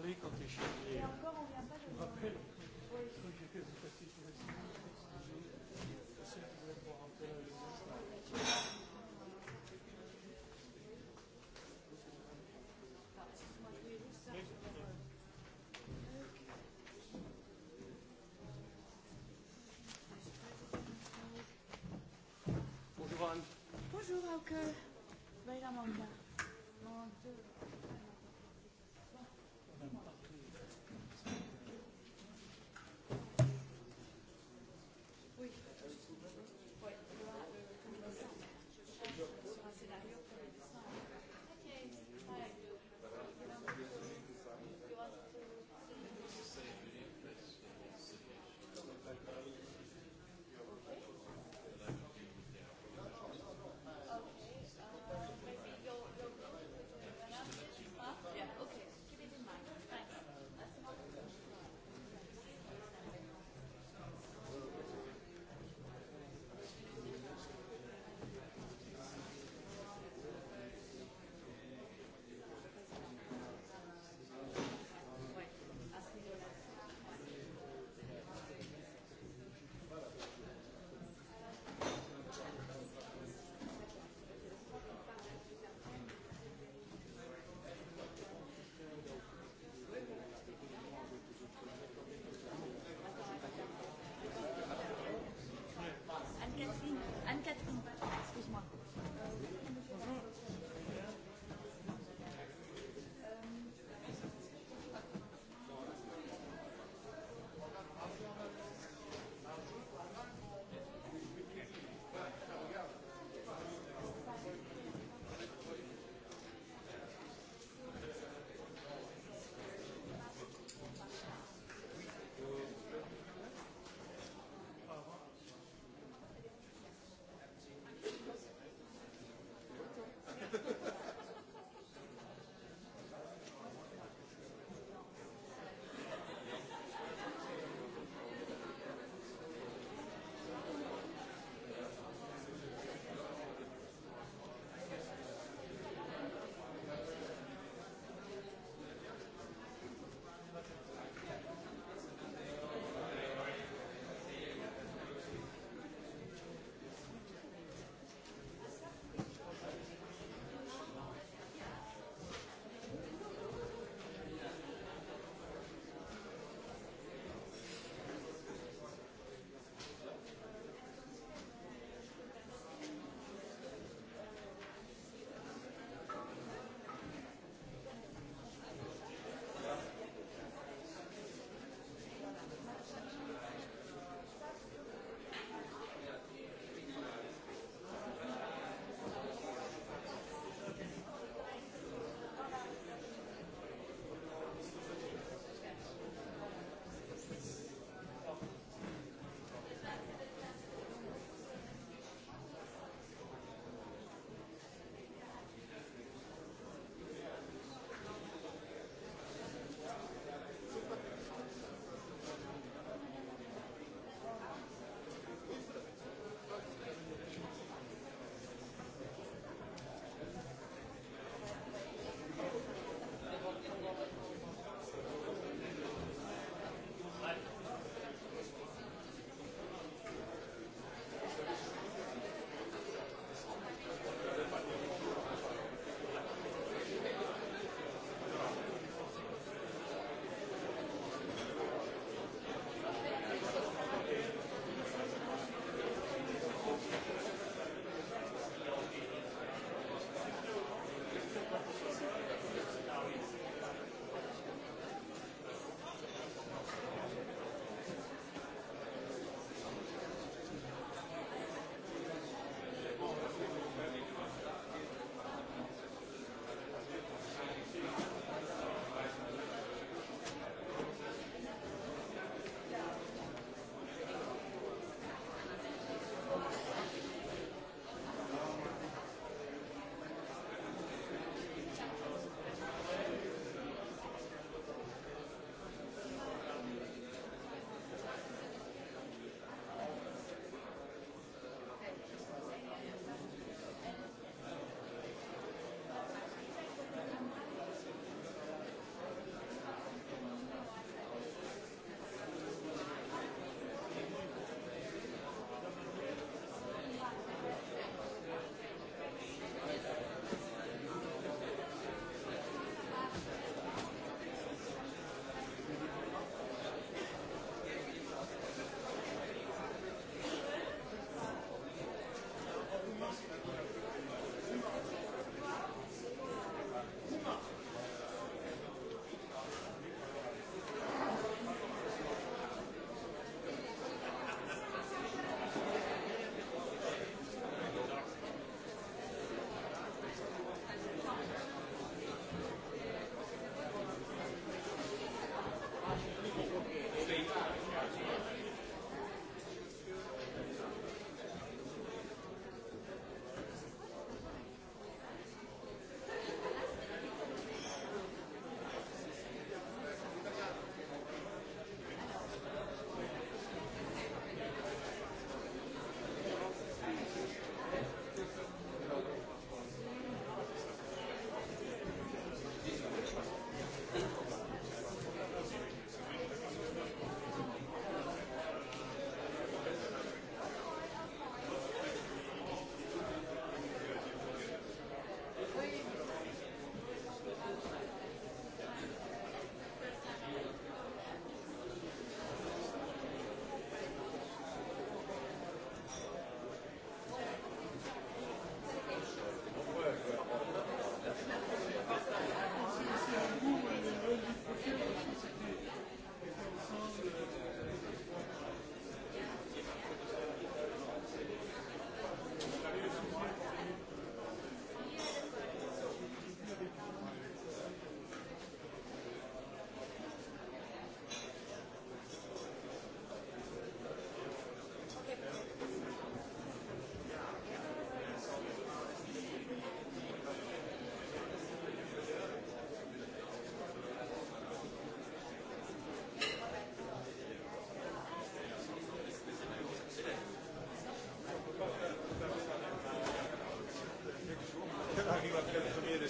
parler quand les Et encore, on vient pas de. Je me rappelle, quand Bonjour vous Bonjour sur Bonjour sujet, Bonjour seule Bonjour voulait Bonjour rentrer Bonjour le Bonjour Anne. Bonjour Anke. Bonjour il Bonjour manque Bonjour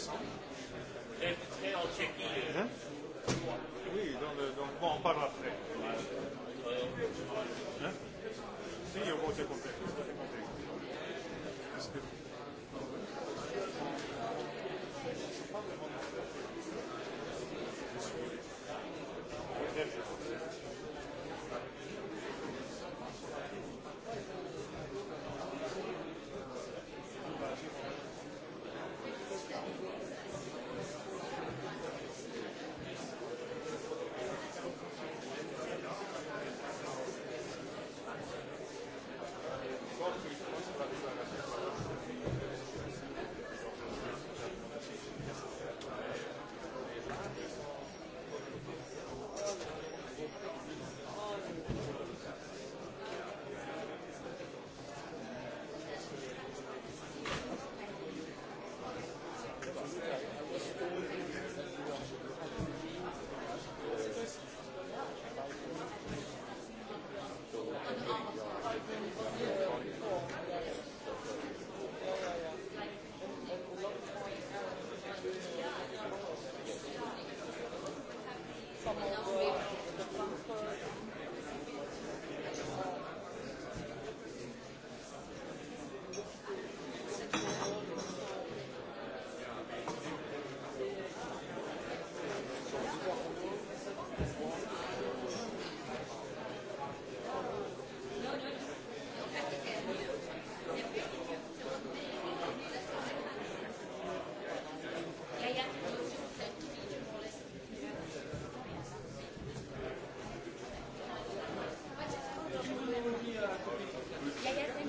risk.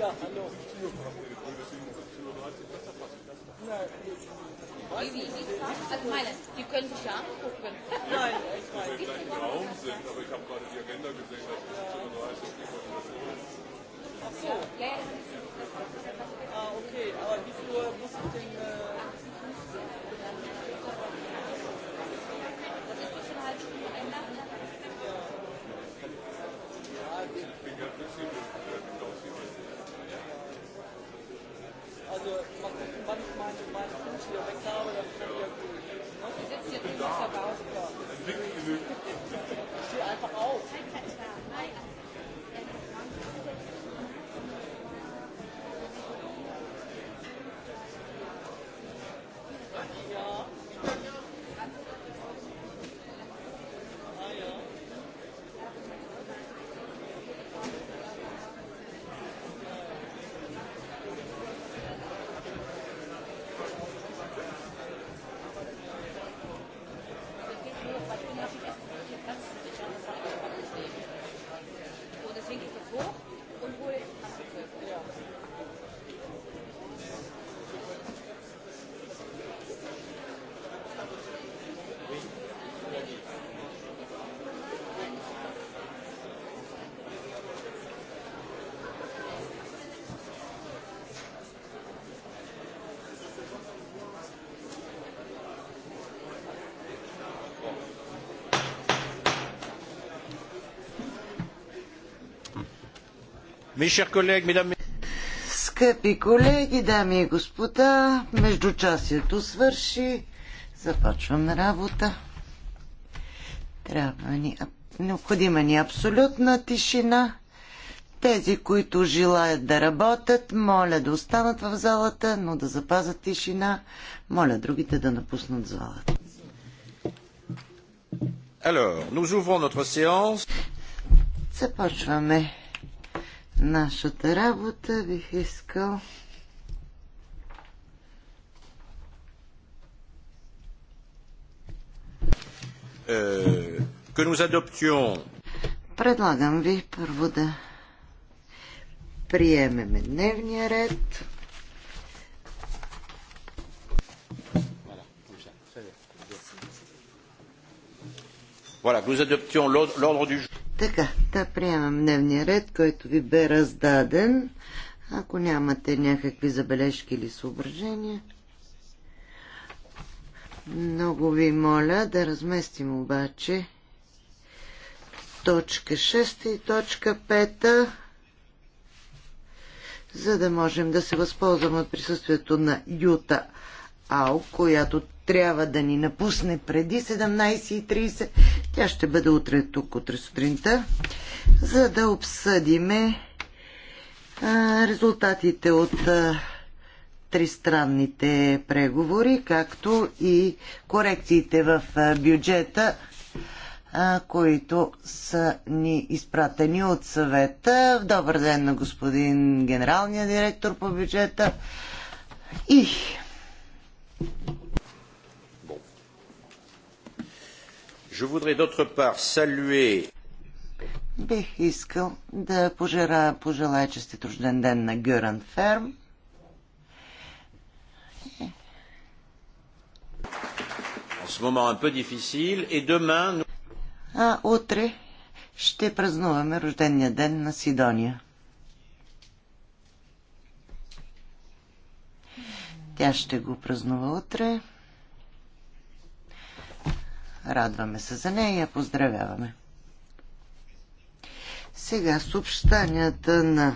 Ja, können sich ja angucken. Nein, ich weiß. nicht. wir vielleicht Raum sind, aber ich habe gerade die Wann ich meinte, meine Fuß wieder weghabe, dann kann ich ja gut. Скъпи колеги, дами и господа, междучасието свърши. на работа. Трябва ни, необходима ни абсолютна тишина. Тези, които желаят да работят, моля да останат в залата, но да запазят тишина. Моля другите да напуснат залата. Alors, nous ouvrons notre séance. Започваме нашата работа. Бих искал е, que nous adoptions. Предлагам ви първо да приемеме дневния ред. Voilà, nous adoptions l'ordre du jour. Така, да приемам дневния ред, който ви бе раздаден. Ако нямате някакви забележки или съображения, много ви моля да разместим обаче точка 6 и точка 5, за да можем да се възползваме от присъствието на Юта Ау, която трябва да ни напусне преди 17.30. Тя ще бъде утре тук, утре сутринта, за да обсъдиме резултатите от тристранните преговори, както и корекциите в бюджета, които са ни изпратени от съвета. Добър ден на господин генералния директор по бюджета и Je voudrais d'autre part saluer Бих искал да пожера, пожелая честит рожден ден на Гюран Ферм. А утре ще празнуваме рождения ден на Сидония. Тя ще го празнува утре. Радваме се за нея, и я поздравяваме. Сега съобщанията на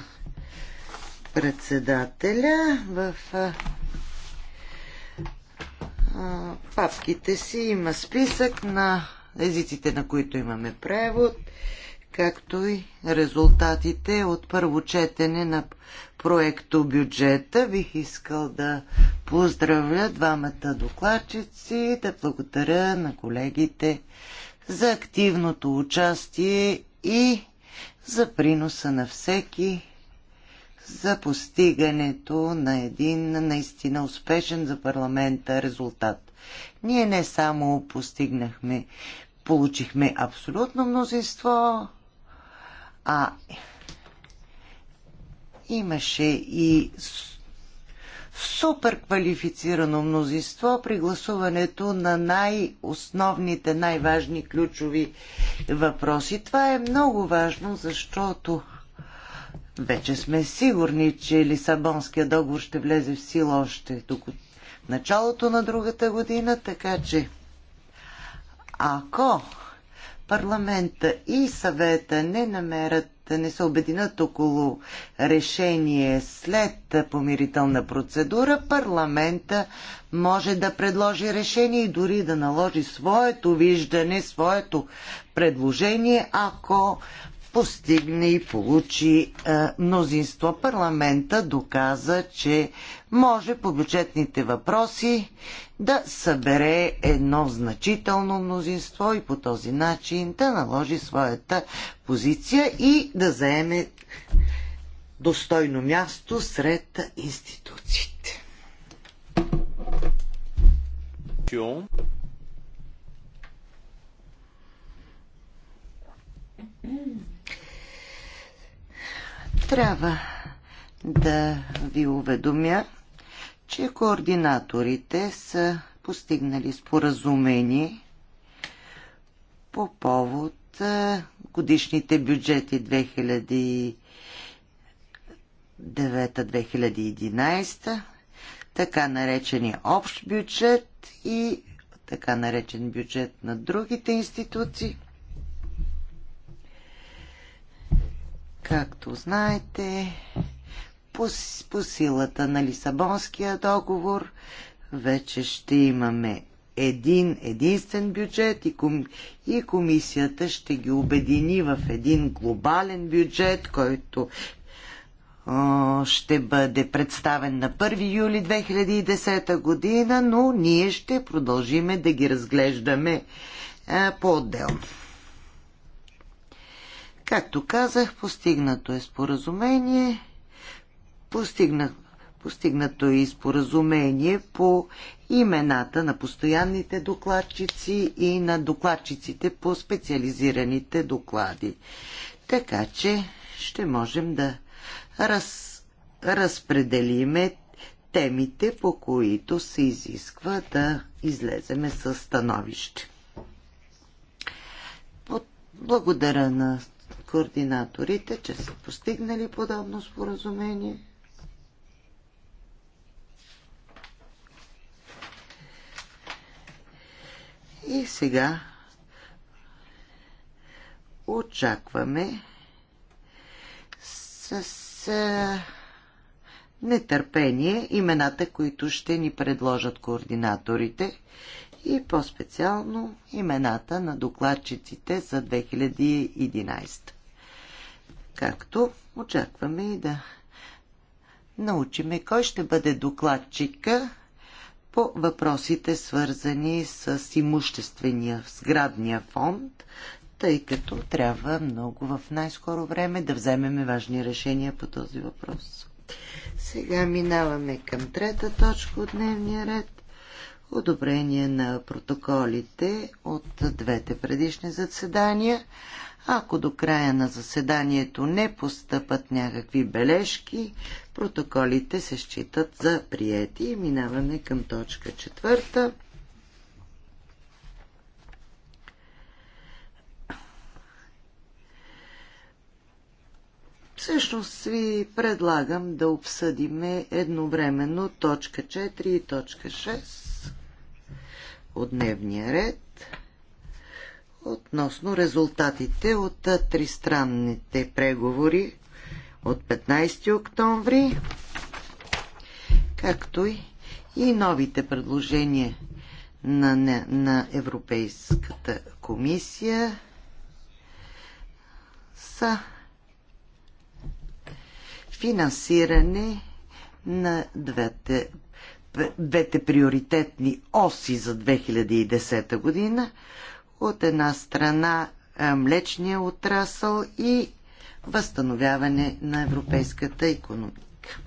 председателя в папките си има списък на езиците, на които имаме превод както и резултатите от първо четене на проекто бюджета. Бих искал да поздравя двамата докладчици, да благодаря на колегите за активното участие и за приноса на всеки за постигането на един наистина успешен за парламента резултат. Ние не само постигнахме, получихме абсолютно мнозинство, а имаше и супер квалифицирано мнозинство при гласуването на най-основните, най-важни ключови въпроси. Това е много важно, защото вече сме сигурни, че Лисабонския договор ще влезе в сила още до началото на другата година, така че ако парламента и съвета не намерят, не се обединят около решение след помирителна процедура, парламента може да предложи решение и дори да наложи своето виждане, своето предложение, ако постигне и получи мнозинство. Парламента доказа, че може по бюджетните въпроси да събере едно значително мнозинство и по този начин да наложи своята позиция и да заеме достойно място сред институциите. Mm-hmm. Трябва да ви уведомя, че координаторите са постигнали споразумение по повод е, годишните бюджети 2009-2011, така наречения общ бюджет и така наречен бюджет на другите институции. Както знаете, по, по силата на Лисабонския договор вече ще имаме един единствен бюджет и, ком, и комисията ще ги обедини в един глобален бюджет, който ще бъде представен на 1 юли 2010 година, но ние ще продължиме да ги разглеждаме по-отделно. Както казах, постигнато е споразумение, постигна, постигнато е и споразумение по имената на постоянните докладчици и на докладчиците по специализираните доклади. Така че ще можем да раз, разпределиме темите, по които се изисква да излеземе със становище. Благодаря на координаторите, че са постигнали подобно споразумение. И сега очакваме с нетърпение имената, които ще ни предложат координаторите и по-специално имената на докладчиците за 2011. Както очакваме и да научиме кой ще бъде докладчика по въпросите свързани с имуществения сградния фонд, тъй като трябва много в най-скоро време да вземеме важни решения по този въпрос. Сега минаваме към трета точка от дневния ред. Одобрение на протоколите от двете предишни заседания. Ако до края на заседанието не постъпат някакви бележки, протоколите се считат за приети и минаваме към точка четвърта. Всъщност ви предлагам да обсъдиме едновременно точка 4 и точка 6 от дневния ред относно резултатите от тристранните преговори от 15 октомври, както и новите предложения на, на, на Европейската комисия са финансиране на двете, двете приоритетни оси за 2010 година, от една страна е, млечния отрасъл и възстановяване на европейската економика.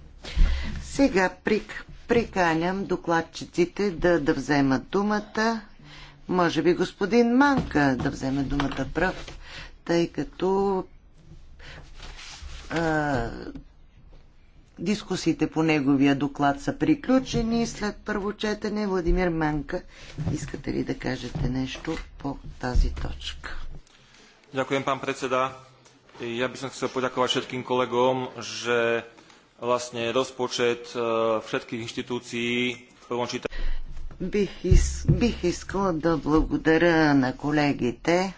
Сега прик, приканям докладчиците да, да вземат думата. Може би господин Манка да вземе думата пръв, тъй като а, е, Дискусиите по неговия доклад са приключени. След първо четене, Владимир Манка, искате ли да кажете нещо по тази точка? Дякуем, пан председа. Я би съм хотел poďakovať všetkým колегам, че власне разпочет všetkých институции v prvom čítaní. Бих, из... бих искала да благодаря на колегите,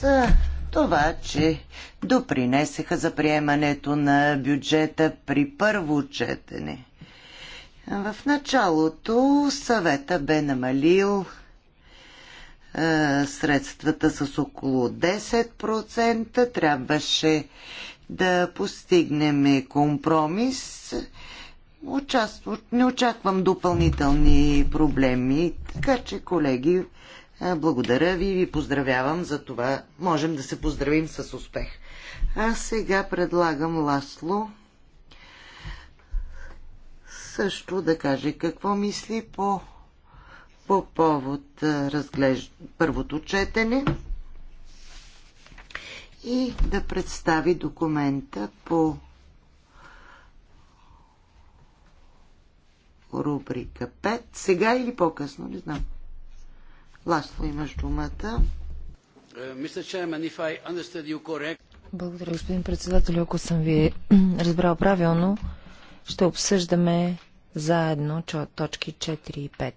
за това, че допринесеха за приемането на бюджета при първо четене. В началото съвета бе намалил средствата с около 10%. Трябваше да постигнем компромис. не очаквам допълнителни проблеми, така че, колеги, благодаря ви и ви поздравявам за това. Можем да се поздравим с успех. А сега предлагам Ласло също да каже какво мисли по, по повод разглеж... първото четене и да представи документа по рубрика 5. Сега или по-късно, не знам имаш думата. Благодаря, господин председател. Ако съм ви разбрал правилно, ще обсъждаме заедно точки 4 и 5.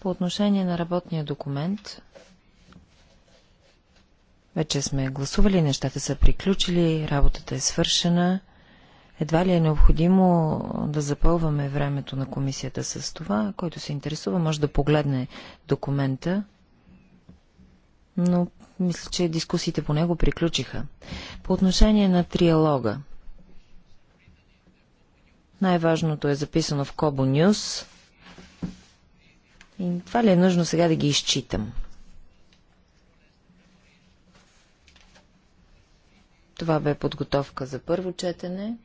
По отношение на работния документ, вече сме гласували, нещата са приключили, работата е свършена – едва ли е необходимо да запълваме времето на комисията с това. Който се интересува, може да погледне документа, но мисля, че дискусиите по него приключиха. По отношение на триалога. Най-важното е записано в Кобо Нюс. И това ли е нужно сега да ги изчитам? Това бе подготовка за първо четене.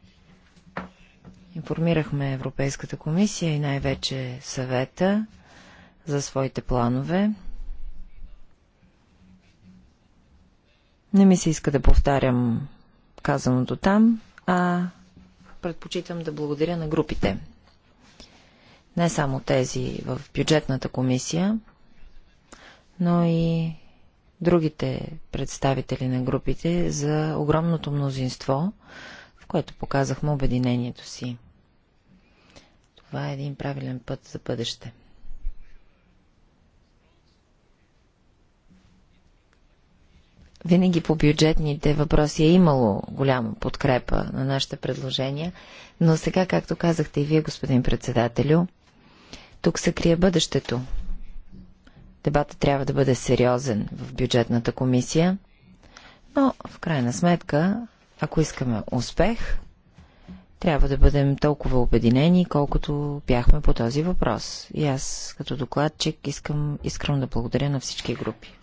Информирахме Европейската комисия и най-вече съвета за своите планове. Не ми се иска да повтарям казаното там, а предпочитам да благодаря на групите. Не само тези в бюджетната комисия, но и другите представители на групите за огромното мнозинство, в което показахме обединението си. Това е един правилен път за бъдеще. Винаги по бюджетните въпроси е имало голяма подкрепа на нашите предложения, но сега, както казахте и вие, господин председателю, тук се крие бъдещето. Дебата трябва да бъде сериозен в бюджетната комисия, но в крайна сметка, ако искаме успех, трябва да бъдем толкова обединени, колкото бяхме по този въпрос. И аз, като докладчик, искам искрено да благодаря на всички групи.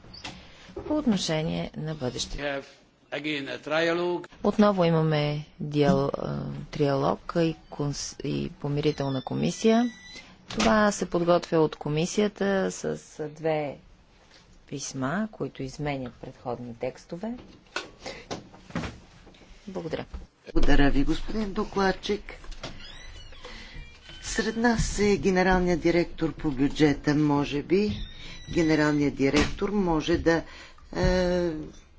По отношение на бъдещето. Отново имаме диал, триалог и, конс, и помирителна комисия. Това се подготвя от комисията с две писма, които изменят предходни текстове. Благодаря. Благодаря ви, господин докладчик. Сред нас е генералният директор по бюджета, може би. Генералният директор може да е,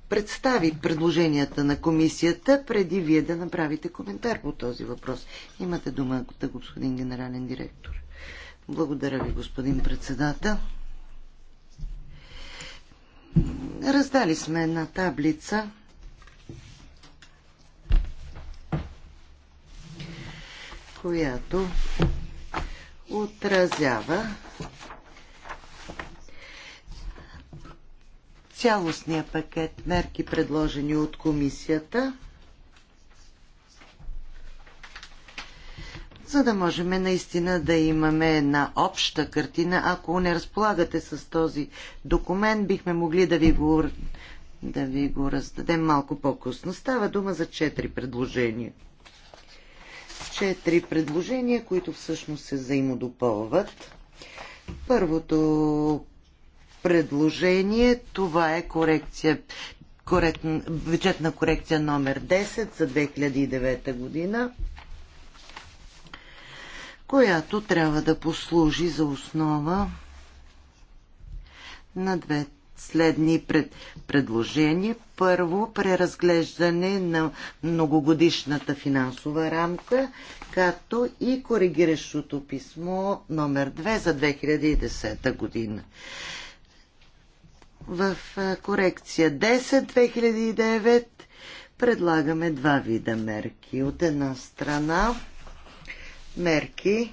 представи предложенията на комисията, преди вие да направите коментар по този въпрос. Имате думата, господин генерален директор. Благодаря ви, господин председател. Раздали сме една таблица която отразява цялостния пакет мерки, предложени от комисията, за да можем наистина да имаме една обща картина. Ако не разполагате с този документ, бихме могли да ви го, да ви го раздадем малко по-късно. Става дума за четири предложения – четири е предложения, които всъщност се взаимодопълват. Първото предложение, това е корекция, корект, бюджетна корекция номер 10 за 2009 година, която трябва да послужи за основа на двете следни пред, предложения. Първо, преразглеждане на многогодишната финансова рамка, както и коригиращото писмо номер 2 за 2010 година. В корекция 10-2009 предлагаме два вида мерки. От една страна мерки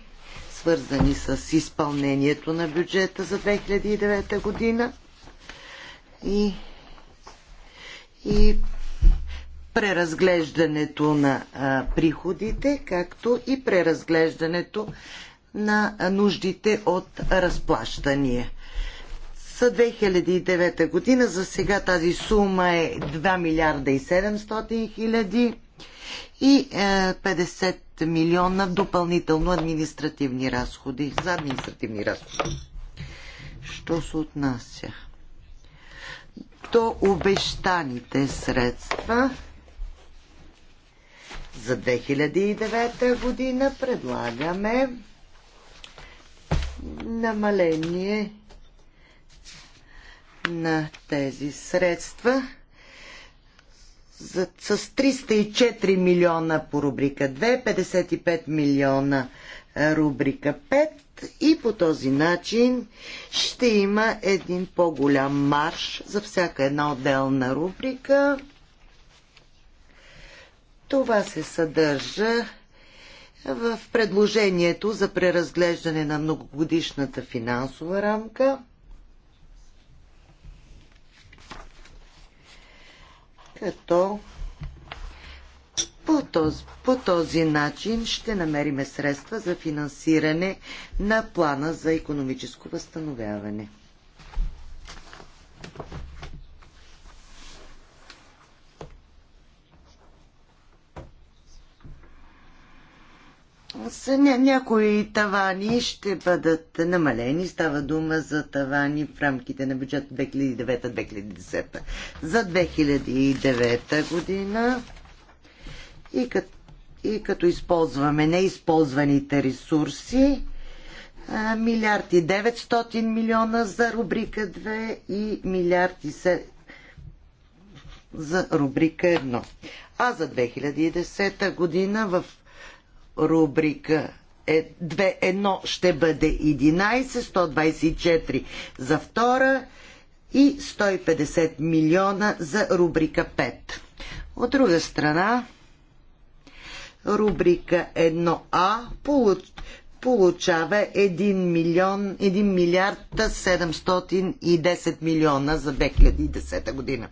свързани с изпълнението на бюджета за 2009 година и, и преразглеждането на а, приходите, както и преразглеждането на нуждите от разплащания. За 2009 година за сега тази сума е 2 милиарда и 700 хиляди и 50 е, милиона допълнително административни разходи, за административни разходи. Що се отнася? вместо обещаните средства за 2009 година предлагаме намаление на тези средства за, с 304 милиона по рубрика 2, 55 милиона рубрика 5 и по този начин ще има един по-голям марш за всяка една отделна рубрика. Това се съдържа в предложението за преразглеждане на многогодишната финансова рамка. Като по този, по този начин ще намериме средства за финансиране на плана за економическо възстановяване. Ня, някои тавани ще бъдат намалени. Става дума за тавани в рамките на бюджет 2009-2010. За 2009 година и като, и като използваме неизползваните ресурси, милиард и 900 милиона за рубрика 2 и милиард и 7 за рубрика 1. А за 2010 година в рубрика 2.1 е, ще бъде 11, 124 за втора и 150 милиона за рубрика 5. От друга страна, рубрика 1А получава 1, милион, 1 милиард 710 милиона за 2010 година.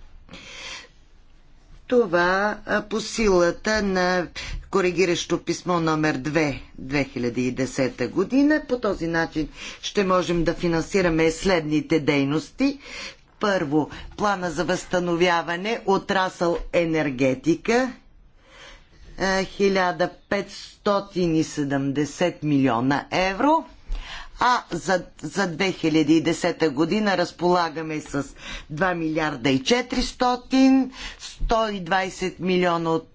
Това по силата на коригиращо писмо номер 2 2010 година. По този начин ще можем да финансираме следните дейности. Първо, плана за възстановяване отрасъл енергетика 1570 милиона евро, а за, за 2010 година разполагаме с 2 милиарда и 400, 120 милиона от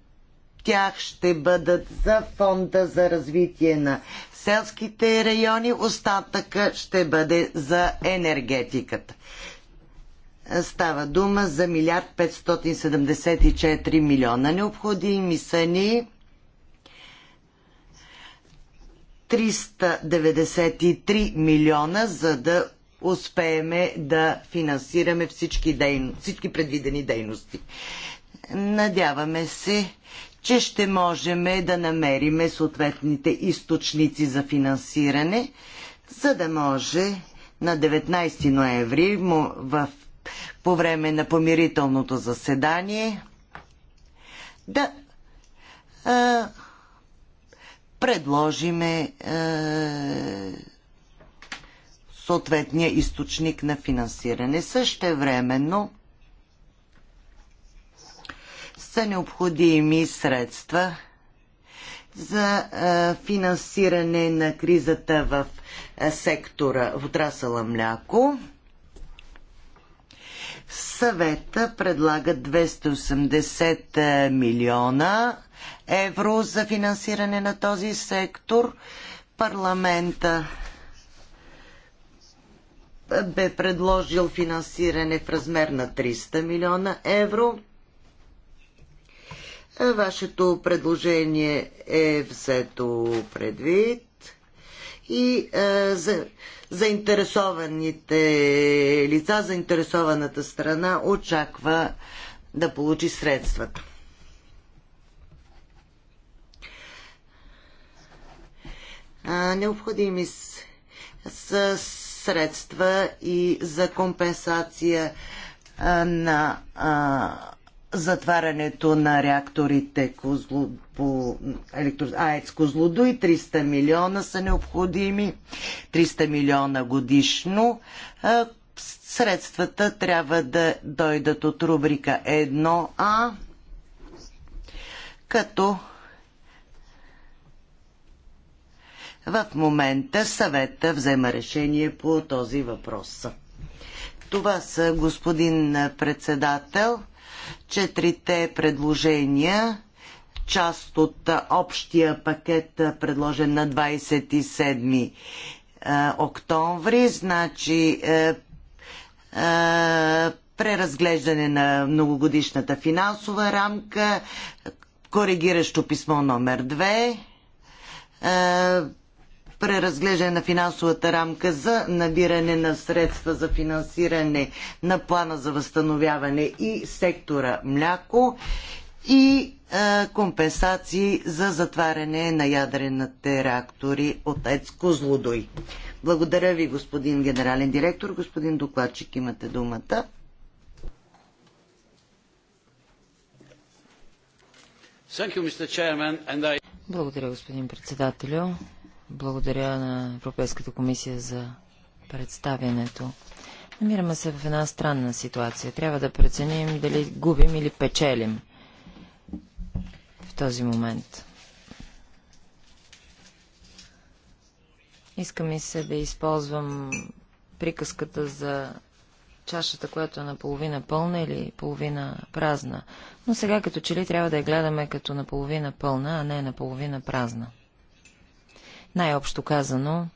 тях ще бъдат за фонда за развитие на селските райони, остатъка ще бъде за енергетиката. Става дума за милиард 574 милиона. Необходими са ни 393 милиона, за да успееме да финансираме всички, дейно, всички предвидени дейности. Надяваме се, че ще можем да намериме съответните източници за финансиране, за да може на 19 ноември в по време на помирителното заседание да а, предложиме а, съответния източник на финансиране. Също времено са необходими средства за а, финансиране на кризата в сектора в отрасъла мляко. Съвета предлага 280 е, милиона евро за финансиране на този сектор. Парламента е, бе предложил финансиране в размер на 300 милиона евро. Е, вашето предложение е взето предвид и е, за, заинтересованите лица, заинтересованата страна очаква да получи средствата. необходими са средства и за компенсация на затварянето на реакторите Козло, по електро... АЕЦ Козлодуй. 300 милиона са необходими, 300 милиона годишно. Средствата трябва да дойдат от рубрика 1А, като в момента съвета взема решение по този въпрос. Това са, господин председател, четирите предложения, част от общия пакет, предложен на 27 е, октомври, значи е, е, преразглеждане на многогодишната финансова рамка, коригиращо писмо номер 2, преразглеждане на финансовата рамка за набиране на средства за финансиране на плана за възстановяване и сектора мляко и е, компенсации за затваряне на ядрените реактори от ЕЦ Козлодой. Благодаря ви, господин генерален директор. Господин докладчик, имате думата. Благодаря, господин председателю. Благодаря на Европейската комисия за представянето. Намираме се в една странна ситуация. Трябва да преценим дали губим или печелим в този момент. Иска ми се да използвам приказката за чашата, която е наполовина пълна или половина празна. Но сега като че ли трябва да я гледаме като наполовина пълна, а не наполовина празна. Най-общо казано,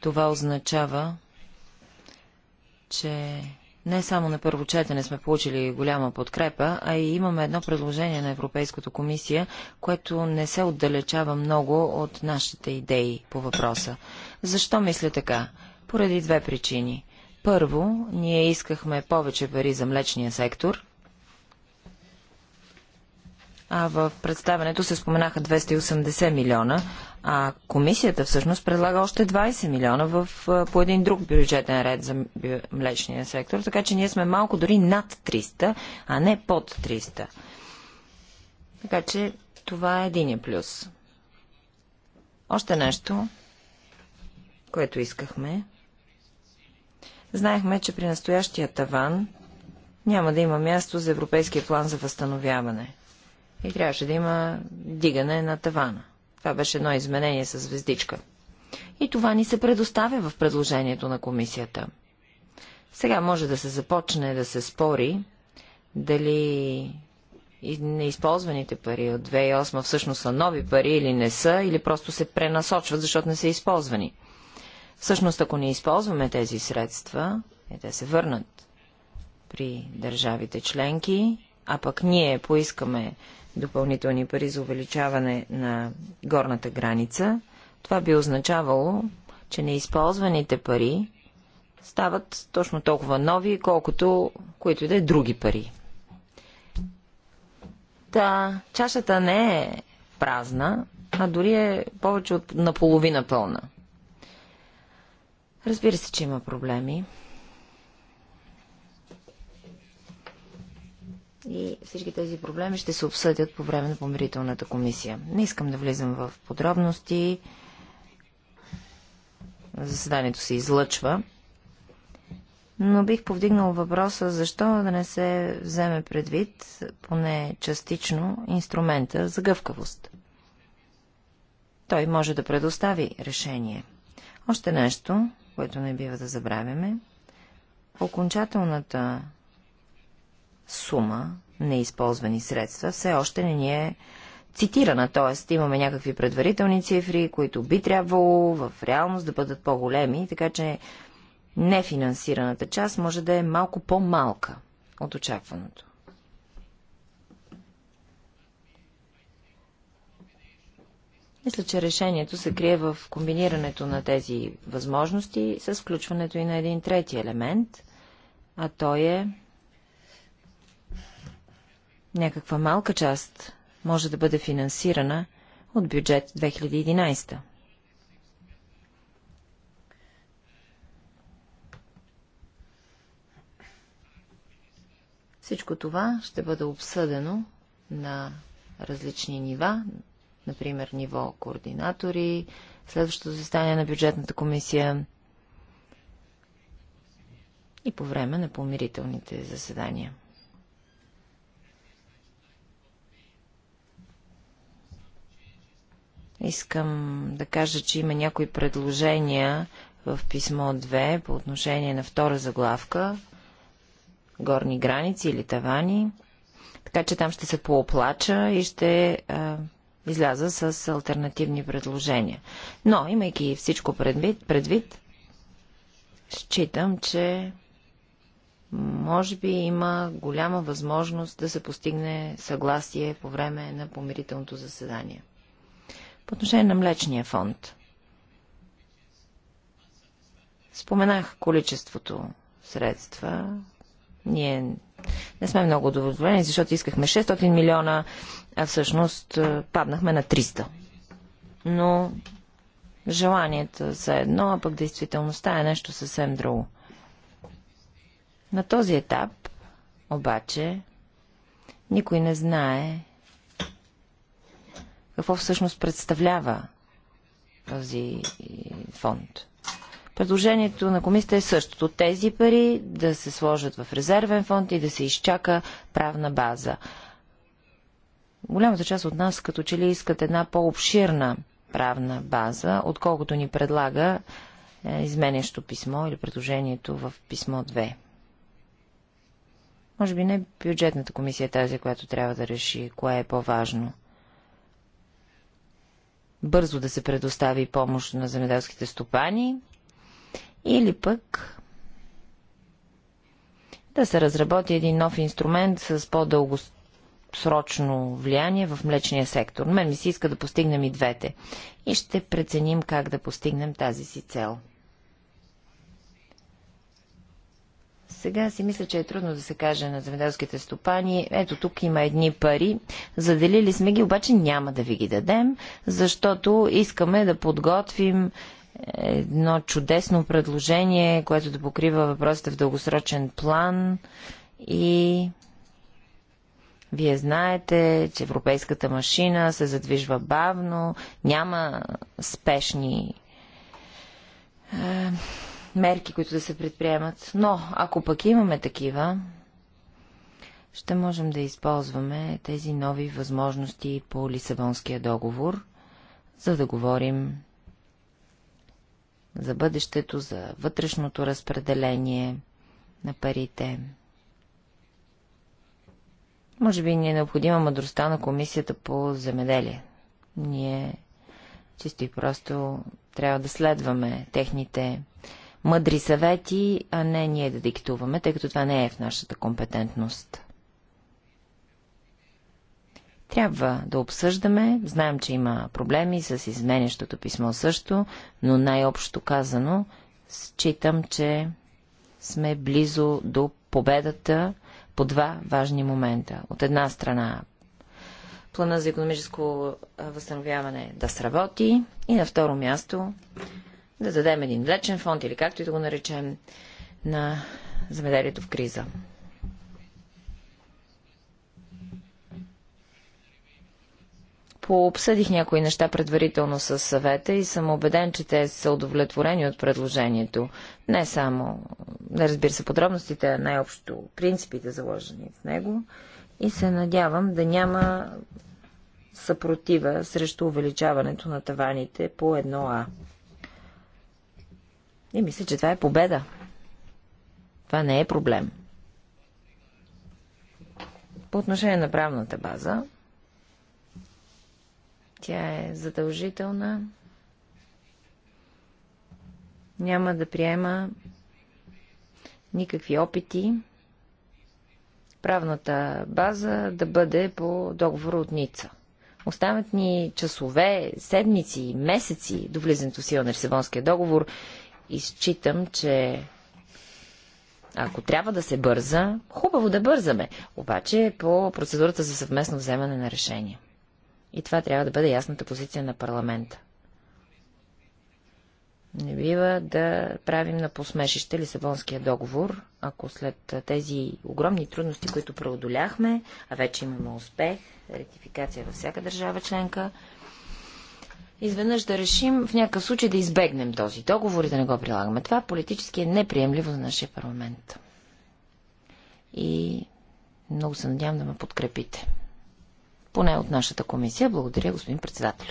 това означава, че не само на първо четене сме получили голяма подкрепа, а и имаме едно предложение на Европейската комисия, което не се отдалечава много от нашите идеи по въпроса. Защо мисля така? Поради две причини. Първо, ние искахме повече пари за млечния сектор, а в представенето се споменаха 280 милиона, а комисията всъщност предлага още 20 милиона в, по един друг бюджетен ред за млечния сектор, така че ние сме малко дори над 300, а не под 300. Така че това е един плюс. Още нещо, което искахме. Знаехме, че при настоящия таван няма да има място за Европейския план за възстановяване и трябваше да има дигане на тавана. Това беше едно изменение с звездичка. И това ни се предоставя в предложението на комисията. Сега може да се започне да се спори дали неизползваните пари от 2008 всъщност са нови пари или не са, или просто се пренасочват, защото не са използвани. Всъщност, ако не използваме тези средства, е те да се върнат при държавите членки, а пък ние поискаме допълнителни пари за увеличаване на горната граница, това би означавало, че неизползваните пари стават точно толкова нови, колкото които и да е други пари. Та, чашата не е празна, а дори е повече от наполовина пълна. Разбира се, че има проблеми. И всички тези проблеми ще се обсъдят по време на помирителната комисия. Не искам да влизам в подробности. Заседанието се излъчва. Но бих повдигнал въпроса, защо да не се вземе предвид, поне частично, инструмента за гъвкавост. Той може да предостави решение. Още нещо, което не бива да забравяме. Окончателната сума неизползвани средства все още не ни е цитирана, т.е. имаме някакви предварителни цифри, които би трябвало в реалност да бъдат по-големи, така че нефинансираната част може да е малко по-малка от очакваното. Мисля, че решението се крие в комбинирането на тези възможности с включването и на един трети елемент, а той е Някаква малка част може да бъде финансирана от бюджет 2011. Всичко това ще бъде обсъдено на различни нива, например ниво координатори, следващото застание на бюджетната комисия и по време на помирителните заседания. Искам да кажа, че има някои предложения в писмо 2 по отношение на втора заглавка горни граници или тавани. Така че там ще се пооплача и ще а, изляза с альтернативни предложения. Но, имайки всичко предвид, предвид считам, че може би има голяма възможност да се постигне съгласие по време на помирителното заседание. По отношение на млечния фонд. Споменах количеството средства. Ние не сме много удовлетворени, защото искахме 600 милиона, а всъщност е, паднахме на 300. Но желанията са едно, а пък действителността е нещо съвсем друго. На този етап, обаче, никой не знае какво всъщност представлява този фонд. Предложението на комисията е същото. Тези пари да се сложат в резервен фонд и да се изчака правна база. Голямата част от нас като че ли искат една по-обширна правна база, отколкото ни предлага е, изменящо писмо или предложението в писмо 2. Може би не бюджетната комисия е тази, която трябва да реши кое е по-важно бързо да се предостави помощ на земеделските стопани или пък да се разработи един нов инструмент с по-дългосрочно влияние в млечния сектор. Мен ми се иска да постигнем и двете и ще преценим как да постигнем тази си цел. Сега си мисля, че е трудно да се каже на земеделските стопани, ето тук има едни пари, заделили сме ги, обаче няма да ви ги дадем, защото искаме да подготвим едно чудесно предложение, което да покрива въпросите в дългосрочен план и вие знаете, че европейската машина се задвижва бавно, няма спешни мерки, които да се предприемат. Но, ако пък имаме такива, ще можем да използваме тези нови възможности по Лисабонския договор, за да говорим за бъдещето, за вътрешното разпределение на парите. Може би ни е необходима мъдростта на комисията по земеделие. Ние чисто и просто трябва да следваме техните мъдри съвети, а не ние да диктуваме, тъй като това не е в нашата компетентност. Трябва да обсъждаме, знаем, че има проблеми с изменящото писмо също, но най-общо казано, считам, че сме близо до победата по два важни момента. От една страна плана за економическо възстановяване да сработи и на второ място да дадем един млечен фонд или както и да го наречем на замеделието в криза. Пообсъдих някои неща предварително с съвета и съм убеден, че те са удовлетворени от предложението. Не само, не разбира се, подробностите, а най-общо принципите заложени в него. И се надявам да няма съпротива срещу увеличаването на таваните по 1А. И мисля, че това е победа. Това не е проблем. По отношение на правната база, тя е задължителна. Няма да приема никакви опити правната база да бъде по договор от Ница. Оставят ни часове, седмици, месеци до влизането в сила на Лисабонския договор изчитам, че ако трябва да се бърза, хубаво да бързаме, обаче по процедурата за съвместно вземане на решение. И това трябва да бъде ясната позиция на парламента. Не бива да правим на посмешище Лисабонския договор, ако след тези огромни трудности, които преодоляхме, а вече имаме успех, ретификация във всяка държава членка, изведнъж да решим в някакъв случай да избегнем този договор и да не го прилагаме. Това политически е неприемливо за нашия парламент. И много се надявам да ме подкрепите. Поне от нашата комисия. Благодаря, господин председател.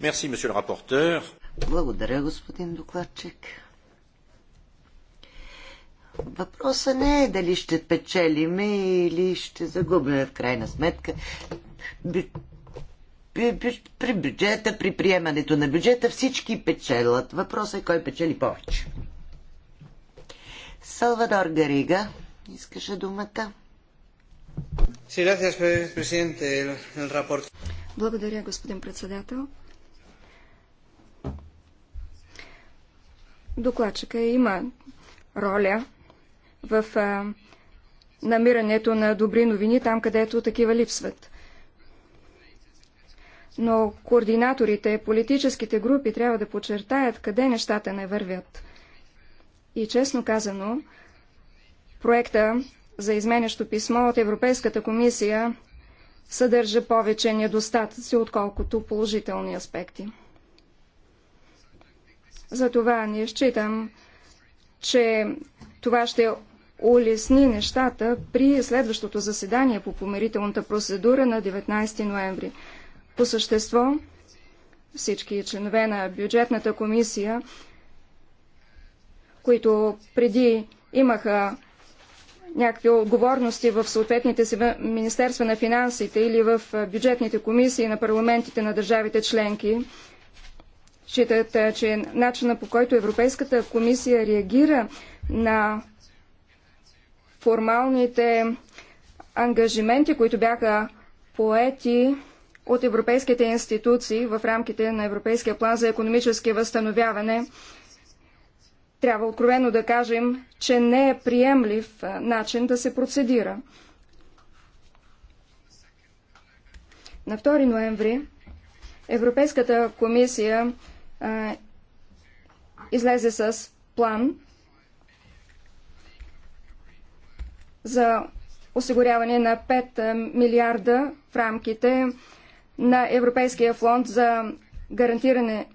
Мерси, месье рапортер. Благодаря, господин докладчик. Въпросът не е дали ще печелиме или ще загубиме в крайна сметка при бюджета, при приемането на бюджета всички печелят. Въпросът е кой печели повече. Салвадор Гарига искаше думата. Благодаря, господин председател. Докладчика има роля в намирането на добри новини там, където такива липсват но координаторите, политическите групи трябва да подчертаят къде нещата не вървят. И честно казано, проекта за изменящо писмо от Европейската комисия съдържа повече недостатъци, отколкото положителни аспекти. Затова не считам, че това ще улесни нещата при следващото заседание по помирителната процедура на 19 ноември. По същество, всички членове на бюджетната комисия, които преди имаха някакви отговорности в съответните си Министерства на финансите или в бюджетните комисии на парламентите на държавите членки, считат, че начина по който Европейската комисия реагира на формалните ангажименти, които бяха поети от европейските институции в рамките на Европейския план за економически възстановяване. Трябва откровено да кажем, че не е приемлив начин да се процедира. На 2 ноември Европейската комисия а, излезе с план за осигуряване на 5 милиарда в рамките на Европейския фонд за гарантиране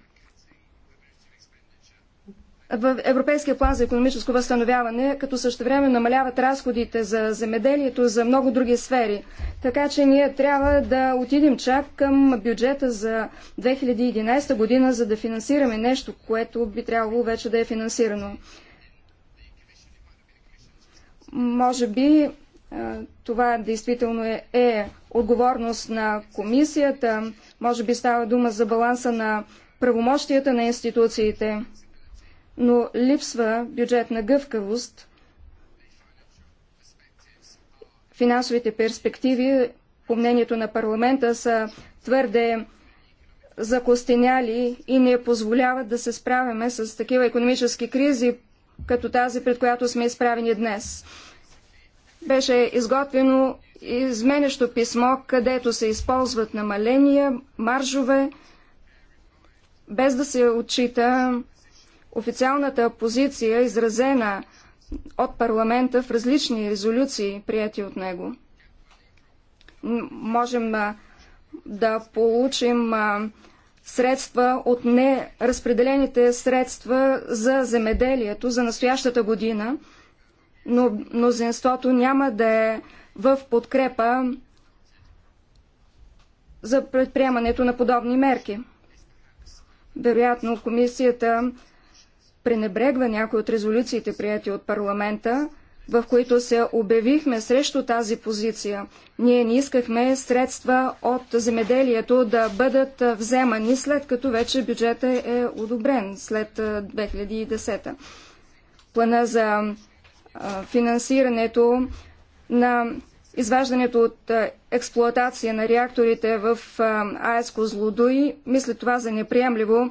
в Европейския план за економическо възстановяване, като време намаляват разходите за земеделието, за много други сфери. Така че ние трябва да отидем чак към бюджета за 2011 година, за да финансираме нещо, което би трябвало вече да е финансирано. Може би това действително е, е отговорност на комисията, може би става дума за баланса на правомощията на институциите, но липсва бюджетна гъвкавост. Финансовите перспективи, по мнението на парламента, са твърде закостеняли и не позволяват да се справяме с такива економически кризи, като тази, пред която сме изправени днес. Беше изготвено изменящо писмо, където се използват намаления, маржове, без да се отчита официалната позиция, изразена от парламента в различни резолюции, прияти от него. Можем да получим средства от неразпределените средства за земеделието за настоящата година, но мнозинството няма да е в подкрепа за предприемането на подобни мерки. Вероятно, комисията пренебрегва някои от резолюциите, прияти от парламента, в които се обявихме срещу тази позиция. Ние не искахме средства от земеделието да бъдат вземани след като вече бюджета е одобрен след 2010. Плана за финансирането на изваждането от експлоатация на реакторите в АЕС Козлодуй. Мисля това за неприемливо,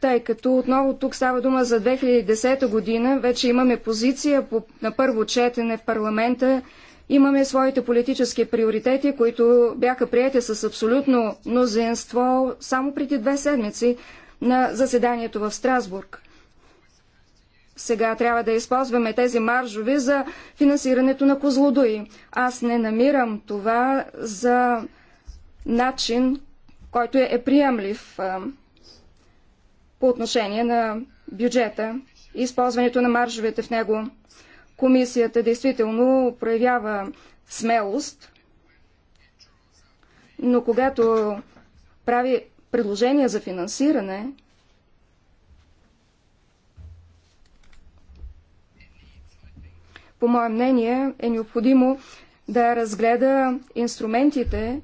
тъй като отново тук става дума за 2010 година. Вече имаме позиция по, на първо четене в парламента. Имаме своите политически приоритети, които бяха прияти с абсолютно мнозинство само преди две седмици на заседанието в Страсбург сега трябва да използваме тези маржови за финансирането на козлодои. Аз не намирам това за начин, който е приемлив по отношение на бюджета и използването на маржовете в него. Комисията действително проявява смелост, но когато прави предложения за финансиране, по мое мнение, е необходимо да разгледа инструментите,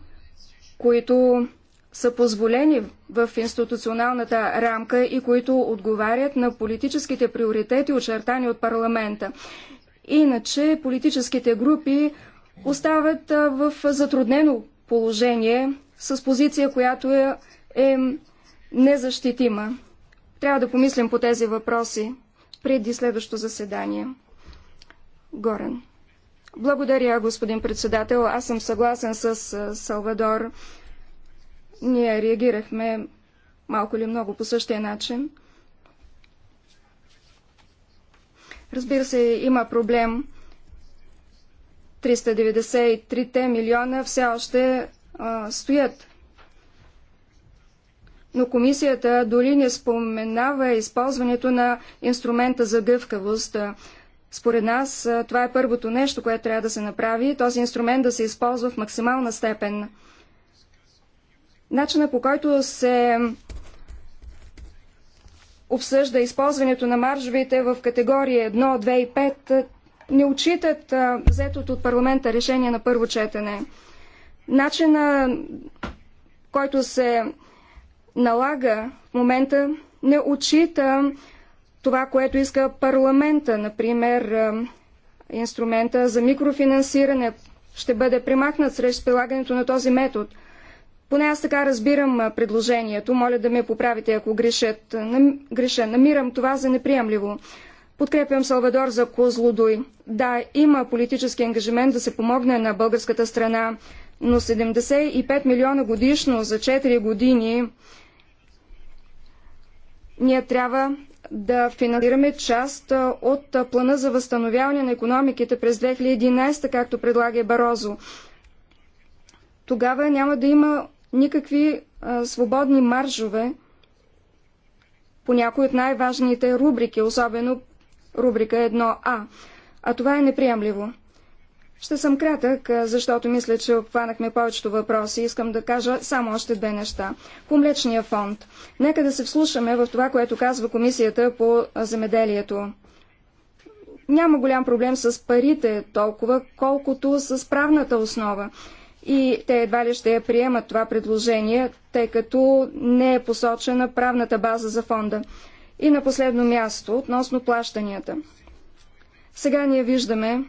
които са позволени в институционалната рамка и които отговарят на политическите приоритети, очертани от парламента. Иначе политическите групи остават в затруднено положение с позиция, която е, е незащитима. Трябва да помислим по тези въпроси преди следващото заседание. Благодаря, господин председател. Аз съм съгласен с Салвадор. Ние реагирахме малко или много по същия начин. Разбира се, има проблем. 393 милиона все още а, стоят. Но комисията дори не споменава използването на инструмента за гъвкавост. Според нас това е първото нещо, което трябва да се направи, този инструмент да се използва в максимална степен. Начина по който се обсъжда използването на маржовете в категория 1, 2 и 5, не отчитат взетото от парламента решение на първо четене. Начина, който се налага в момента, не отчита това, което иска парламента, например инструмента за микрофинансиране ще бъде примахнат срещу прилагането на този метод. Поне аз така разбирам предложението. Моля да ме поправите, ако грешат. Нам... греша. Намирам това за неприемливо. Подкрепям Салвадор за Козлодой. Да, има политически ангажимент да се помогне на българската страна, но 75 милиона годишно за 4 години ние трябва да финансираме част от плана за възстановяване на економиките през 2011, както предлага Барозо. Тогава няма да има никакви свободни маржове по някои от най-важните рубрики, особено рубрика 1А. А това е неприемливо. Ще съм кратък, защото мисля, че обхванахме повечето въпроси. Искам да кажа само още две неща. По млечния фонд. Нека да се вслушаме в това, което казва комисията по земеделието. Няма голям проблем с парите толкова, колкото с правната основа. И те едва ли ще я приемат това предложение, тъй като не е посочена правната база за фонда. И на последно място, относно плащанията. Сега ние виждаме,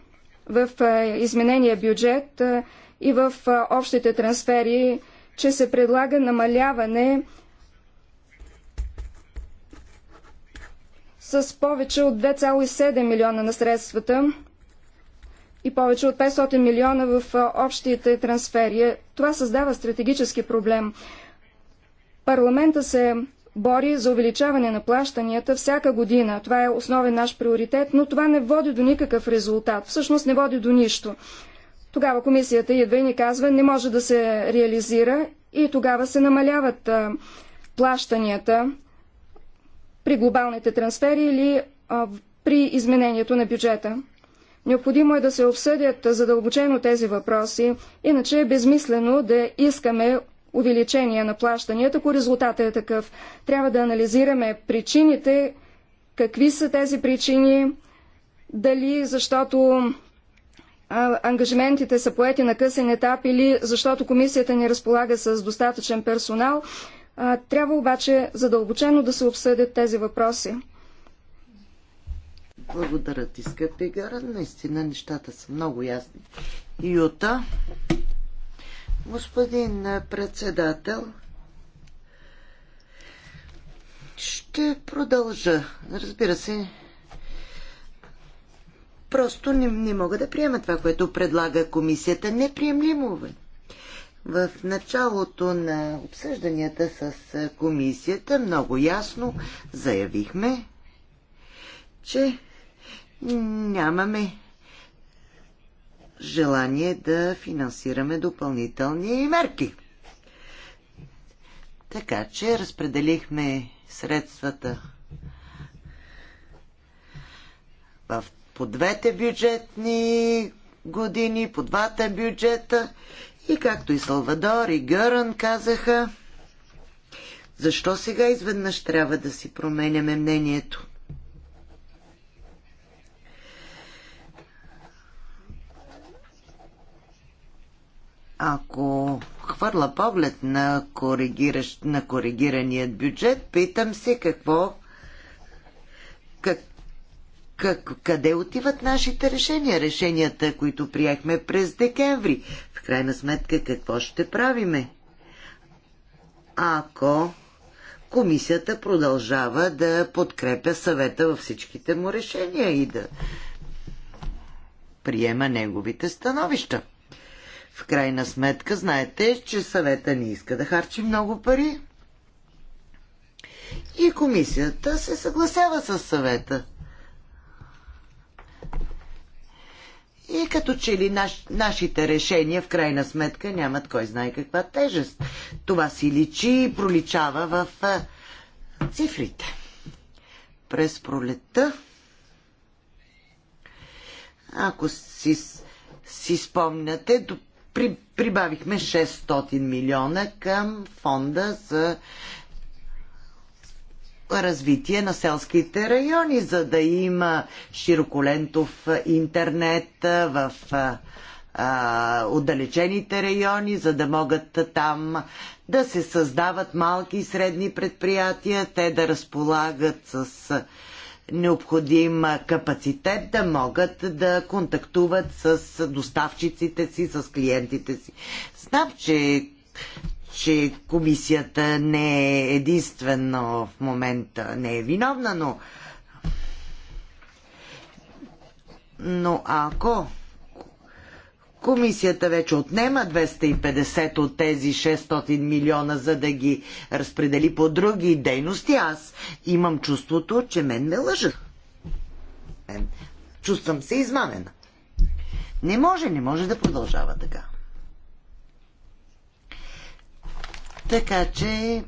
в е, изменения бюджет е, и в е, общите трансфери, че се предлага намаляване с повече от 2,7 милиона на средствата и повече от 500 милиона в общите трансфери. Това създава стратегически проблем. Парламента се бори за увеличаване на плащанията всяка година. Това е основен наш приоритет, но това не води до никакъв резултат. Всъщност не води до нищо. Тогава комисията идва и ни казва, не може да се реализира и тогава се намаляват а, плащанията при глобалните трансфери или а, при изменението на бюджета. Необходимо е да се обсъдят задълбочено тези въпроси, иначе е безмислено да искаме увеличение на плащанията, ако резултатът е такъв. Трябва да анализираме причините, какви са тези причини, дали защото ангажиментите са поети на късен етап или защото комисията не разполага с достатъчен персонал. Трябва обаче задълбочено да се обсъдят тези въпроси. Благодаря ти, скъпи Гара. Наистина нещата са много ясни. Юта. Господин председател, ще продължа. Разбира се, просто не, не мога да приема това, което предлага комисията. Неприемлимо е. В началото на обсъжданията с комисията много ясно заявихме, че нямаме желание да финансираме допълнителни мерки. Така че разпределихме средствата в по двете бюджетни години, по двата бюджета и както и Салвадор и Гърън казаха, защо сега изведнъж трябва да си променяме мнението? Ако хвърла поглед на, коригиращ, на коригираният бюджет, питам се какво как, как, къде отиват нашите решения, решенията, които приехме през декември. В крайна сметка, какво ще правиме? Ако комисията продължава да подкрепя съвета във всичките му решения и да приема неговите становища. В крайна сметка, знаете, че съвета не иска да харчи много пари. И комисията се съгласява с съвета. И като че ли наш, нашите решения в крайна сметка нямат кой знае каква тежест. Това си личи и проличава в а, цифрите. През пролета, ако си, си спомняте, при, прибавихме 600 милиона към фонда за развитие на селските райони, за да има широколентов интернет в а, отдалечените райони, за да могат там да се създават малки и средни предприятия, те да разполагат с необходим капацитет да могат да контактуват с доставчиците си, с клиентите си. Знам, че, че комисията не е единствено в момента не е виновна, но но ако Комисията вече отнема 250 от тези 600 милиона, за да ги разпредели по други дейности. Аз имам чувството, че мен ме лъжат. Чувствам се измамена. Не може, не може да продължава така. Така че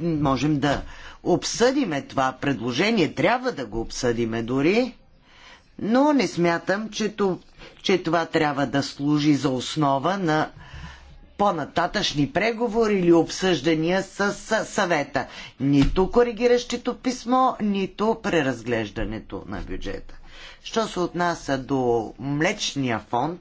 можем да обсъдиме това предложение, трябва да го обсъдиме дори, но не смятам, че че това трябва да служи за основа на по-нататъчни преговори или обсъждания с съвета. Нито коригиращото писмо, нито преразглеждането на бюджета. Що се отнася до млечния фонд,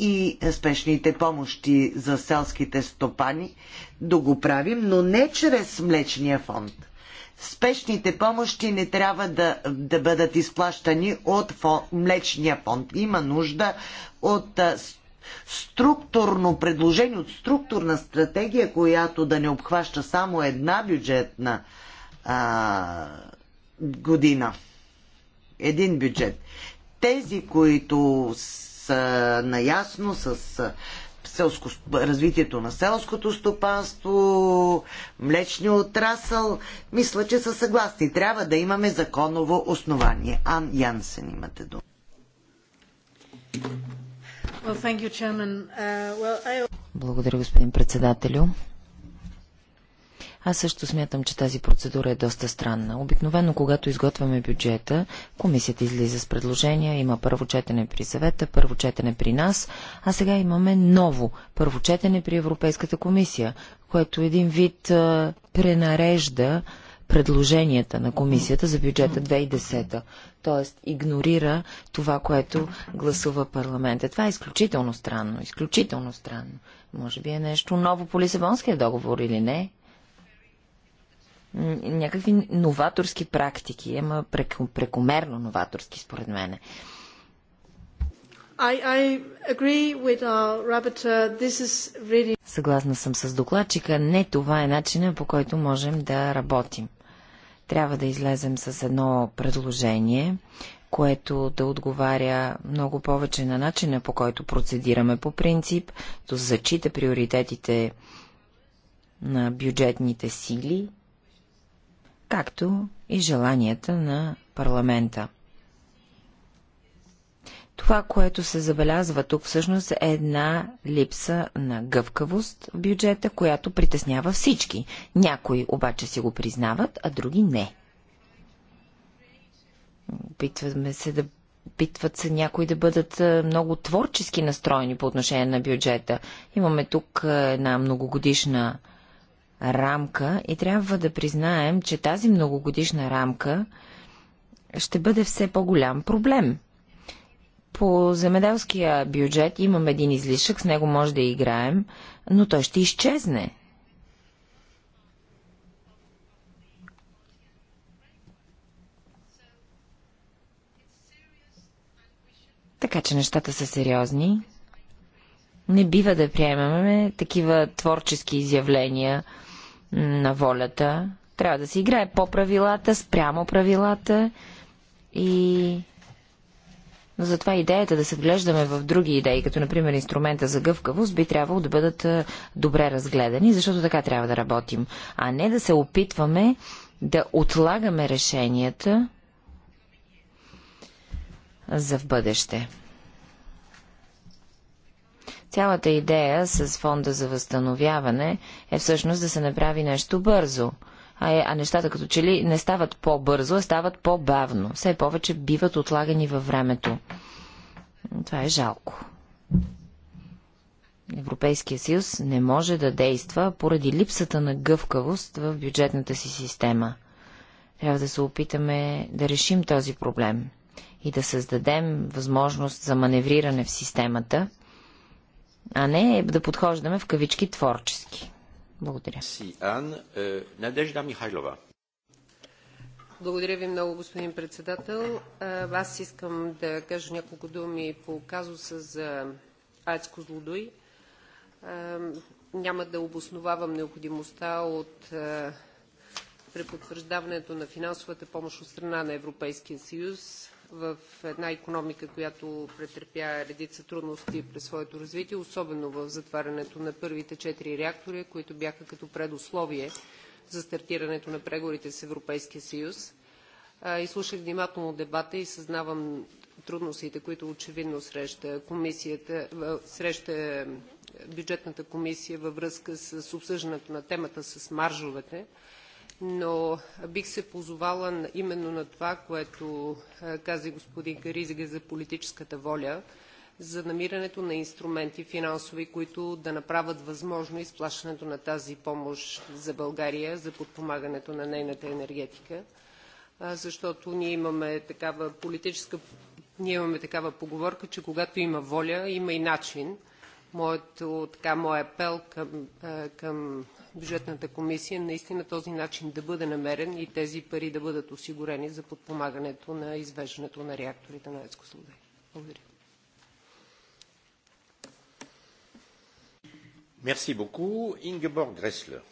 и спешните помощи за селските стопани, да го правим, но не чрез млечния фонд спешните помощи не трябва да, да бъдат изплащани от млечния фонд. Има нужда от структурно предложение, от структурна стратегия, която да не обхваща само една бюджетна а, година. Един бюджет. Тези, които са наясно с селско, развитието на селското стопанство, млечния отрасъл. Мисля, че са съгласни. Трябва да имаме законово основание. Ан Янсен имате дума. Well, uh, well, I... Благодаря, господин председателю. Аз също смятам, че тази процедура е доста странна. Обикновено, когато изготвяме бюджета, комисията излиза с предложения, има първо четене при съвета, първо четене при нас, а сега имаме ново първо четене при Европейската комисия, което един вид а, пренарежда предложенията на комисията за бюджета 2010, т.е. игнорира това, което гласува парламента. Това е изключително странно, изключително странно. Може би е нещо ново по Лисабонския договор или не? някакви новаторски практики. Има прекомерно новаторски, според мен. I, I really... Съгласна съм с докладчика. Не това е начина по който можем да работим. Трябва да излезем с едно предложение, което да отговаря много повече на начина по който процедираме по принцип, да зачита приоритетите на бюджетните сили както и желанията на парламента. Това, което се забелязва тук всъщност е една липса на гъвкавост в бюджета, която притеснява всички. Някои обаче си го признават, а други не. Опитваме се да Питват се някои да бъдат е, много творчески настроени по отношение на бюджета. Имаме тук е, една многогодишна рамка и трябва да признаем, че тази многогодишна рамка ще бъде все по-голям проблем. По земеделския бюджет имам един излишък, с него може да играем, но той ще изчезне. Така че нещата са сериозни. Не бива да приемаме такива творчески изявления на волята. Трябва да се играе по правилата, спрямо правилата и... затова идеята да се вглеждаме в други идеи, като например инструмента за гъвкавост, би трябвало да бъдат добре разгледани, защото така трябва да работим. А не да се опитваме да отлагаме решенията за в бъдеще. Цялата идея с фонда за възстановяване е всъщност да се направи нещо бързо. А, е, а нещата като че ли не стават по-бързо, а стават по-бавно. Все повече биват отлагани във времето. Това е жалко. Европейския съюз не може да действа поради липсата на гъвкавост в бюджетната си система. Трябва да се опитаме да решим този проблем и да създадем възможност за маневриране в системата, а не да подхождаме в кавички творчески. Благодаря. Си, Ан, е, Надежда Михайлова. Благодаря ви много, господин председател. Е, аз искам да кажа няколко думи по казуса за Айцко злодой. Е, няма да обосновавам необходимостта от е, препотвърждаването на финансовата помощ от страна на Европейския съюз в една економика, която претърпя редица трудности през своето развитие, особено в затварянето на първите четири реактори, които бяха като предусловие за стартирането на преговорите с Европейския съюз. Изслушах внимателно дебата и съзнавам трудностите, които очевидно среща, комисията, среща бюджетната комисия във връзка с обсъждането на темата с маржовете но бих се позовала именно на това, което каза господин Каризига за политическата воля, за намирането на инструменти финансови, които да направят възможно изплащането на тази помощ за България, за подпомагането на нейната енергетика. Защото ние имаме такава политическа ние имаме такава поговорка, че когато има воля, има и начин. Моето, така, моят апел към, към бюджетната комисия наистина този начин да бъде намерен и тези пари да бъдат осигурени за подпомагането на извеждането на реакторите на ЕЦКО Козлодуй. Благодаря. Мерси боку. Ингеборг Греслер.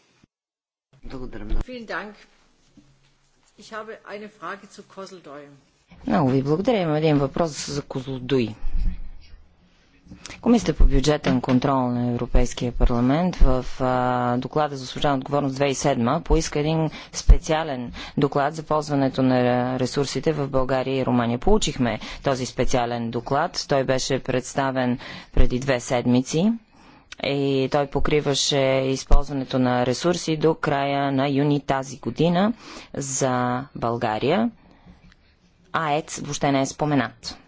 Благодаря много. Vielen Dank. Ich habe eine Frage zu Kozloduy. Много ви благодаря. Имам един въпрос за Козлодуй. Комисията по бюджетен контрол на Европейския парламент в а, доклада за служебна отговорност 2007 поиска един специален доклад за ползването на ресурсите в България и Румъния. Получихме този специален доклад. Той беше представен преди две седмици и той покриваше използването на ресурси до края на юни тази година за България. АЕЦ въобще не е споменат.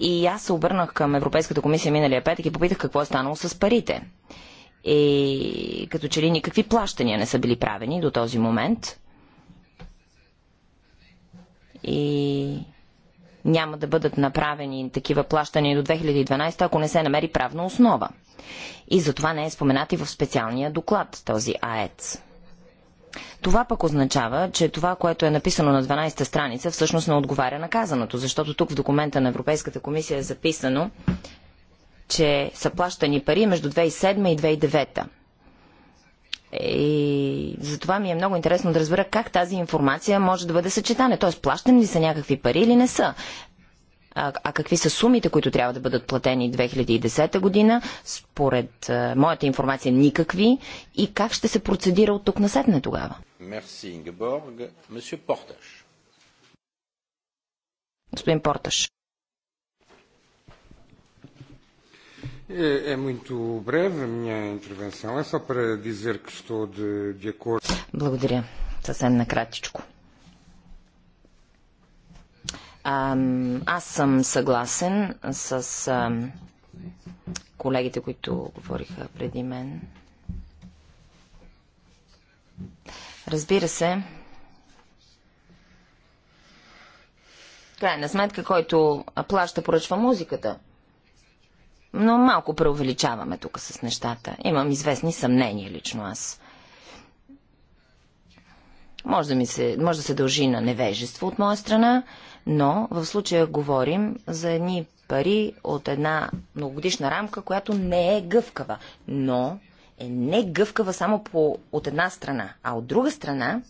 И аз се обърнах към Европейската комисия миналия петък и попитах какво е станало с парите. И като че ли никакви плащания не са били правени до този момент. И няма да бъдат направени такива плащания до 2012, ако не се намери правна основа. И затова не е споменат и в специалния доклад този АЕЦ. Това пък означава, че това, което е написано на 12-та страница, всъщност не отговаря на казаното, защото тук в документа на Европейската комисия е записано, че са плащани пари между 2007 и 2009. И затова ми е много интересно да разбера как тази информация може да бъде съчетана. Тоест, плащани ли са някакви пари или не са? А, а какви са сумите, които трябва да бъдат платени 2010 година? Според а, моята информация никакви. И как ще се процедира от тук насетне тогава? Мерси, Ингеборг. Месье Порташ. Господин Порташ. É, е, é е muito breve a minha intervenção. É só para dizer que estou de, de acordo. Благодаря. Съвсем накратичко. А, аз съм съгласен с а, колегите, които говориха преди мен. Разбира се, крайна сметка, който плаща, поръчва музиката. Но малко преувеличаваме тук с нещата. Имам известни съмнения лично аз. Може да, ми се, може да се дължи на невежество от моя страна, но в случая говорим за едни пари от една многогодишна рамка, която не е гъвкава, но е не гъвкава само по, от една страна, а от друга страна,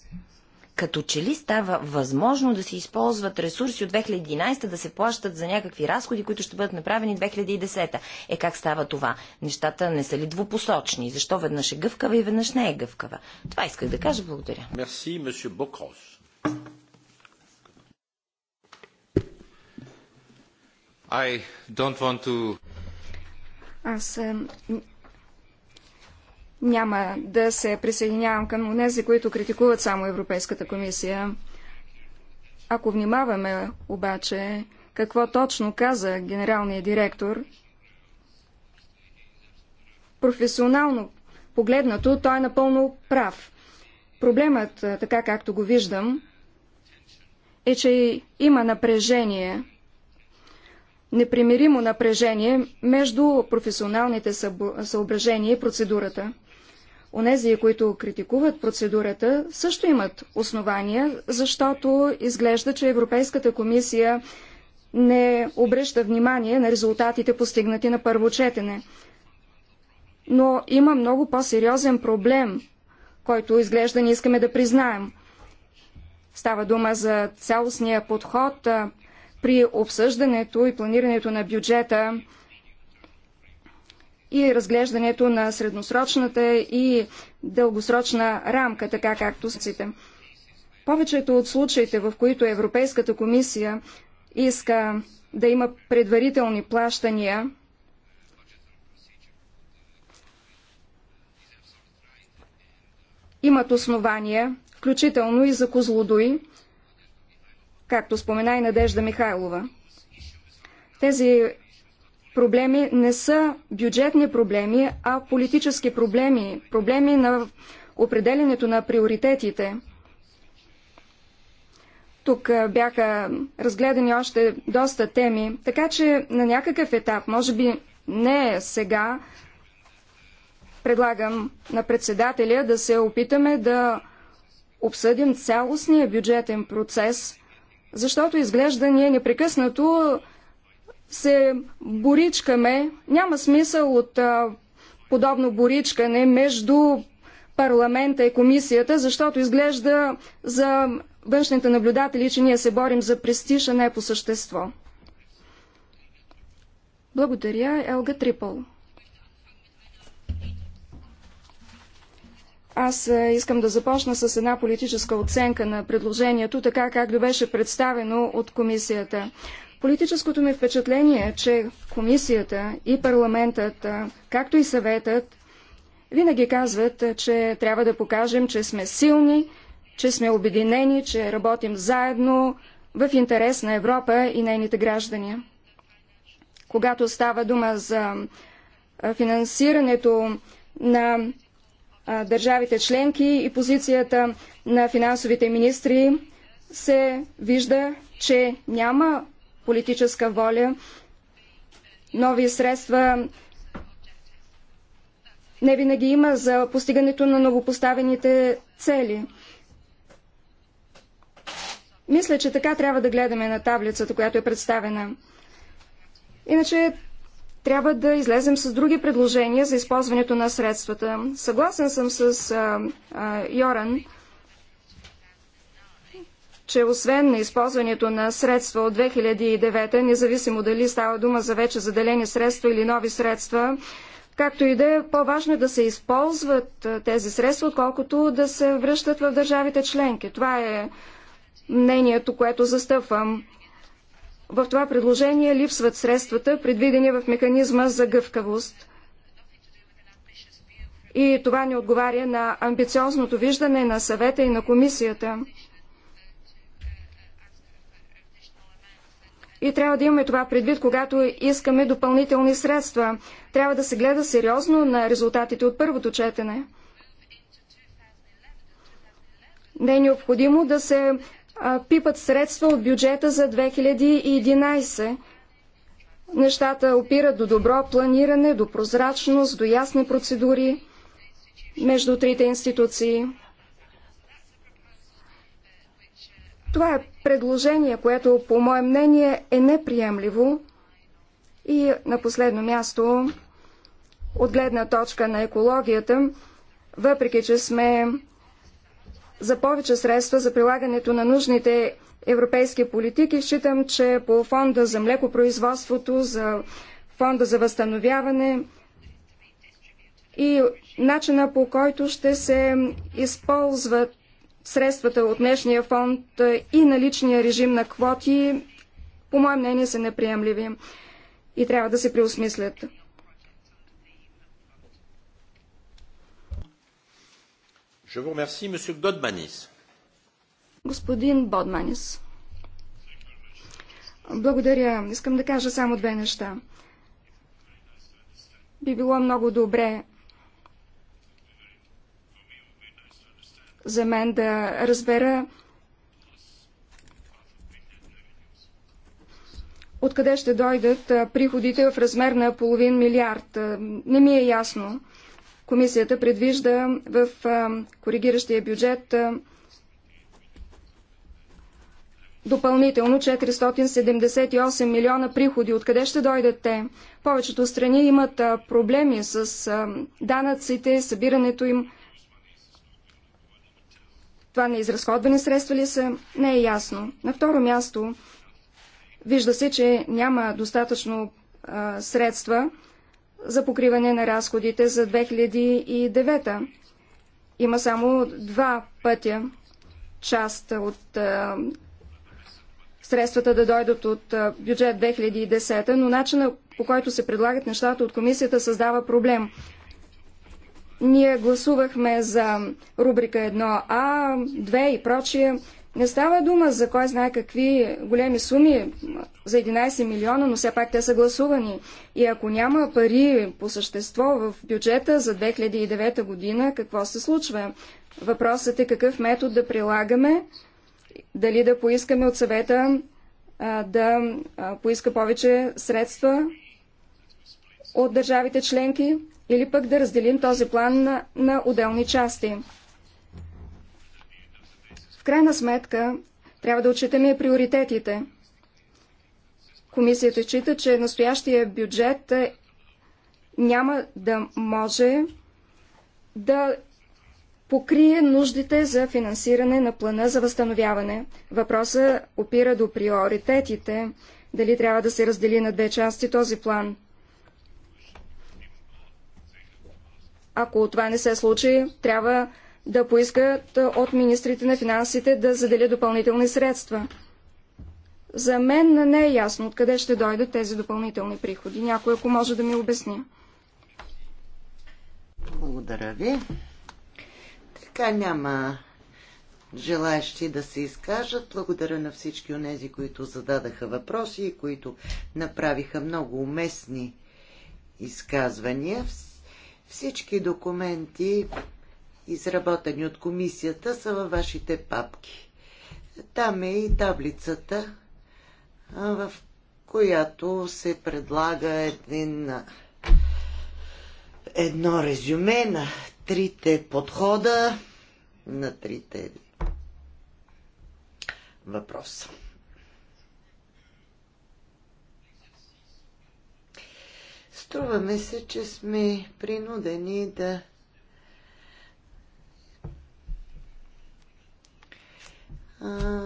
като че ли става възможно да се използват ресурси от 2011 да се плащат за някакви разходи, които ще бъдат направени 2010. Е как става това? Нещата не са ли двупосочни? Защо веднъж е гъвкава и веднъж не е гъвкава? Това исках да кажа. Благодаря. Мерси, месье Бокрос. I don't want to... Аз няма да се присъединявам към тези, които критикуват само Европейската комисия. Ако внимаваме обаче какво точно каза генералният директор, професионално погледнато той е напълно прав. Проблемът, така както го виждам, е, че има напрежение, непримиримо напрежение между професионалните съображения и процедурата. Онези, които критикуват процедурата, също имат основания, защото изглежда, че Европейската комисия не обръща внимание на резултатите постигнати на първо четене. Но има много по-сериозен проблем, който изглежда не искаме да признаем. Става дума за цялостния подход при обсъждането и планирането на бюджета и разглеждането на средносрочната и дългосрочна рамка, така както сите. Повечето от случаите, в които Европейската комисия иска да има предварителни плащания, имат основания, включително и за Козлодуй, както спомена и Надежда Михайлова. Тези проблеми не са бюджетни проблеми, а политически проблеми, проблеми на определенето на приоритетите. Тук бяха разгледани още доста теми, така че на някакъв етап, може би не сега, предлагам на председателя да се опитаме да обсъдим цялостния бюджетен процес, защото изглежда ние непрекъснато се боричкаме. Няма смисъл от а, подобно боричкане между парламента и комисията, защото изглежда за външните наблюдатели, че ние се борим за престиж, а не по същество. Благодаря, Елга Трипъл. Аз искам да започна с една политическа оценка на предложението, така както беше представено от комисията. Политическото ми впечатление е, че комисията и парламентът, както и съветът, винаги казват, че трябва да покажем, че сме силни, че сме обединени, че работим заедно в интерес на Европа и нейните граждани. Когато става дума за финансирането на държавите членки и позицията на финансовите министри, се вижда, че няма политическа воля, нови средства не винаги има за постигането на новопоставените цели. Мисля, че така трябва да гледаме на таблицата, която е представена. Иначе трябва да излезем с други предложения за използването на средствата. Съгласен съм с а, а, Йоран, че освен на използването на средства от 2009, независимо дали става дума за вече заделени средства или нови средства, както и да е по-важно е да се използват тези средства, отколкото да се връщат в държавите членки. Това е мнението, което застъпвам. В това предложение липсват средствата, предвидени в механизма за гъвкавост. И това не отговаря на амбициозното виждане на съвета и на комисията. И трябва да имаме това предвид, когато искаме допълнителни средства. Трябва да се гледа сериозно на резултатите от първото четене. Не е необходимо да се а, пипат средства от бюджета за 2011. Нещата опират до добро планиране, до прозрачност, до ясни процедури между трите институции. Това е предложение, което по мое мнение е неприемливо и на последно място от гледна точка на екологията, въпреки че сме за повече средства за прилагането на нужните европейски политики, считам, че по фонда за млекопроизводството, за фонда за възстановяване и начина по който ще се използват средствата от днешния фонд и наличния режим на квоти, по мое мнение, са неприемливи и трябва да се преосмислят. Господин Бодманис. Благодаря. Искам да кажа само две неща. Би било много добре за мен да разбера откъде ще дойдат приходите в размер на половин милиард. Не ми е ясно. Комисията предвижда в коригиращия бюджет допълнително 478 милиона приходи. Откъде ще дойдат те? Повечето страни имат проблеми с данъците, събирането им това изразходване средства ли са, не е ясно. На второ място, вижда се, че няма достатъчно а, средства за покриване на разходите за 2009. Има само два пътя част от а, средствата да дойдат от а, бюджет 2010, но начина по който се предлагат нещата от комисията създава проблем. Ние гласувахме за рубрика 1А, 2 и прочие. Не става дума за кой знае какви големи суми за 11 милиона, но все пак те са гласувани. И ако няма пари по същество в бюджета за 2009 година, какво се случва? Въпросът е какъв метод да прилагаме, дали да поискаме от съвета а, да а, поиска повече средства от държавите членки, или пък да разделим този план на, на отделни части. В крайна сметка, трябва да отчитаме приоритетите. Комисията счита, че настоящия бюджет е, няма да може да покрие нуждите за финансиране на плана за възстановяване. Въпросът опира до приоритетите, дали трябва да се раздели на две части този план. Ако това не се случи, трябва да поискат от министрите на финансите да заделят допълнителни средства. За мен не е ясно откъде ще дойдат тези допълнителни приходи. Някой, ако може да ми обясни. Благодаря ви. Така няма желаящи да се изкажат. Благодаря на всички тези, които зададаха въпроси и които направиха много уместни изказвания. Всички документи, изработени от комисията, са във вашите папки. Там е и таблицата, в която се предлага един, едно резюме на трите подхода, на трите въпроса. Струваме се, че сме принудени да а,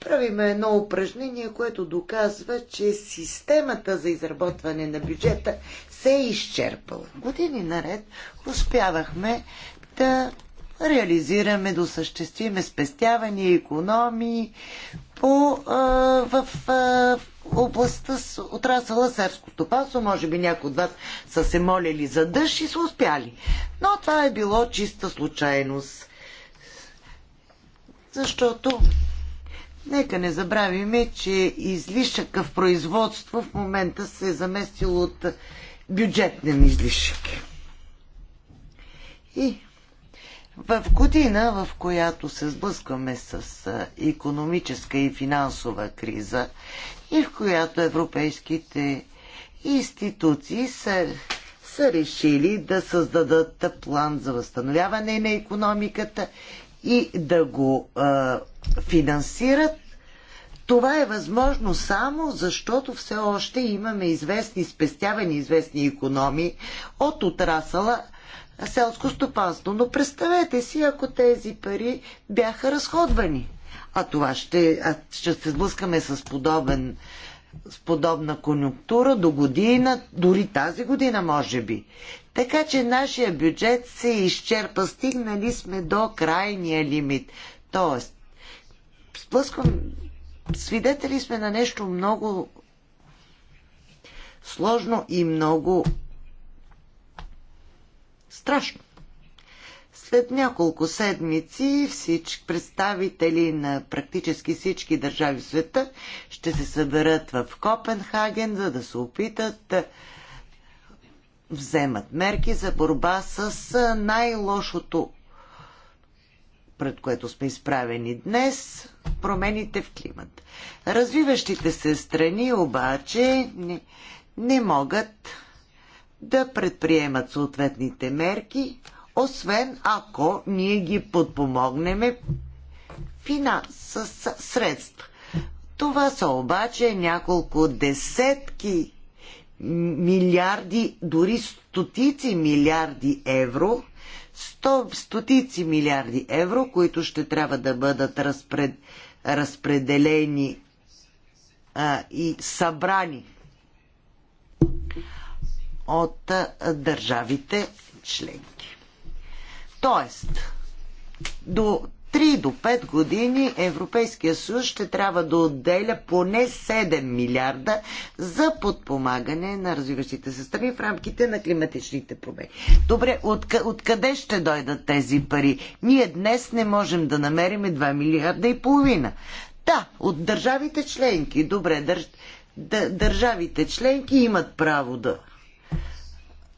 правим едно упражнение, което доказва, че системата за изработване на бюджета се е изчерпала. Години наред успявахме да реализираме, да осъществиме спестявания, економии по, а, в а, областта с отрасъла серско пасо, Може би някои от вас са се молили за дъжд и са успяли. Но това е било чиста случайност. Защото нека не забравиме, че излишъка в производство в момента се е заместил от бюджетен излишък. И в година, в която се сблъскваме с економическа и финансова криза и в която европейските институции са, са решили да създадат план за възстановяване на економиката и да го а, финансират. Това е възможно само защото все още имаме известни спестявани, известни економии от отрасала селско стопанство. Но представете си, ако тези пари бяха разходвани. А това ще, а ще се сблъскаме с подобен с подобна конюнктура до година, дори тази година, може би. Така че нашия бюджет се изчерпа. Стигнали сме до крайния лимит. Тоест, сплъсквам, свидетели сме на нещо много сложно и много страшно. След няколко седмици всички представители на практически всички държави в света ще се съберат в Копенхаген, за да се опитат да вземат мерки за борба с най-лошото, пред което сме изправени днес промените в климат. Развиващите се страни обаче не, не могат да предприемат съответните мерки, освен ако ние ги подпомогнем финанс, с средства. Това са обаче няколко десетки милиарди, дори стотици милиарди евро, сто, стотици милиарди евро, които ще трябва да бъдат разпред, разпределени а, и събрани от а, държавите членки. Тоест, до 3 до 5 години Европейския съюз ще трябва да отделя поне 7 милиарда за подпомагане на развиващите се страни в рамките на климатичните промени. Добре, откъде откъде ще дойдат тези пари? Ние днес не можем да намерим 2 милиарда и половина. Да, от държавите членки. Добре, държ... държавите членки имат право да,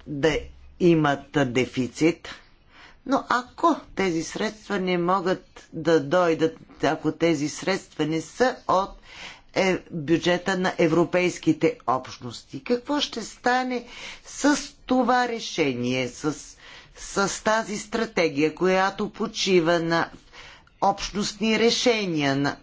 да имат дефицит но ако тези средства не могат да дойдат, ако тези средства не са от е, бюджета на европейските общности, какво ще стане с това решение, с, с тази стратегия, която почива на общностни решения, на,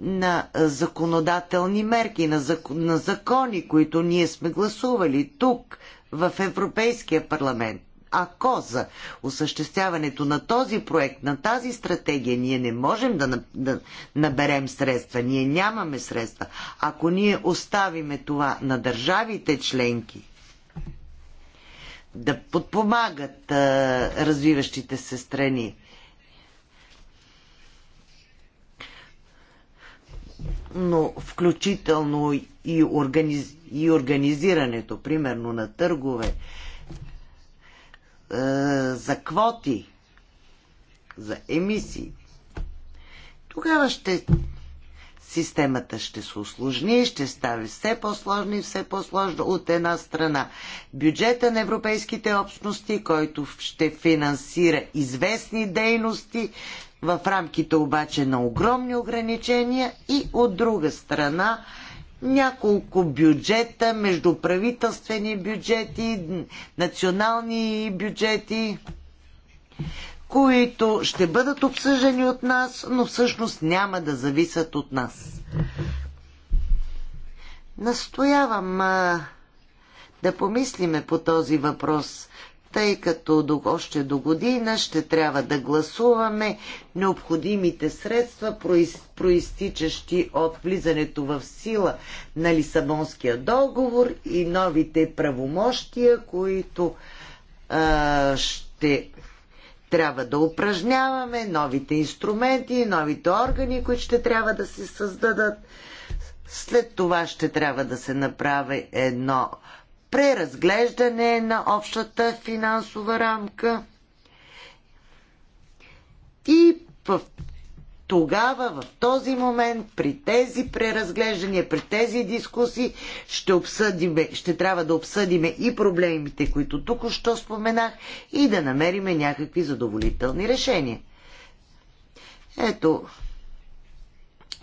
на законодателни мерки, на, зак, на закони, които ние сме гласували тук в Европейския парламент. Ако за осъществяването на този проект, на тази стратегия, ние не можем да, да наберем средства, ние нямаме средства, ако ние оставиме това на държавите членки, да подпомагат а, развиващите се страни, но включително и, организ... и организирането, примерно на търгове, е, за квоти, за емисии, тогава ще Системата ще се усложни, ще става все по-сложна и все по-сложна от една страна. Бюджета на европейските общности, който ще финансира известни дейности, в рамките обаче на огромни ограничения и от друга страна няколко бюджета, междуправителствени бюджети, национални бюджети които ще бъдат обсъждани от нас, но всъщност няма да зависят от нас. Настоявам а, да помислиме по този въпрос, тъй като до, още до година ще трябва да гласуваме необходимите средства, проистичащи от влизането в сила на Лисабонския договор и новите правомощия, които а, ще трябва да упражняваме, новите инструменти, новите органи, които ще трябва да се създадат. След това ще трябва да се направи едно преразглеждане на общата финансова рамка. И в тогава, в този момент, при тези преразглеждания, при тези дискусии, ще, обсъдиме, ще трябва да обсъдиме и проблемите, които тук що споменах, и да намериме някакви задоволителни решения. Ето,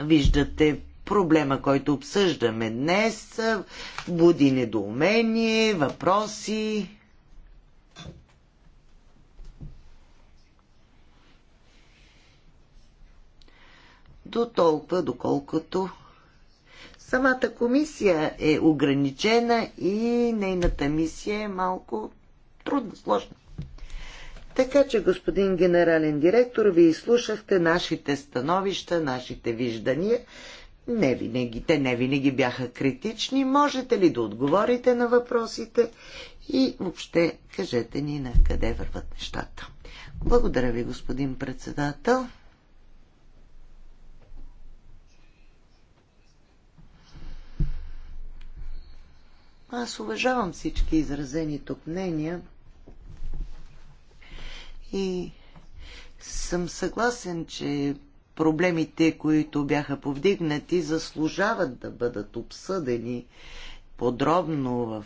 виждате проблема, който обсъждаме днес, буди недоумение, въпроси. до толкова, доколкото самата комисия е ограничена и нейната мисия е малко трудна, сложна. Така че, господин генерален директор, ви изслушахте нашите становища, нашите виждания. Не винаги, те не винаги бяха критични. Можете ли да отговорите на въпросите и въобще кажете ни на къде върват нещата. Благодаря ви, господин председател. Аз уважавам всички изразени тук мнения и съм съгласен, че проблемите, които бяха повдигнати, заслужават да бъдат обсъдени подробно в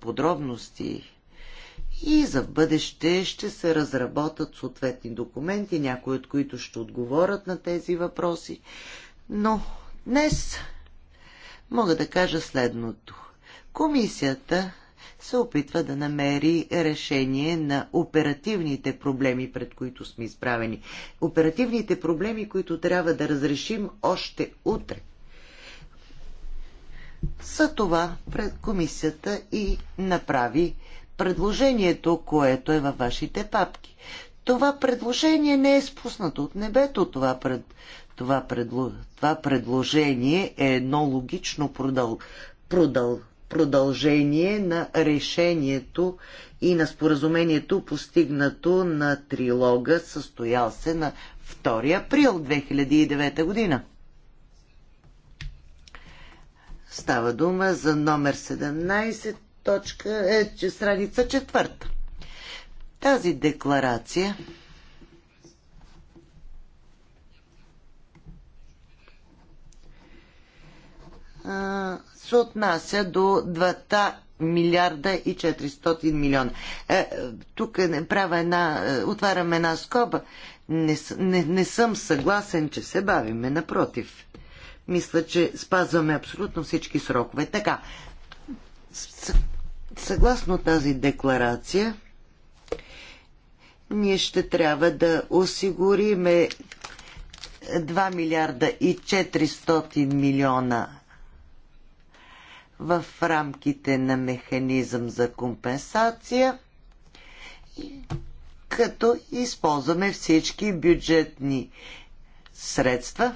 подробности и за в бъдеще ще се разработат съответни документи, някои от които ще отговорят на тези въпроси. Но днес мога да кажа следното. Комисията се опитва да намери решение на оперативните проблеми, пред които сме изправени. Оперативните проблеми, които трябва да разрешим още утре. За това пред комисията и направи предложението, което е във вашите папки. Това предложение не е спуснато от небето. Това, пред, това, предло, това предложение е едно логично продъл, продъл, продължение на решението и на споразумението постигнато на трилога, състоял се на 2 април 2009 година. Става дума за номер 17, точка, е, че страница 4. Тази декларация се отнася до 2 милиарда и 400 милиона. Е, е, тук не правя една, е, отварям една скоба. Не, не, не съм съгласен, че се бавиме. Напротив, мисля, че спазваме абсолютно всички срокове. Така, съгласно тази декларация, ние ще трябва да осигуриме 2 милиарда и 400 милиона в рамките на механизъм за компенсация, като използваме всички бюджетни средства,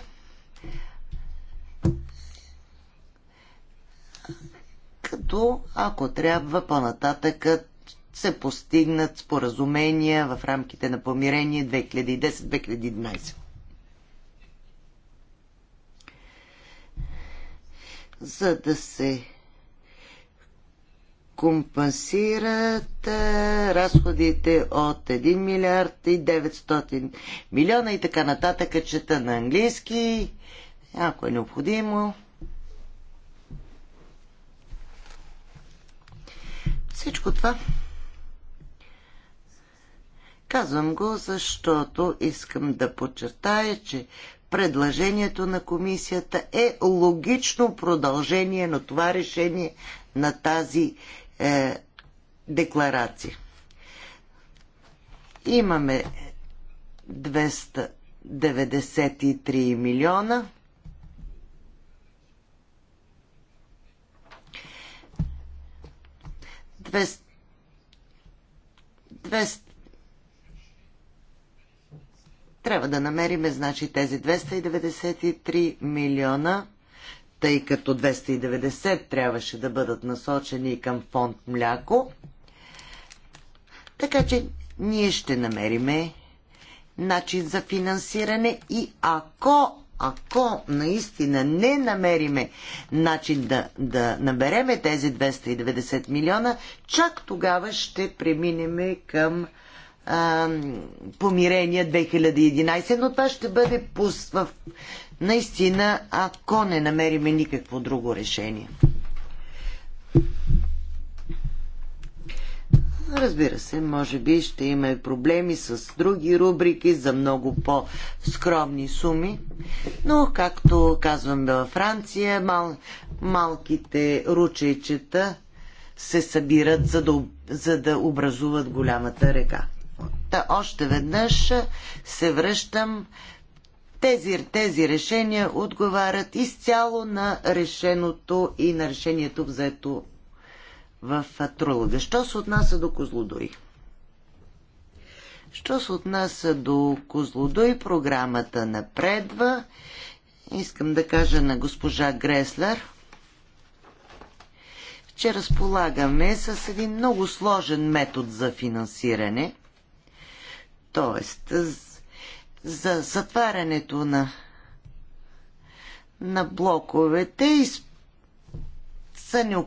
като ако трябва по-нататък се постигнат споразумения в рамките на помирение 2010-2011. За да се компенсират разходите от 1 милиард и 900 милиона и така нататък, чета на английски, ако е необходимо. Всичко това казвам го, защото искам да подчертая, че предложението на комисията е логично продължение на това решение на тази е, декларации. Имаме 293 милиона. Трябва да намериме, значи, тези 293 милиона тъй като 290 трябваше да бъдат насочени към фонд мляко. Така че ние ще намериме начин за финансиране и ако ако наистина не намериме начин да, да набереме тези 290 милиона, чак тогава ще преминеме към а, помирение 2011, но това ще бъде пус, в наистина, ако не намериме никакво друго решение. Разбира се, може би ще има и проблеми с други рубрики за много по-скромни суми, но както казвам във Франция, мал, малките ручейчета се събират за да, за да образуват голямата река. Та още веднъж се връщам тези, тези решения отговарят изцяло на решеното и на решението взето в трулога. Що се отнася до Козлодой? Що се отнася до Козлодой, програмата напредва. Искам да кажа на госпожа Греслер, че разполагаме с един много сложен метод за финансиране, т.е за затварянето на, на блоковете и са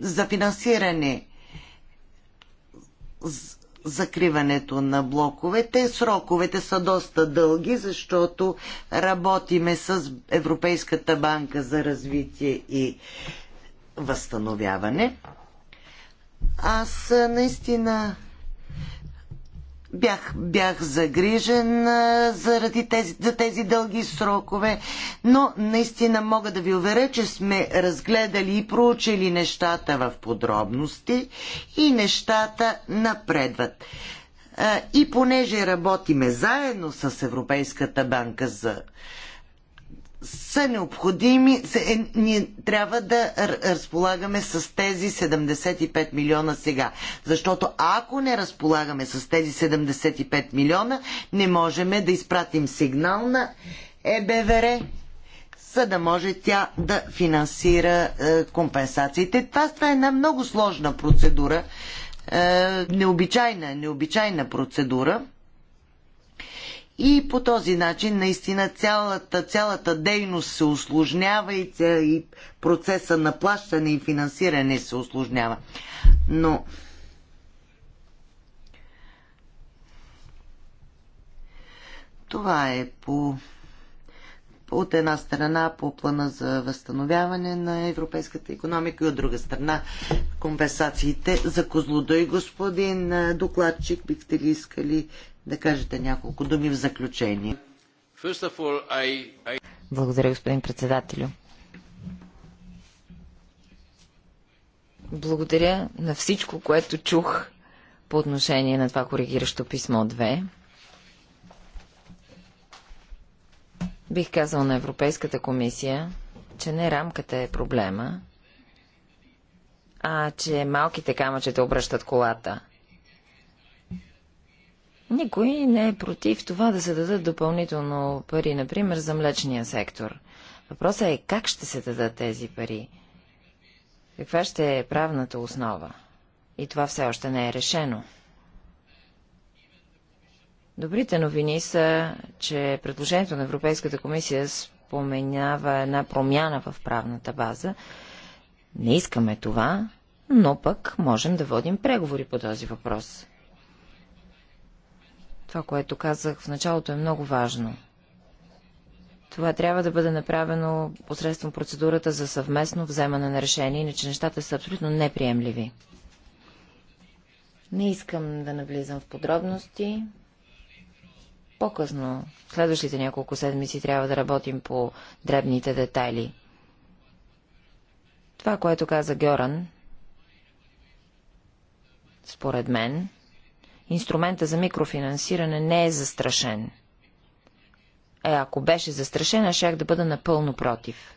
за финансиране закриването на блоковете. Сроковете са доста дълги, защото работиме с Европейската банка за развитие и възстановяване. Аз наистина Бях, бях загрижен заради тези, за тези дълги срокове, но наистина мога да ви уверя, че сме разгледали и проучили нещата в подробности и нещата напредват. И понеже работиме заедно с Европейската банка за са необходими, е, ние трябва да разполагаме с тези 75 милиона сега. Защото ако не разполагаме с тези 75 милиона, не можем да изпратим сигнал на ЕБВР, за да може тя да финансира е, компенсациите. Това, това е една много сложна процедура, е, необичайна, необичайна процедура. И по този начин наистина цялата, цялата дейност се осложнява и, и процеса на плащане и финансиране се осложнява. Но това е по от една страна по плана за възстановяване на европейската економика и от друга страна компенсациите за козлодо. И господин докладчик, бихте ли искали да кажете няколко думи в заключение. Благодаря, господин председателю. Благодаря на всичко, което чух по отношение на това коригиращо писмо 2. Бих казал на Европейската комисия, че не рамката е проблема, а че малките камъчета обръщат колата. Никой не е против това да се дадат допълнително пари, например за млечния сектор. Въпросът е как ще се дадат тези пари? Каква ще е правната основа? И това все още не е решено. Добрите новини са, че предложението на Европейската комисия споменява една промяна в правната база. Не искаме това, но пък можем да водим преговори по този въпрос. Това, което казах в началото е много важно. Това трябва да бъде направено посредством процедурата за съвместно вземане на решение, иначе нещата са абсолютно неприемливи. Не искам да навлизам в подробности. По-късно, следващите няколко седмици, трябва да работим по дребните детайли. Това, което каза Гьоран, според мен, инструмента за микрофинансиране не е застрашен. Е, ако беше застрашен, аз щях да бъда напълно против.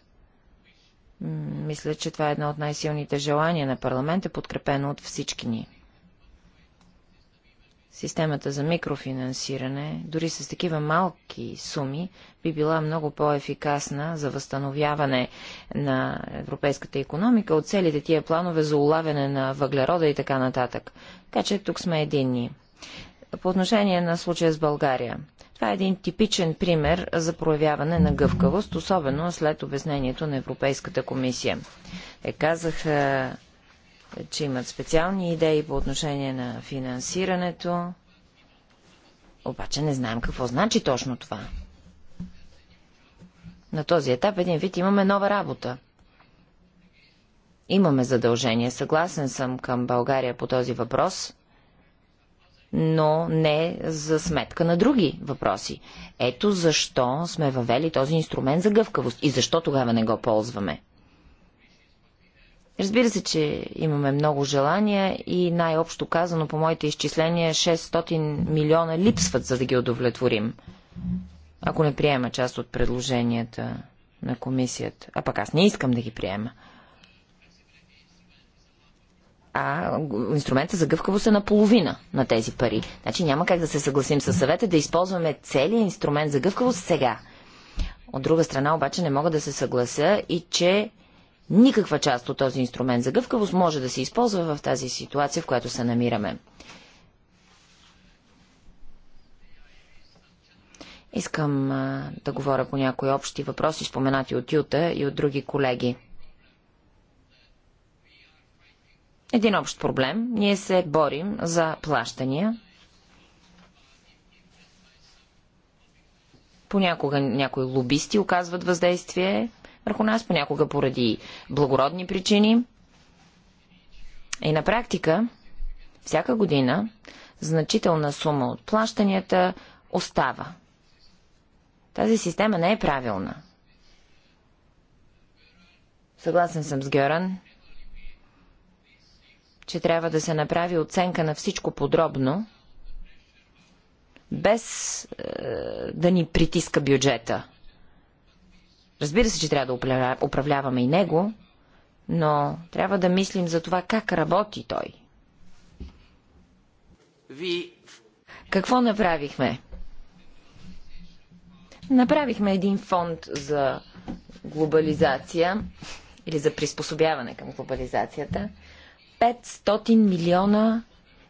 Мисля, че това е едно от най-силните желания на парламента, подкрепено от всички ни. Системата за микрофинансиране, дори с такива малки суми, би била много по-ефикасна за възстановяване на европейската економика от целите тия планове за улавяне на въглерода и така нататък. Така че тук сме единни по отношение на случая с България. Това е един типичен пример за проявяване на гъвкавост, особено след обяснението на Европейската комисия. Е казаха, че имат специални идеи по отношение на финансирането, обаче не знаем какво значи точно това. На този етап един вид имаме нова работа. Имаме задължение, съгласен съм към България по този въпрос – но не за сметка на други въпроси. Ето защо сме въвели този инструмент за гъвкавост и защо тогава не го ползваме. Разбира се, че имаме много желания и най-общо казано, по моите изчисления, 600 милиона липсват, за да ги удовлетворим. Ако не приема част от предложенията на комисията. А пък аз не искам да ги приема а инструмента за гъвкавост е наполовина на тези пари. Значи няма как да се съгласим с съвета да използваме целият инструмент за гъвкавост сега. От друга страна обаче не мога да се съглася и че никаква част от този инструмент за гъвкавост може да се използва в тази ситуация, в която се намираме. Искам а, да говоря по някои общи въпроси, споменати от Юта и от други колеги. един общ проблем. Ние се борим за плащания. Понякога някои лобисти оказват въздействие върху нас, понякога поради благородни причини. И на практика, всяка година, значителна сума от плащанията остава. Тази система не е правилна. Съгласен съм с Геран че трябва да се направи оценка на всичко подробно, без е, да ни притиска бюджета. Разбира се, че трябва да управляваме и него, но трябва да мислим за това как работи той. Ви... Какво направихме? Направихме един фонд за глобализация или за приспособяване към глобализацията. 500 милиона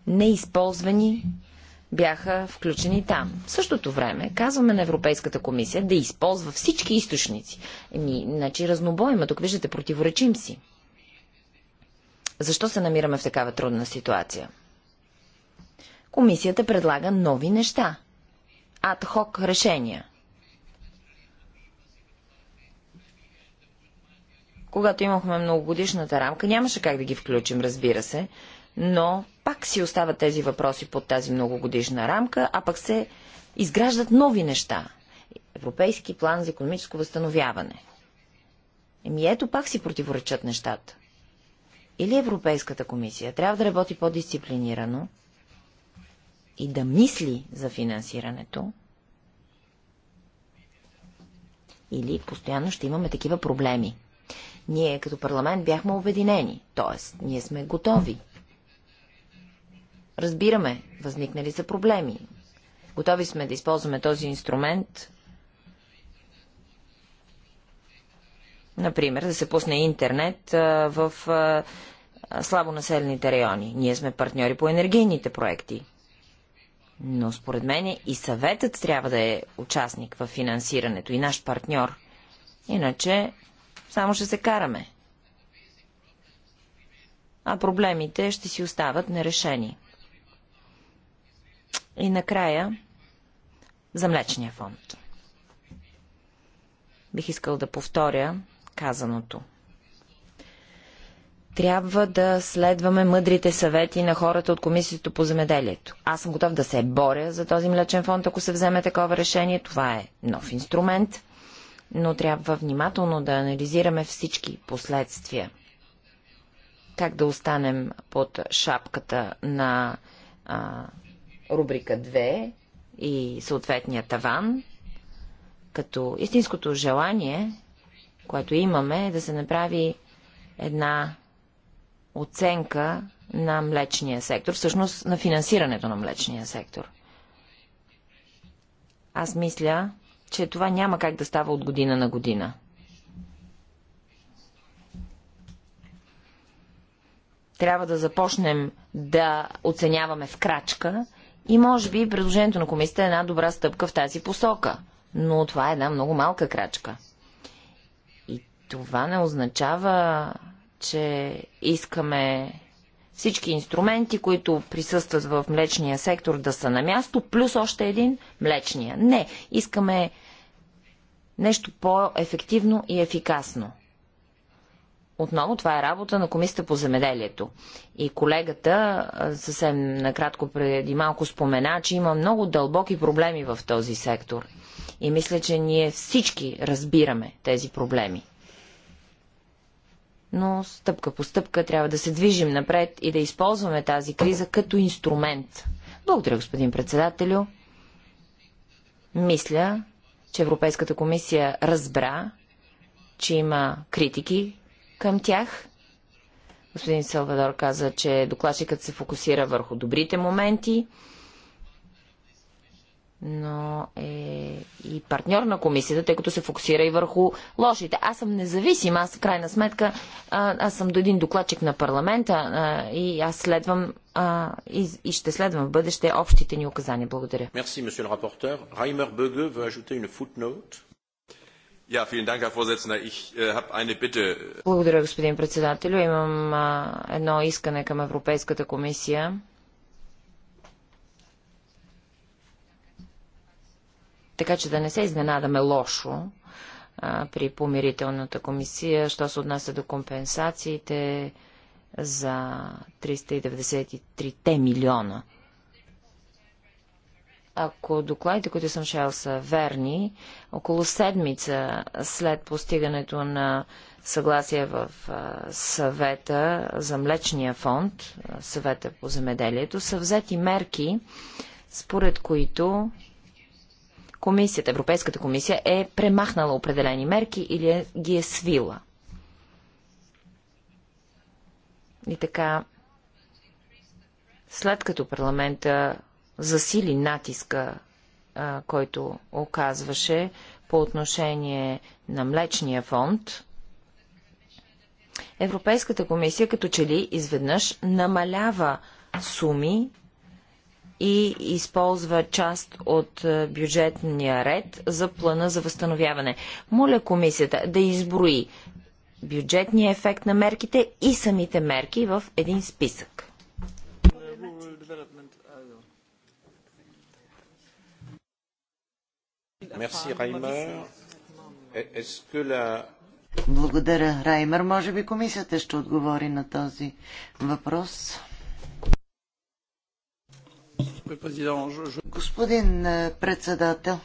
неизползвани бяха включени там. В същото време казваме на Европейската комисия да използва всички източници. Еми, значи разнобой тук виждате, противоречим си. Защо се намираме в такава трудна ситуация? Комисията предлага нови неща. Адхок решения. Когато имахме многогодишната рамка, нямаше как да ги включим, разбира се, но пак си остават тези въпроси под тази многогодишна рамка, а пък се изграждат нови неща. Европейски план за економическо възстановяване. Еми ето пак си противоречат нещата. Или Европейската комисия трябва да работи по-дисциплинирано и да мисли за финансирането, или постоянно ще имаме такива проблеми. Ние като парламент бяхме обединени, т.е. ние сме готови. Разбираме, възникнали са проблеми. Готови сме да използваме този инструмент, например, да се пусне интернет в слабонаселените слабо населените райони. Ние сме партньори по енергийните проекти. Но според мен и съветът трябва да е участник в финансирането и наш партньор. Иначе само ще се караме. А проблемите ще си остават нерешени. И накрая за Млечния фонд. Бих искал да повторя казаното. Трябва да следваме мъдрите съвети на хората от Комисията по земеделието. Аз съм готов да се боря за този млечен фонд, ако се вземе такова решение. Това е нов инструмент но трябва внимателно да анализираме всички последствия. Как да останем под шапката на а, рубрика 2 и съответния таван, като истинското желание, което имаме, е да се направи една оценка на млечния сектор, всъщност на финансирането на млечния сектор. Аз мисля, че това няма как да става от година на година. Трябва да започнем да оценяваме в крачка и може би предложението на комисията е една добра стъпка в тази посока, но това е една много малка крачка. И това не означава, че искаме всички инструменти, които присъстват в млечния сектор да са на място, плюс още един млечния. Не, искаме нещо по-ефективно и ефикасно. Отново това е работа на Комисията по земеделието. И колегата съвсем накратко преди малко спомена, че има много дълбоки проблеми в този сектор. И мисля, че ние всички разбираме тези проблеми но стъпка по стъпка трябва да се движим напред и да използваме тази криза като инструмент. Благодаря, господин председателю. Мисля, че Европейската комисия разбра, че има критики към тях. Господин Салвадор каза, че докладчикът се фокусира върху добрите моменти но е и партньор на комисията, тъй като се фокусира и върху лошите. Аз съм независим, аз в крайна сметка, аз съм до един докладчик на парламента и аз следвам и, ще следвам в бъдеще общите ни указания. Благодаря. Мерси, месье рапортер. Раймер Бъге ви ажуте една футноут. vielen Dank, Ich, äh, Bitte. Благодаря, господин председател. Имам едно искане към Европейската комисия Така че да не се изненадаме лошо а, при помирителната комисия, що се отнася до компенсациите за 393 милиона. Ако докладите, които съм чел, са верни, около седмица след постигането на съгласие в съвета за Млечния фонд, съвета по земеделието, са взети мерки, според които комисията, Европейската комисия е премахнала определени мерки или е, ги е свила. И така, след като парламента засили натиска, а, който оказваше по отношение на Млечния фонд, Европейската комисия като че ли изведнъж намалява суми, и използва част от е, бюджетния ред за плана за възстановяване. Моля комисията да изброи бюджетния ефект на мерките и самите мерки в един списък. Е, Благодаря, Раймер. Може би комисията ще отговори на този въпрос. Господин е, председател,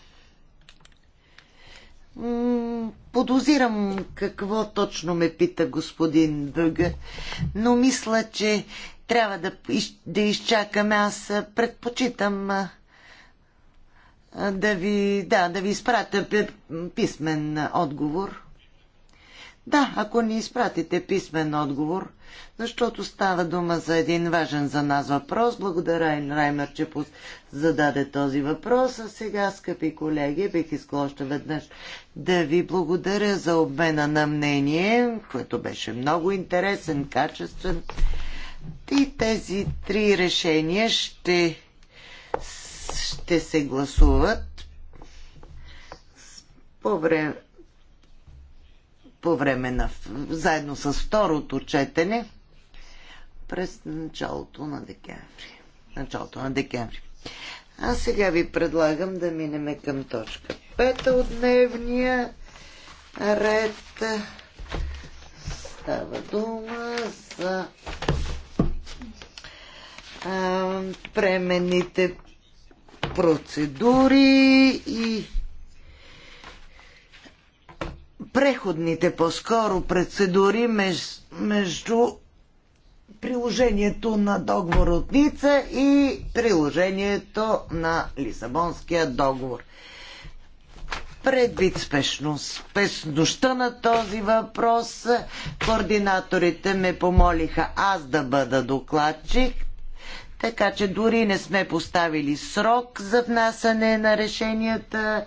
подозирам какво точно ме пита господин Бъга, но мисля, че трябва да, да изчакаме. Аз е, предпочитам е, да ви, да, да ви изпратя писмен отговор. Да, ако ни изпратите писмен отговор, защото става дума за един важен за нас въпрос. Благодаря Раймер, че зададе този въпрос. А сега, скъпи колеги, бих искал още веднъж да ви благодаря за обмена на мнение, което беше много интересен, качествен. И тези три решения ще, ще се гласуват по време по време на заедно с второто четене през началото на декември. Началото на декември. А сега ви предлагам да минеме към точка 5 от дневния ред. Става дума за а, премените процедури и преходните по-скоро процедури меж, между приложението на договор от Ница и приложението на Лисабонския договор. Предвид спешност, спешността на този въпрос, координаторите ме помолиха аз да бъда докладчик, така че дори не сме поставили срок за внасяне на решенията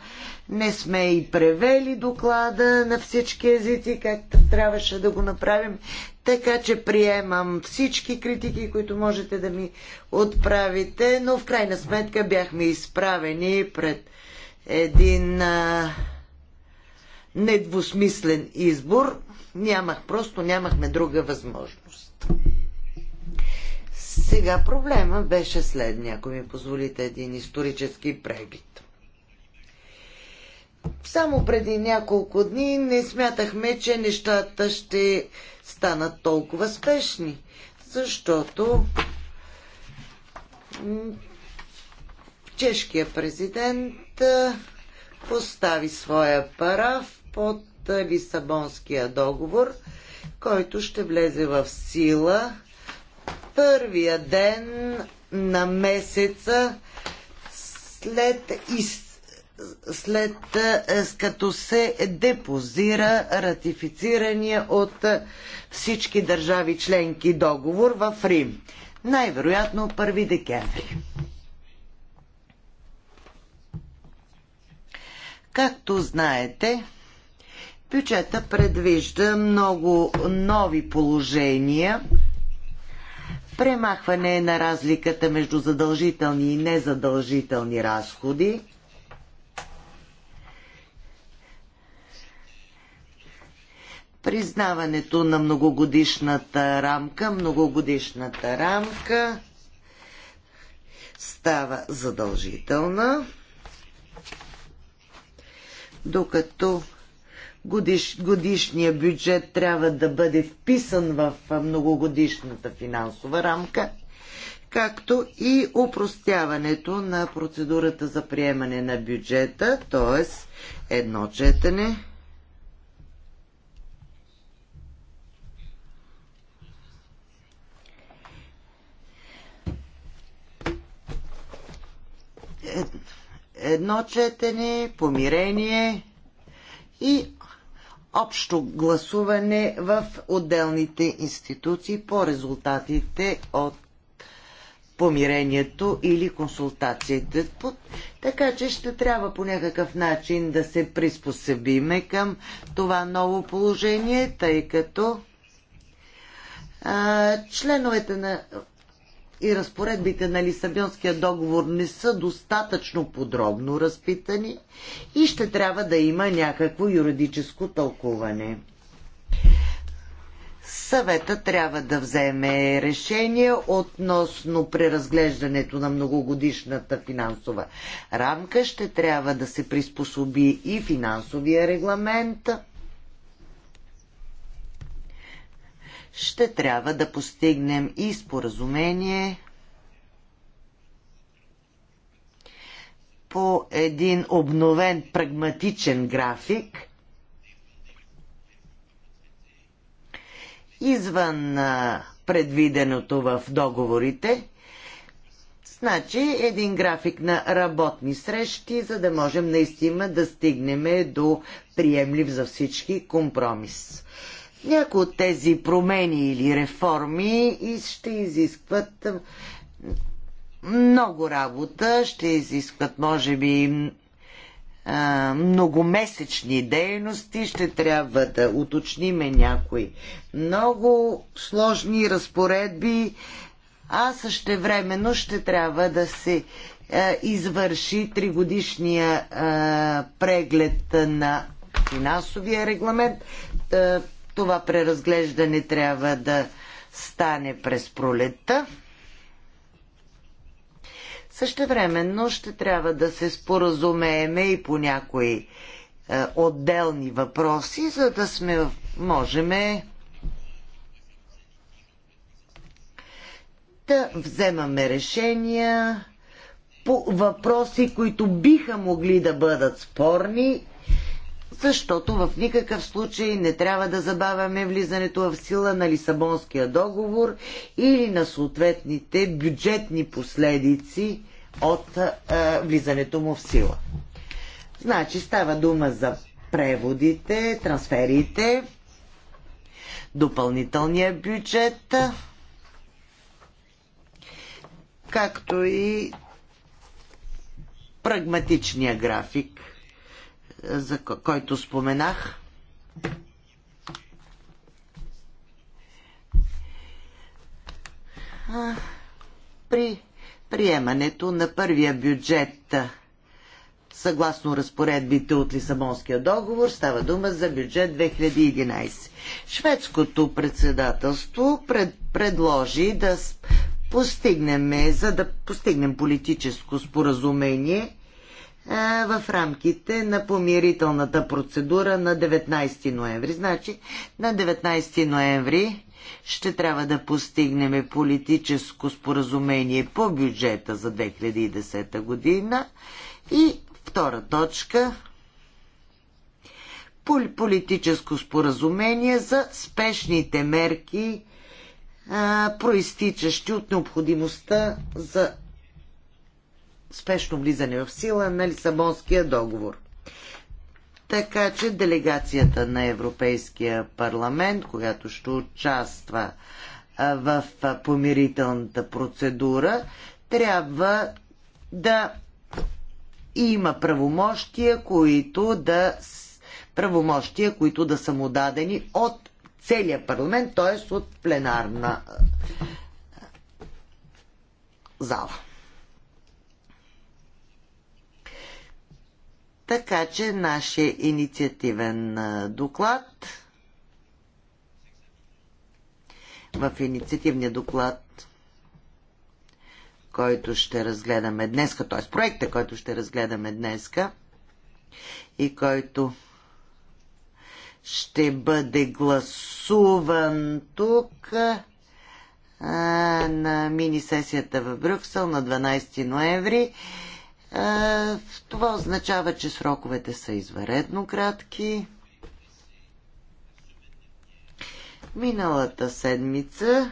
не сме и превели доклада на всички езици, както трябваше да го направим. Така че приемам всички критики, които можете да ми отправите, но в крайна сметка бяхме изправени пред един а, недвусмислен избор. Нямах, просто нямахме друга възможност. Сега проблема беше следния, ако ми позволите един исторически преглед. Само преди няколко дни не смятахме, че нещата ще станат толкова спешни, защото чешкият президент постави своя параф под Лисабонския договор, който ще влезе в сила първия ден на месеца след изцелението след е, като се депозира ратифицирания от всички държави членки договор в Рим. Най-вероятно 1 декември. Както знаете, бюджета предвижда много нови положения премахване на разликата между задължителни и незадължителни разходи, признаването на многогодишната рамка. Многогодишната рамка става задължителна, докато годиш, годишният бюджет трябва да бъде вписан в многогодишната финансова рамка, както и упростяването на процедурата за приемане на бюджета, т.е. едно четене едно четене, помирение и общо гласуване в отделните институции по резултатите от помирението или консултациите. Така че ще трябва по някакъв начин да се приспособиме към това ново положение, тъй като а, членовете на и разпоредбите на Лисабонския договор не са достатъчно подробно разпитани и ще трябва да има някакво юридическо тълкуване. Съвета трябва да вземе решение относно преразглеждането на многогодишната финансова рамка. Ще трябва да се приспособи и финансовия регламент ще трябва да постигнем и споразумение по един обновен прагматичен график извън предвиденото в договорите. Значи един график на работни срещи, за да можем наистина да стигнем до приемлив за всички компромис. Някои от тези промени или реформи ще изискват много работа, ще изискват, може би, многомесечни дейности, ще трябва да уточниме някои много сложни разпоредби, а същевременно ще трябва да се извърши тригодишния преглед на финансовия регламент. Това преразглеждане трябва да стане през пролетта. Същевременно ще трябва да се споразумееме и по някои е, отделни въпроси, за да сме можеме да вземаме решения по въпроси, които биха могли да бъдат спорни защото в никакъв случай не трябва да забавяме влизането в сила на Лисабонския договор или на съответните бюджетни последици от а, влизането му в сила. Значи става дума за преводите, трансферите, допълнителния бюджет, както и прагматичния график – за който споменах. При приемането на първия бюджет съгласно разпоредбите от Лисабонския договор, става дума за бюджет 2011. Шведското председателство пред, предложи да постигнем, за да постигнем политическо споразумение в рамките на помирителната процедура на 19 ноември. Значи на 19 ноември ще трябва да постигнем политическо споразумение по бюджета за 2010 година и втора точка политическо споразумение за спешните мерки, а, проистичащи от необходимостта за спешно влизане в сила на Лисабонския договор. Така че делегацията на Европейския парламент, която ще участва в помирителната процедура, трябва да има правомощия, които да правомощия, които да са му дадени от целия парламент, т.е. от пленарна зала. Така че нашия инициативен доклад в инициативния доклад, който ще разгледаме днес, т.е. проекта, който ще разгледаме днес и който ще бъде гласуван тук на мини-сесията в Брюксел на 12 ноември. Е, това означава, че сроковете са изваредно кратки. Миналата седмица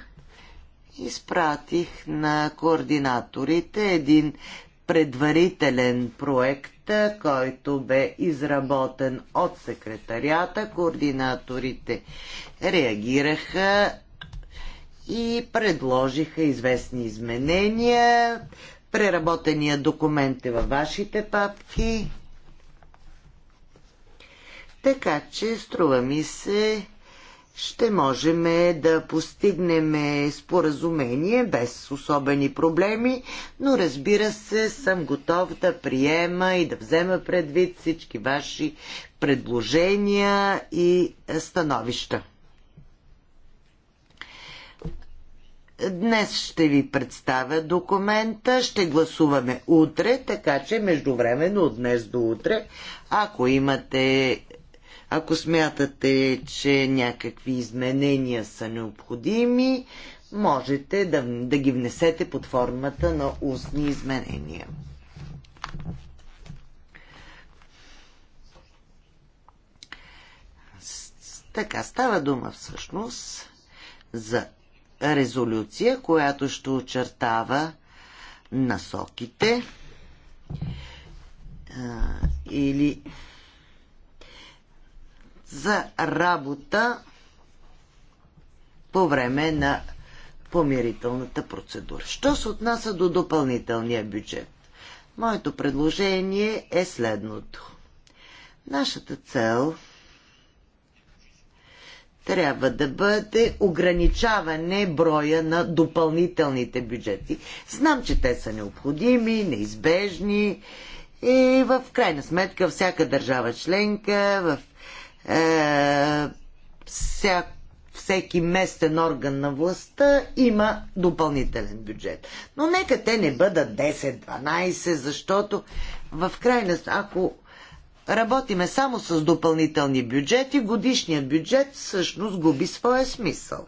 изпратих на координаторите един предварителен проект, който бе изработен от секретарията. Координаторите реагираха и предложиха известни изменения. Преработения документ е във вашите папки. Така че, струва ми се, ще можем да постигнем споразумение без особени проблеми, но разбира се, съм готов да приема и да взема предвид всички ваши предложения и становища. Днес ще ви представя документа, ще гласуваме утре, така че междувременно от днес до утре, ако имате, ако смятате, че някакви изменения са необходими, можете да, да ги внесете под формата на устни изменения. Така става дума всъщност за резолюция, която ще очертава насоките а, или за работа по време на помирителната процедура. Що се отнася до допълнителния бюджет? Моето предложение е следното. Нашата цел трябва да бъде ограничаване броя на допълнителните бюджети. Знам, че те са необходими, неизбежни и в крайна сметка всяка държава членка, в е, вся, всеки местен орган на властта има допълнителен бюджет. Но нека те не бъдат 10-12, защото в крайна ако работиме само с допълнителни бюджети, годишният бюджет всъщност губи своя смисъл.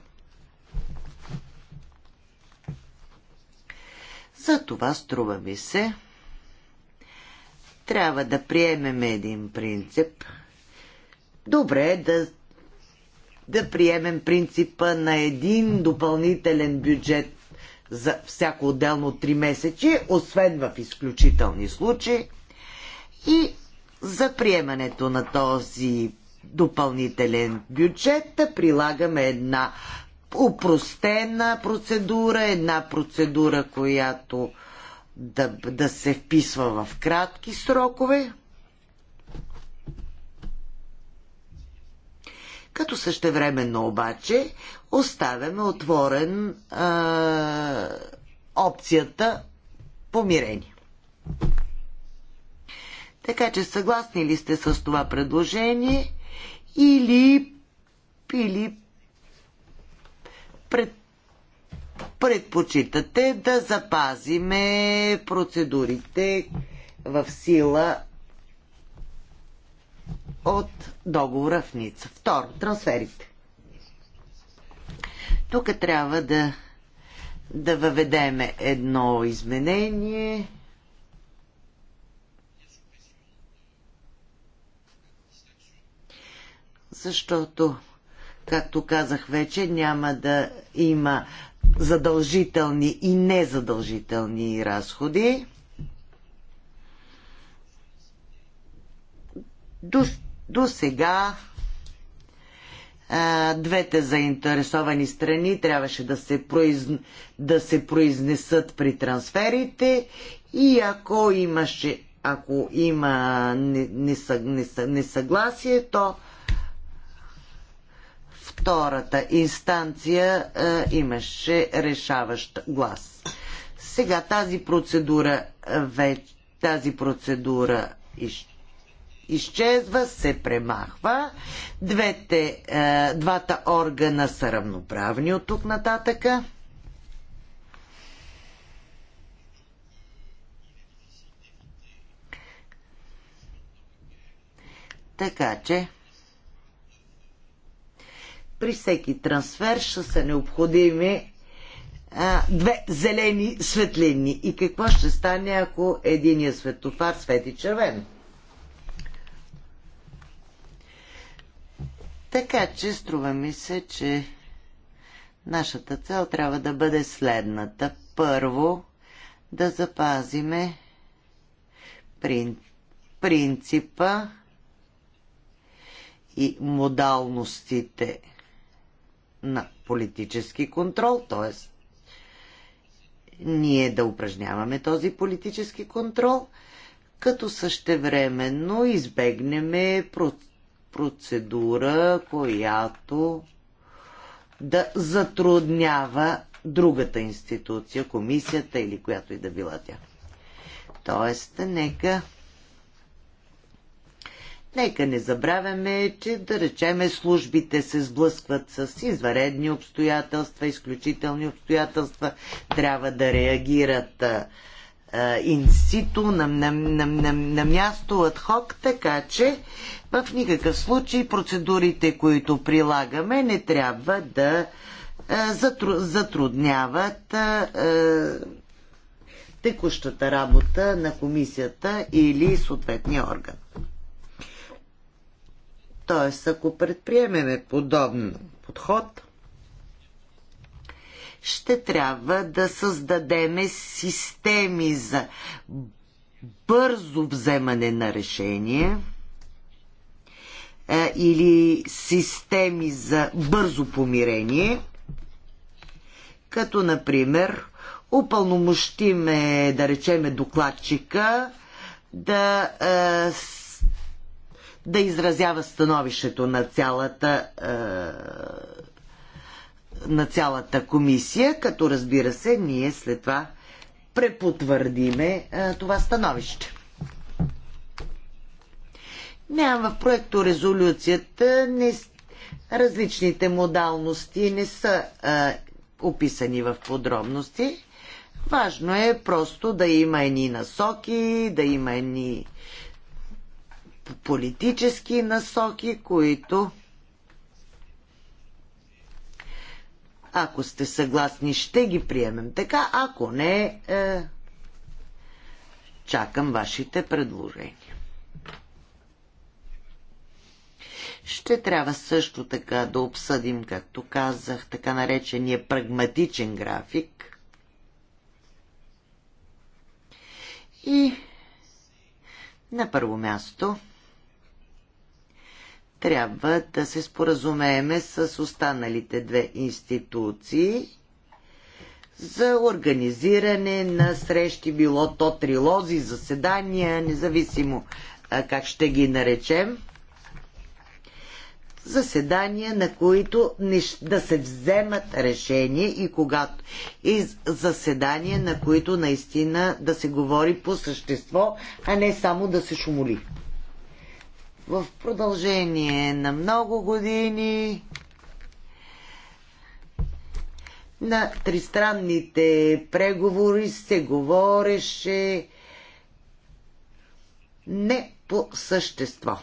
За това струва ми се, трябва да приемем един принцип. Добре е да, да приемем принципа на един допълнителен бюджет за всяко отделно 3 месечи, освен в изключителни случаи. И за приемането на този допълнителен бюджет да прилагаме една упростена процедура, една процедура, която да, да се вписва в кратки срокове. Като същевременно обаче оставяме отворен а, опцията помирение. Така че съгласни ли сте с това предложение или, или пред, предпочитате да запазиме процедурите в сила от договора в Ница. Второ, трансферите. Тук трябва да, да въведеме едно изменение – защото, както казах вече, няма да има задължителни и незадължителни разходи. До, до сега а, двете заинтересовани страни трябваше да се, произ... да се произнесат при трансферите и ако имаше ако има несъгласие, то втората инстанция е, имаше решаващ глас. Сега тази процедура е, вече тази процедура из, изчезва, се премахва. Двете, е, двата органа са равноправни от тук нататъка. Така че при всеки трансфер ще са необходими а, две зелени светлини. И какво ще стане, ако единия светофар свети червен? Така че струва ми се, че нашата цел трябва да бъде следната. Първо, да запазиме прин, принципа и модалностите – на политически контрол, т.е. ние да упражняваме този политически контрол, като същевременно избегнеме процедура, която да затруднява другата институция, комисията или която и да била тя. Тоест, нека Нека не забравяме, че да речеме службите се сблъскват с изваредни обстоятелства, изключителни обстоятелства, трябва да реагират инситу, на, на, на, на, на място, адхок, така че в никакъв случай процедурите, които прилагаме, не трябва да а, затрудняват текущата работа на комисията или съответния орган. Т.е. ако предприемеме подобен подход, ще трябва да създадеме системи за бързо вземане на решение е, или системи за бързо помирение, като например упълномощиме, да речеме, докладчика да е, да изразява становището на цялата е, на цялата комисия, като разбира се, ние след това препотвърдиме е, това становище. Няма в проекто резолюцията не, различните модалности не са е, описани в подробности. Важно е просто да има едни насоки, да има едни политически насоки, които ако сте съгласни, ще ги приемем така, ако не, е, чакам вашите предложения. Ще трябва също така да обсъдим, както казах, така наречения прагматичен график. И на първо място трябва да се споразумееме с останалите две институции за организиране на срещи, било то трилози, заседания, независимо как ще ги наречем. Заседания, на които да се вземат решения и когато. И заседания, на които наистина да се говори по същество, а не само да се шумоли. В продължение на много години на тристранните преговори се говореше не по същество.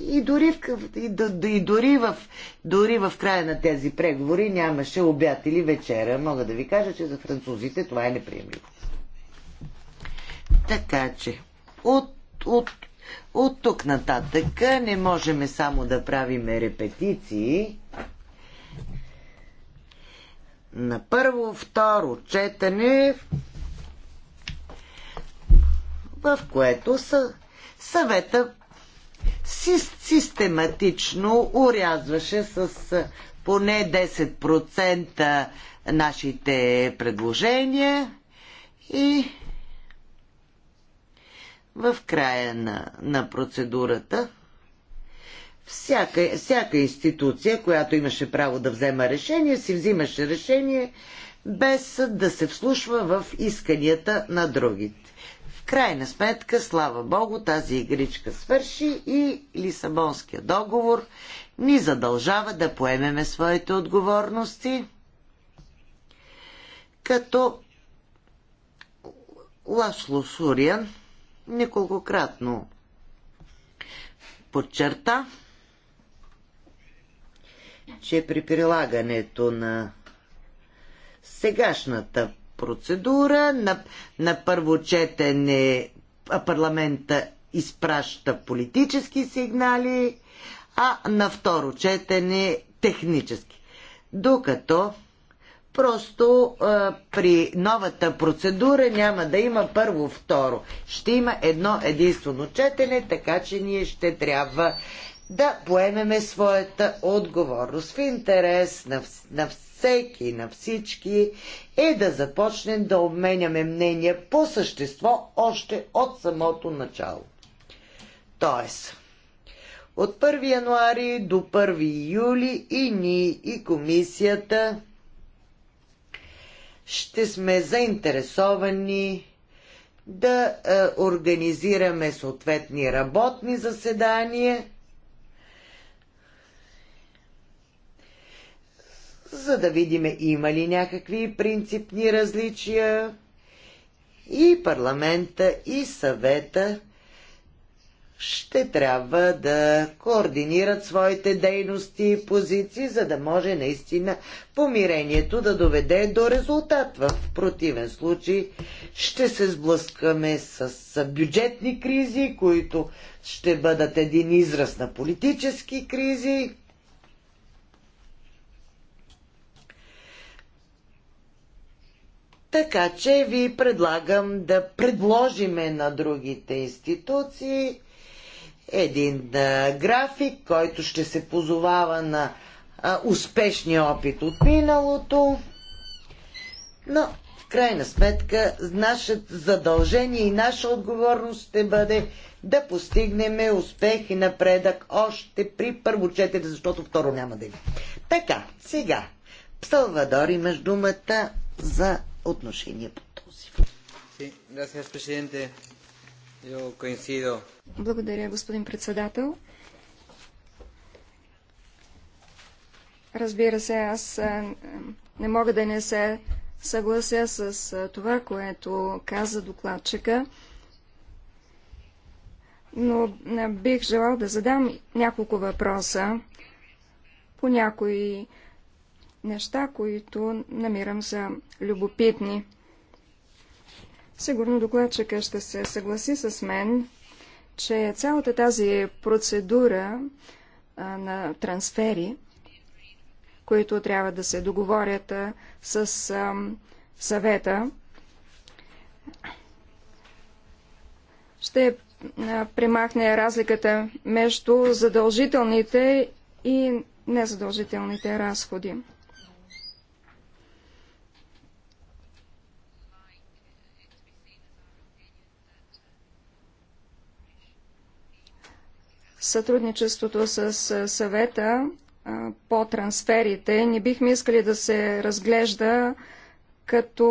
И дори, в, и, да, и дори, в, дори в края на тези преговори нямаше обяд или вечера. Мога да ви кажа, че за французите това е неприемливо. Така че, от от, от тук нататък не можем само да правиме репетиции. На първо, второ четене, в което са, съвета систематично урязваше с поне 10% нашите предложения и в края на, на процедурата всяка, всяка институция, която имаше право да взема решение, си взимаше решение без да се вслушва в исканията на другите. В крайна сметка, слава Богу, тази игричка свърши и Лисабонския договор ни задължава да поемеме своите отговорности, като Лашло Суриан – неколкократно подчерта, че при прилагането на сегашната процедура на, на първо четене парламента изпраща политически сигнали, а на второ четене технически. Докато Просто а, при новата процедура няма да има първо, второ. Ще има едно единствено четене, така че ние ще трябва да поемеме своята отговорност. В интерес на, на всеки, на всички е да започнем да обменяме мнения по същество още от самото начало. Тоест, от 1 януари до 1 юли и ние и комисията ще сме заинтересовани да е, организираме съответни работни заседания, за да видим има ли някакви принципни различия и парламента, и съвета ще трябва да координират своите дейности и позиции, за да може наистина помирението да доведе до резултат. В противен случай ще се сблъскаме с бюджетни кризи, които ще бъдат един израз на политически кризи. Така че ви предлагам да предложиме на другите институции един график, който ще се позовава на успешния опит от миналото. Но, в крайна сметка, нашето задължение и наша отговорност ще бъде да постигнем успех и напредък още при първо четене, защото второ няма да има. Така, сега. Псалвадор, имаш думата за отношение по този. Sí, gracias, presidente. Благодаря, господин председател. Разбира се, аз не мога да не се съглася с това, което каза докладчика, но бих желал да задам няколко въпроса по някои неща, които намирам за любопитни. Сигурно докладчика ще се съгласи с мен, че цялата тази процедура на трансфери, които трябва да се договорят с съвета, ще премахне разликата между задължителните и незадължителните разходи. сътрудничеството с съвета по трансферите не бихме искали да се разглежда като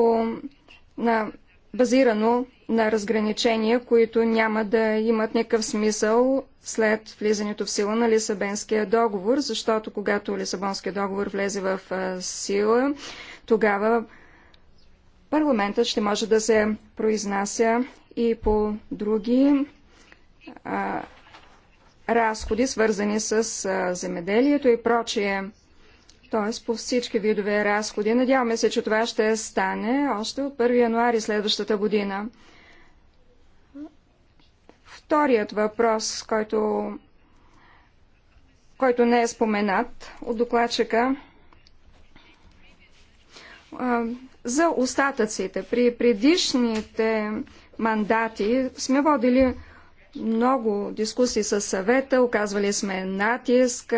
на, базирано на разграничения, които няма да имат никакъв смисъл след влизането в сила на Лисабенския договор, защото когато Лисабонския договор влезе в сила, тогава парламентът ще може да се произнася и по други а, разходи, свързани с земеделието и прочие. Т.е. по всички видове разходи. Надяваме се, че това ще стане още от 1 януари следващата година. Вторият въпрос, който, който не е споменат от докладчика, за остатъците. При предишните мандати сме водили много дискусии с съвета, оказвали сме натиск.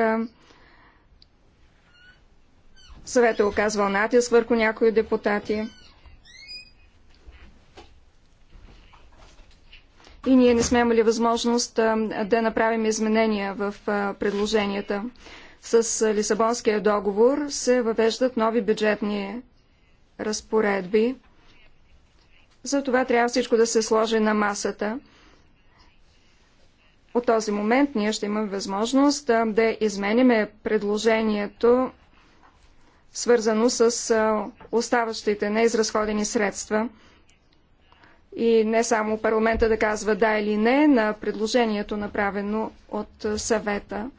Съветът е оказвал натиск върху някои депутати. И ние не сме имали възможност да направим изменения в предложенията. С Лисабонския договор се въвеждат нови бюджетни разпоредби. За това трябва всичко да се сложи на масата. От този момент ние ще имаме възможност да измениме предложението, свързано с оставащите неизразходени средства. И не само парламента да казва да или не на предложението, направено от съвета.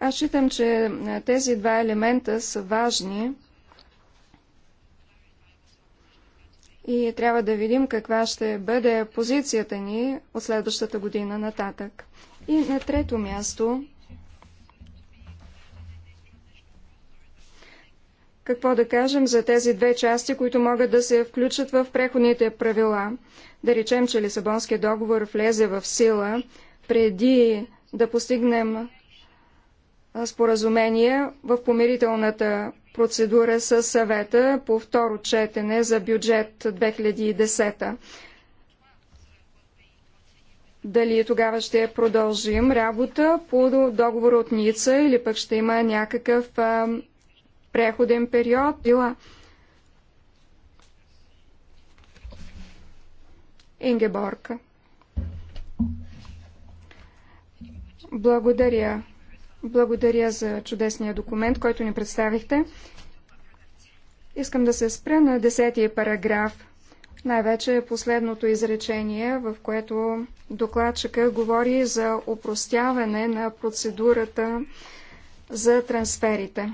Аз считам, че тези два елемента са важни – и трябва да видим каква ще бъде позицията ни от следващата година нататък. И на трето място, какво да кажем за тези две части, които могат да се включат в преходните правила. Да речем, че Лисабонския договор влезе в сила преди да постигнем споразумение в помирителната процедура с съвета по второ четене за бюджет 2010. Дали тогава ще продължим работа по договор от Ница или пък ще има някакъв а, преходен период? Била. Ингеборка. Благодаря. Благодаря за чудесния документ, който ни представихте. Искам да се спра на десетия параграф. Най-вече последното изречение, в което докладчика говори за упростяване на процедурата за трансферите.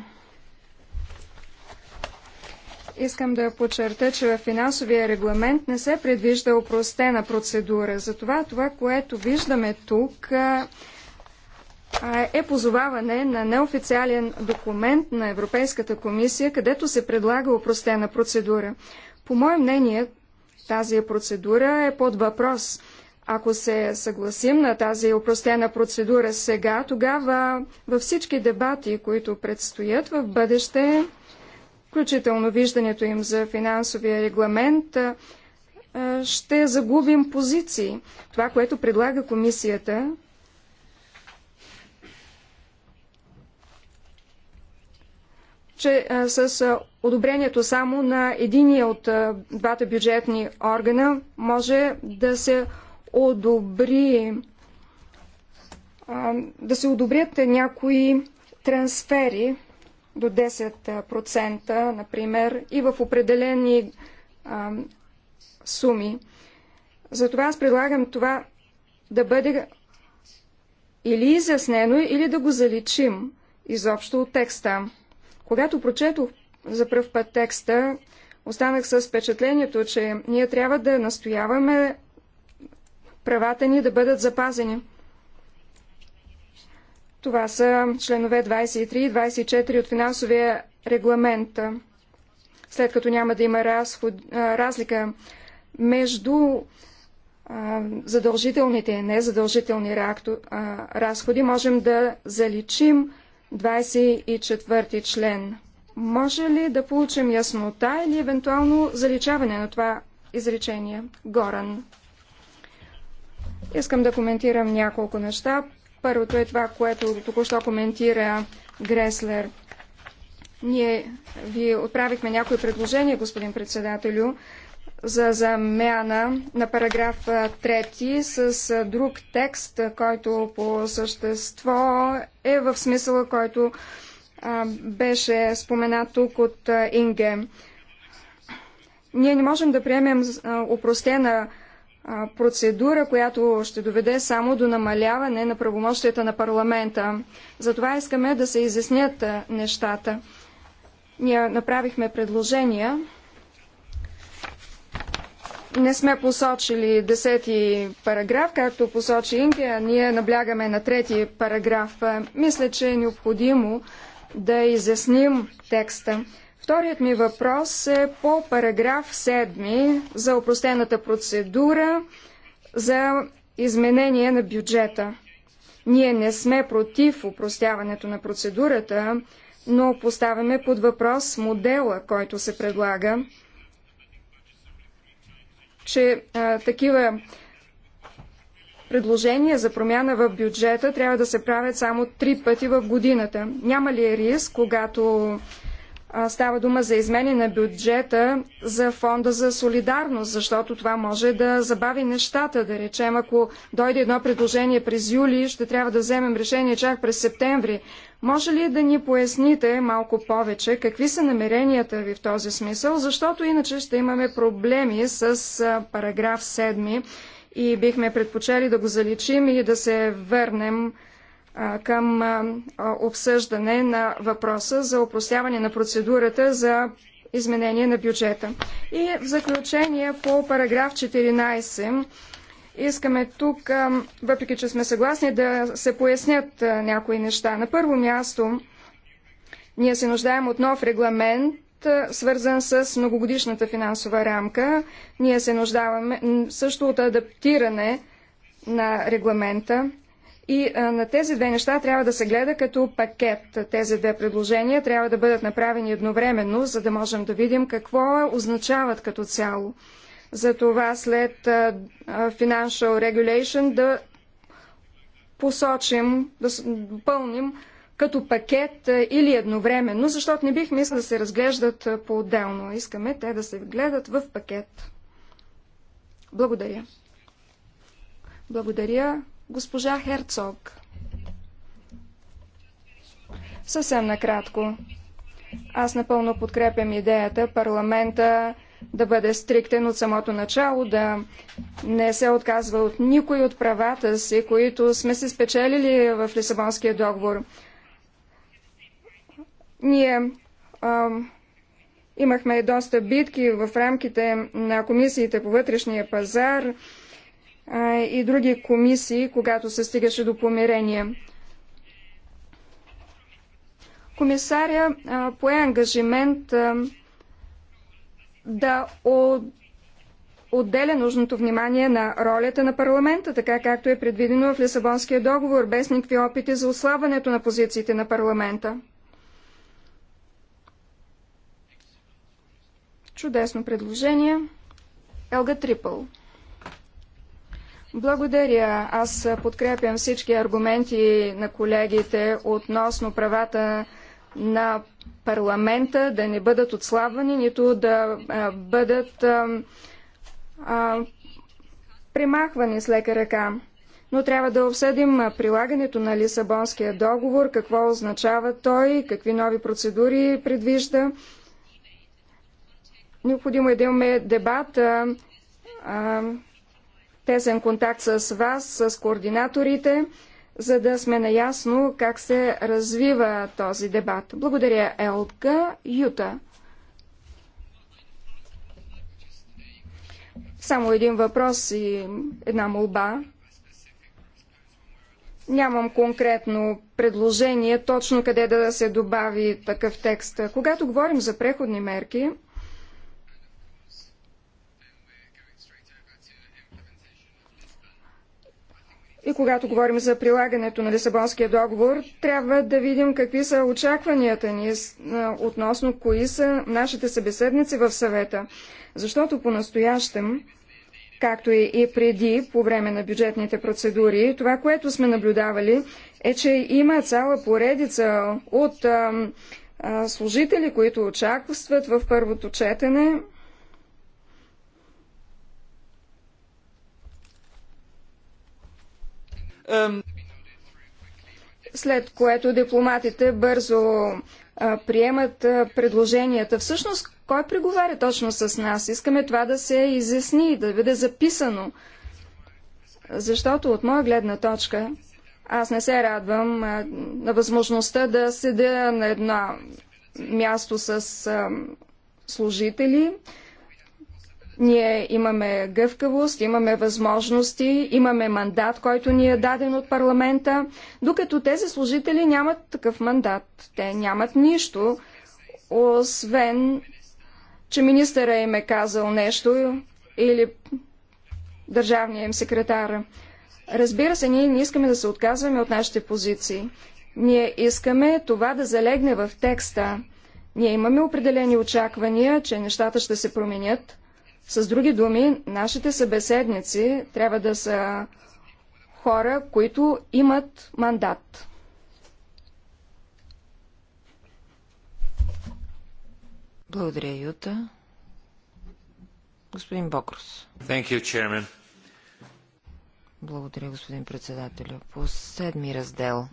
Искам да подчерта, че в финансовия регламент не се предвижда упростена процедура. Затова това, което виждаме тук, е позоваване на неофициален документ на Европейската комисия, където се предлага упростена процедура. По мое мнение, тази процедура е под въпрос. Ако се съгласим на тази упростена процедура сега, тогава във всички дебати, които предстоят в бъдеще, включително виждането им за финансовия регламент, ще загубим позиции. Това, което предлага комисията, че с одобрението само на единия от двата бюджетни органа може да се одобри да се одобрят някои трансфери до 10%, например, и в определени а, суми. Затова аз предлагам това да бъде или изяснено, или да го заличим изобщо от текста. Когато прочетох за пръв път текста, останах с впечатлението, че ние трябва да настояваме правата ни да бъдат запазени. Това са членове 23 и 24 от финансовия регламент. След като няма да има разход, разлика между задължителните и незадължителни разходи, можем да заличим 24 член. Може ли да получим яснота или евентуално заличаване на това изречение? Горан. Искам да коментирам няколко неща. Първото е това, което току-що коментира Греслер. Ние ви отправихме някои предложения, господин председателю, за замяна на параграф 3 с друг текст, който по същество е в смисъла, който беше споменат тук от Инге. Ние не можем да приемем опростена процедура, която ще доведе само до намаляване на правомощията на парламента. Затова искаме да се изяснят нещата. Ние направихме предложения не сме посочили десети параграф, както посочи Инге, а ние наблягаме на трети параграф. Мисля, че е необходимо да изясним текста. Вторият ми въпрос е по параграф 7 за опростената процедура за изменение на бюджета. Ние не сме против упростяването на процедурата, но поставяме под въпрос модела, който се предлага че а, такива предложения за промяна в бюджета трябва да се правят само три пъти в годината. Няма ли риск, когато Става дума за измене на бюджета за фонда за солидарност, защото това може да забави нещата. Да речем, ако дойде едно предложение през юли, ще трябва да вземем решение чак през септември. Може ли да ни поясните малко повече какви са намеренията ви в този смисъл, защото иначе ще имаме проблеми с параграф 7 и бихме предпочели да го заличим и да се върнем към обсъждане на въпроса за опростяване на процедурата за изменение на бюджета. И в заключение по параграф 14 искаме тук, въпреки че сме съгласни, да се пояснят някои неща. На първо място, ние се нуждаем от нов регламент, свързан с многогодишната финансова рамка. Ние се нуждаваме също от адаптиране на регламента. И а, на тези две неща трябва да се гледа като пакет. Тези две предложения трябва да бъдат направени едновременно, за да можем да видим какво означават като цяло. Затова след а, Financial Regulation да посочим, да допълним като пакет а, или едновременно, защото не бихме искали да се разглеждат по-отделно. Искаме те да се гледат в пакет. Благодаря. Благодаря. Госпожа Херцог. Съвсем накратко. Аз напълно подкрепям идеята парламента да бъде стриктен от самото начало, да не се отказва от никой от правата си, които сме се спечелили в Лисабонския договор. Ние а, имахме доста битки в рамките на комисиите по вътрешния пазар, и други комисии, когато се стигаше до помирение. Комисаря пое ангажимент да отделя нужното внимание на ролята на парламента, така както е предвидено в Лисабонския договор, без никакви опити за ослабването на позициите на парламента. Чудесно предложение. Елга Трипъл. Благодаря. Аз подкрепям всички аргументи на колегите относно правата на парламента да не бъдат отслабвани, нито да бъдат а, а, примахвани с лека ръка. Но трябва да обсъдим прилагането на Лисабонския договор, какво означава той, какви нови процедури предвижда. Необходимо е да имаме дебат а, тесен контакт с вас, с координаторите, за да сме наясно как се развива този дебат. Благодаря, Елка. Юта. Само един въпрос и една молба. Нямам конкретно предложение точно къде да се добави такъв текст. Когато говорим за преходни мерки, И когато говорим за прилагането на Лисабонския договор, трябва да видим какви са очакванията ни относно кои са нашите събеседници в съвета. Защото по-настоящем, както и преди, по време на бюджетните процедури, това, което сме наблюдавали, е, че има цяла поредица от служители, които очакват в първото четене след което дипломатите бързо приемат предложенията. Всъщност, кой преговаря точно с нас? Искаме това да се изясни, да бъде записано. Защото от моя гледна точка, аз не се радвам на възможността да седя на едно място с служители, ние имаме гъвкавост, имаме възможности, имаме мандат, който ни е даден от парламента, докато тези служители нямат такъв мандат. Те нямат нищо, освен, че министъра им е казал нещо или държавния им секретар. Разбира се, ние не искаме да се отказваме от нашите позиции. Ние искаме това да залегне в текста. Ние имаме определени очаквания, че нещата ще се променят. С други думи, нашите събеседници трябва да са хора, които имат мандат. Благодаря, Юта. Господин Бокрус. You, Благодаря, господин председателю. По седми раздел.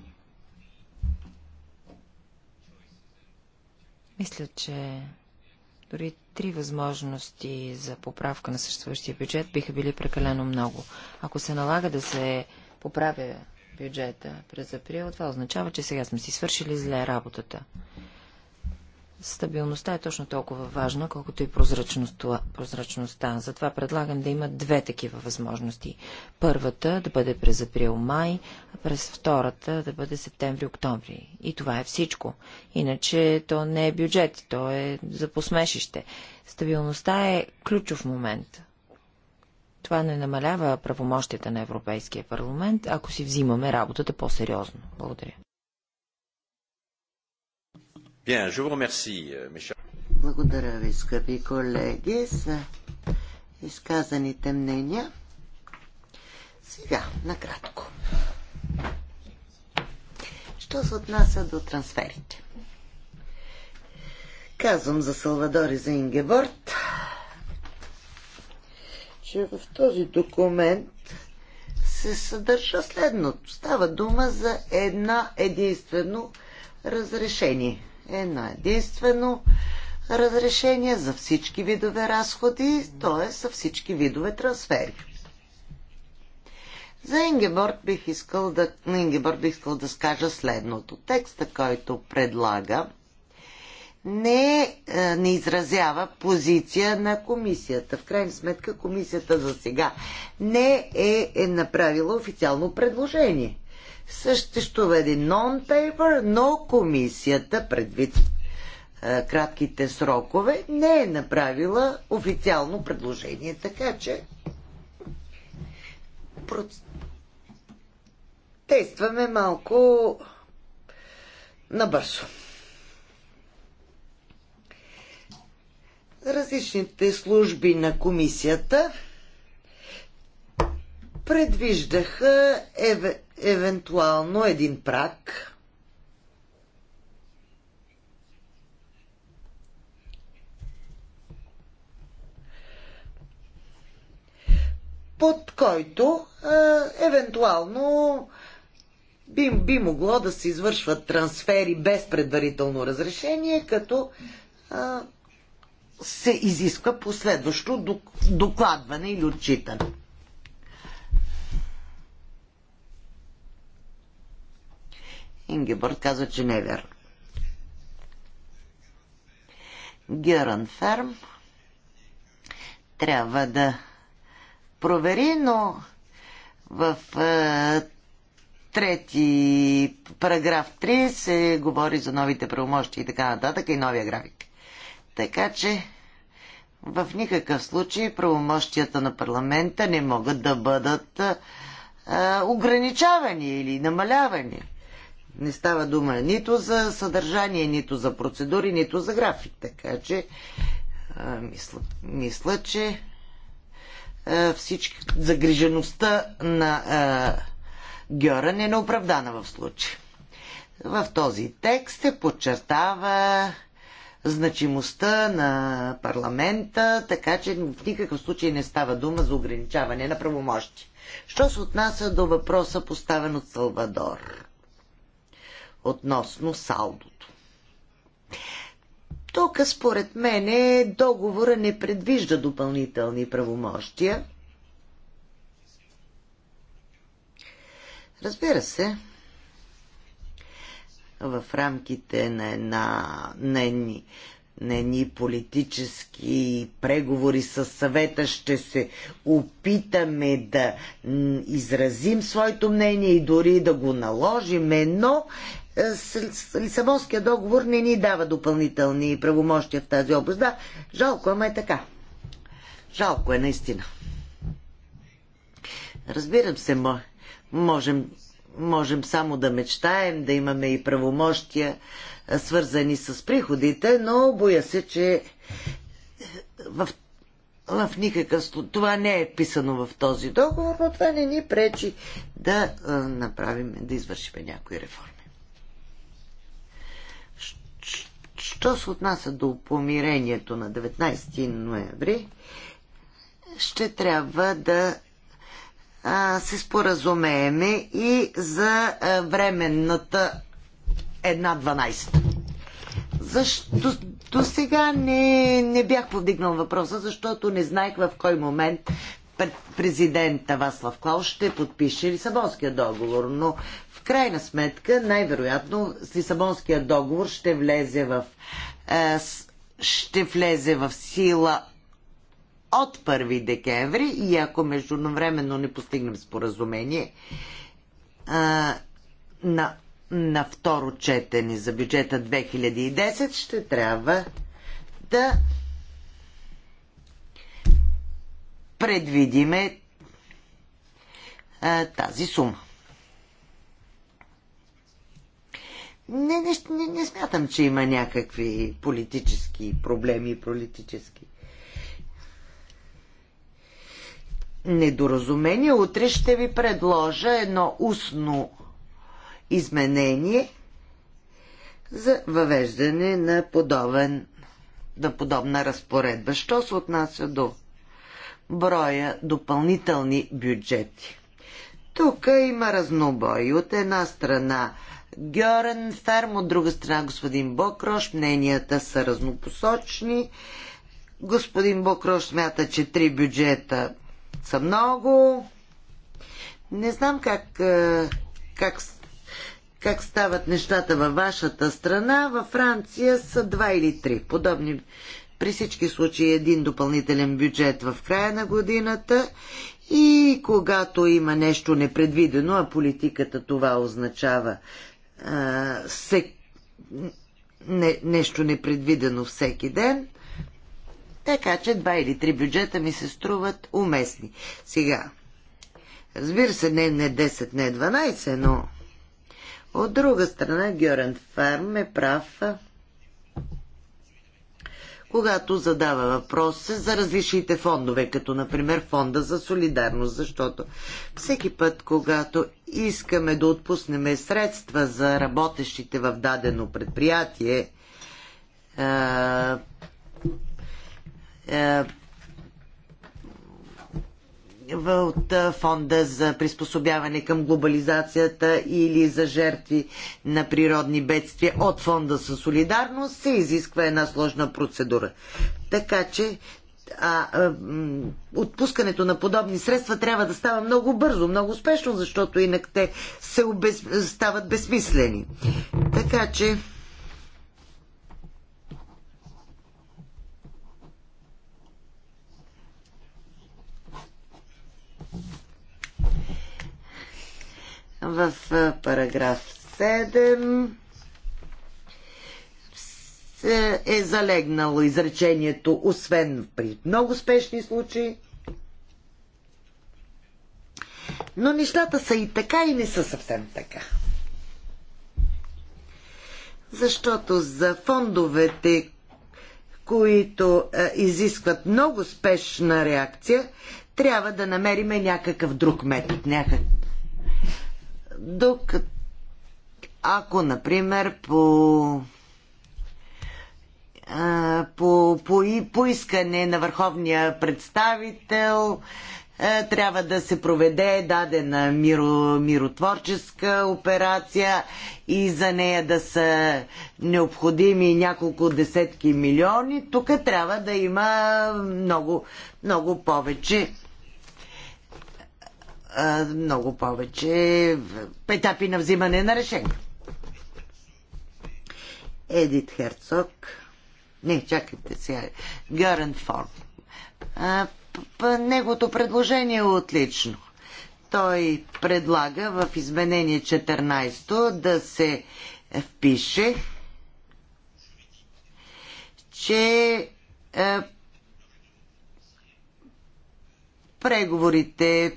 Мисля, че дори три възможности за поправка на съществуващия бюджет биха били прекалено много. Ако се налага да се поправя бюджета през април, това означава, че сега сме си свършили зле работата. Стабилността е точно толкова важна, колкото и прозрачността. прозрачността. Затова предлагам да има две такива възможности. Първата да бъде през април-май, а през втората да бъде септември-октомври. И това е всичко. Иначе то не е бюджет, то е за посмешище. Стабилността е ключов момент. Това не намалява правомощията на Европейския парламент, ако си взимаме работата по-сериозно. Благодаря. Bien, je vous remercie, euh, mes chers. Благодаря ви, скъпи колеги, за изказаните мнения. Сега, накратко. Що се отнася до трансферите? Казвам за Салвадор и за Ингеборд, че в този документ се съдържа следното. Става дума за една единствено разрешение едно единствено разрешение за всички видове разходи, т.е. за всички видове трансфери. За Ингеборг бих искал да, на Ингеборг бих искал да скажа следното. Текста, който предлага, не, е, не изразява позиция на комисията. В крайна сметка комисията за сега не е, е направила официално предложение. Съществува един нон-пейпер, но комисията предвид е, кратките срокове не е направила официално предложение. Така че тестваме малко набързо. различните служби на комисията предвиждаха евентуално един прак, под който е, евентуално би, би могло да се извършват трансфери без предварително разрешение, като е, се изисква последващо докладване или отчитане. Ингебърт каза, че не е вярно. Геран Ферм трябва да провери, но в е, трети параграф 3 се говори за новите правомощи и така нататък и новия график. Така че в никакъв случай правомощията на парламента не могат да бъдат е, ограничавани или намалявани. Не става дума нито за съдържание, нито за процедури, нито за график. Така че, а, мисля, мисля, че а, всички, загрижеността на а, Гьорън е неоправдана в случая. В този текст се подчертава значимостта на парламента, така че в никакъв случай не става дума за ограничаване на правомощи. Що се отнася до въпроса, поставен от Салвадор? относно салдото. Тук, според мене, договора не предвижда допълнителни правомощия. Разбира се, в рамките на, една, на, едни, на едни политически преговори с съвета ще се опитаме да изразим своето мнение и дори да го наложим, но е, Лисабонския договор не ни дава допълнителни правомощия в тази област. Да, жалко, ама е така. Жалко е наистина. Разбирам се, можем, можем само да мечтаем, да имаме и правомощия, е, свързани с приходите, но боя се, че е, в, в никакъв това не е писано в този договор, но това не ни пречи да направим, да извършим някои реформи. Що се отнася до помирението на 19 ноември, ще трябва да а, се споразумееме и за а, временната една 12. Защо, до, до сега не, не бях повдигнал въпроса, защото не знаех в кой момент президента Васлав Клаус ще подпише Лисабонския договор, но крайна сметка, най-вероятно, Лисабонския договор ще влезе в, е, ще влезе в сила от 1 декември и ако междувременно не постигнем споразумение е, на, на второ четене за бюджета 2010, ще трябва да предвидиме е, тази сума. не, не, не, не смятам, че има някакви политически проблеми, политически недоразумение. Утре ще ви предложа едно устно изменение за въвеждане на подобен на подобна разпоредба. Що се отнася до броя допълнителни бюджети? Тук има разнобой. От една страна Георен Ферм, от друга страна господин Бокрош. Мненията са разнопосочни. Господин Бокрош смята, че три бюджета са много. Не знам как, е, как, как стават нещата във вашата страна. Във Франция са два или три подобни. При всички случаи един допълнителен бюджет в края на годината и когато има нещо непредвидено, а политиката това означава а, се, не, нещо непредвидено всеки ден. Така че два или три бюджета ми се струват уместни. Сега, разбира се, не, не 10, не 12, но от друга страна Георен Фарм е прав когато задава въпрос за различните фондове, като например фонда за солидарност, защото всеки път, когато искаме да отпуснем средства за работещите в дадено предприятие, от фонда за приспособяване към глобализацията или за жертви на природни бедствия от фонда за солидарност се изисква една сложна процедура. Така че а, а, отпускането на подобни средства трябва да става много бързо, много успешно, защото инак те се обез... стават безсмислени. Така че в параграф 7 е залегнало изречението, освен при много спешни случаи. Но нещата са и така и не са съвсем така. Защото за фондовете, които е, изискват много спешна реакция, трябва да намериме някакъв друг метод, някакъв докато ако, например, по по, по, по искане на върховния представител трябва да се проведе дадена миро, миротворческа операция и за нея да са необходими няколко десетки милиони. Тук трябва да има много, много повече много повече етапи на взимане на решение. Едит Херцог. Не, чакайте сега. Гарен Форм. Неговото предложение е отлично. Той предлага в изменение 14 да се впише, че е, преговорите